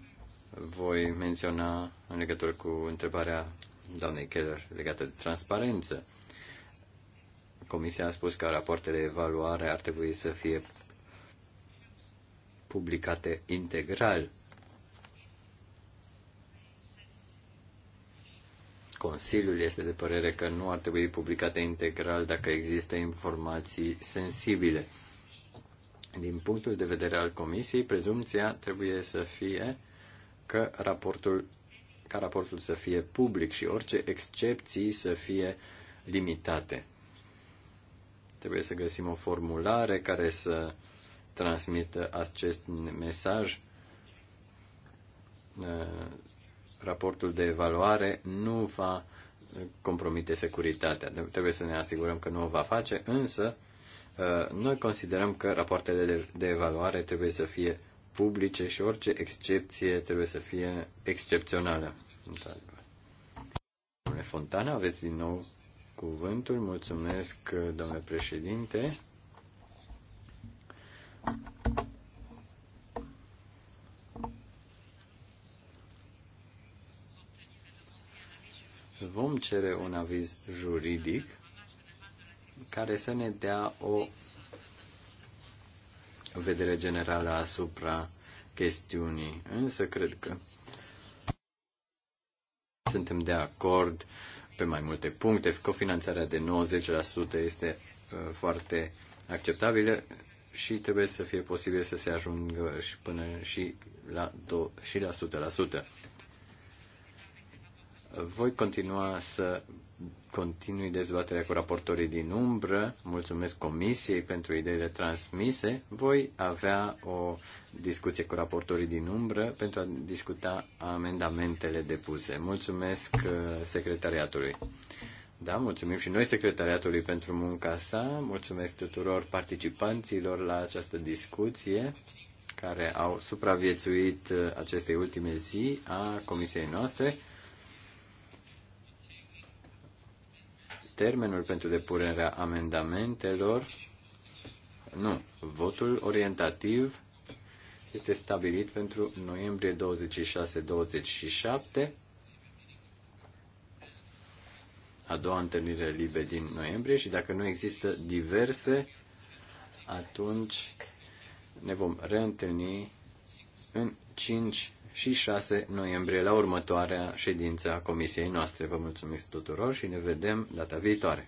Speaker 2: voi menționa în legătură cu întrebarea doamnei Keller legată de transparență. Comisia a spus că rapoartele de evaluare ar trebui să fie publicate integral Consiliul este de părere că nu ar trebui publicate integral dacă există informații sensibile. Din punctul de vedere al Comisiei, prezumția trebuie să fie că raportul, ca raportul să fie public și orice excepții să fie limitate. Trebuie să găsim o formulare care să transmită acest mesaj raportul de evaluare nu va compromite securitatea. Trebuie să ne asigurăm că nu o va face, însă uh, noi considerăm că rapoartele de evaluare trebuie să fie publice și orice excepție trebuie să fie excepțională. Domnule Fontana, aveți din nou cuvântul. Mulțumesc, domnule președinte. vom cere un aviz juridic care să ne dea o vedere generală asupra chestiunii. Însă cred că suntem de acord pe mai multe puncte. Cofinanțarea de 90% este uh, foarte acceptabilă și trebuie să fie posibil să se ajungă și până și la, do- și la 100%. Voi continua să continui dezbaterea cu raportorii din umbră. Mulțumesc Comisiei pentru ideile transmise. Voi avea o discuție cu raportorii din umbră pentru a discuta amendamentele depuse. Mulțumesc uh, secretariatului. Da, mulțumim și noi secretariatului pentru munca sa. Mulțumesc tuturor participanților la această discuție care au supraviețuit uh, acestei ultime zi a comisiei noastre. termenul pentru depunerea amendamentelor, nu, votul orientativ este stabilit pentru noiembrie 26-27, a doua întâlnire libe din noiembrie și dacă nu există diverse, atunci ne vom reîntâlni în 5 și 6 noiembrie la următoarea ședință a comisiei noastre. Vă mulțumesc tuturor și ne vedem data viitoare.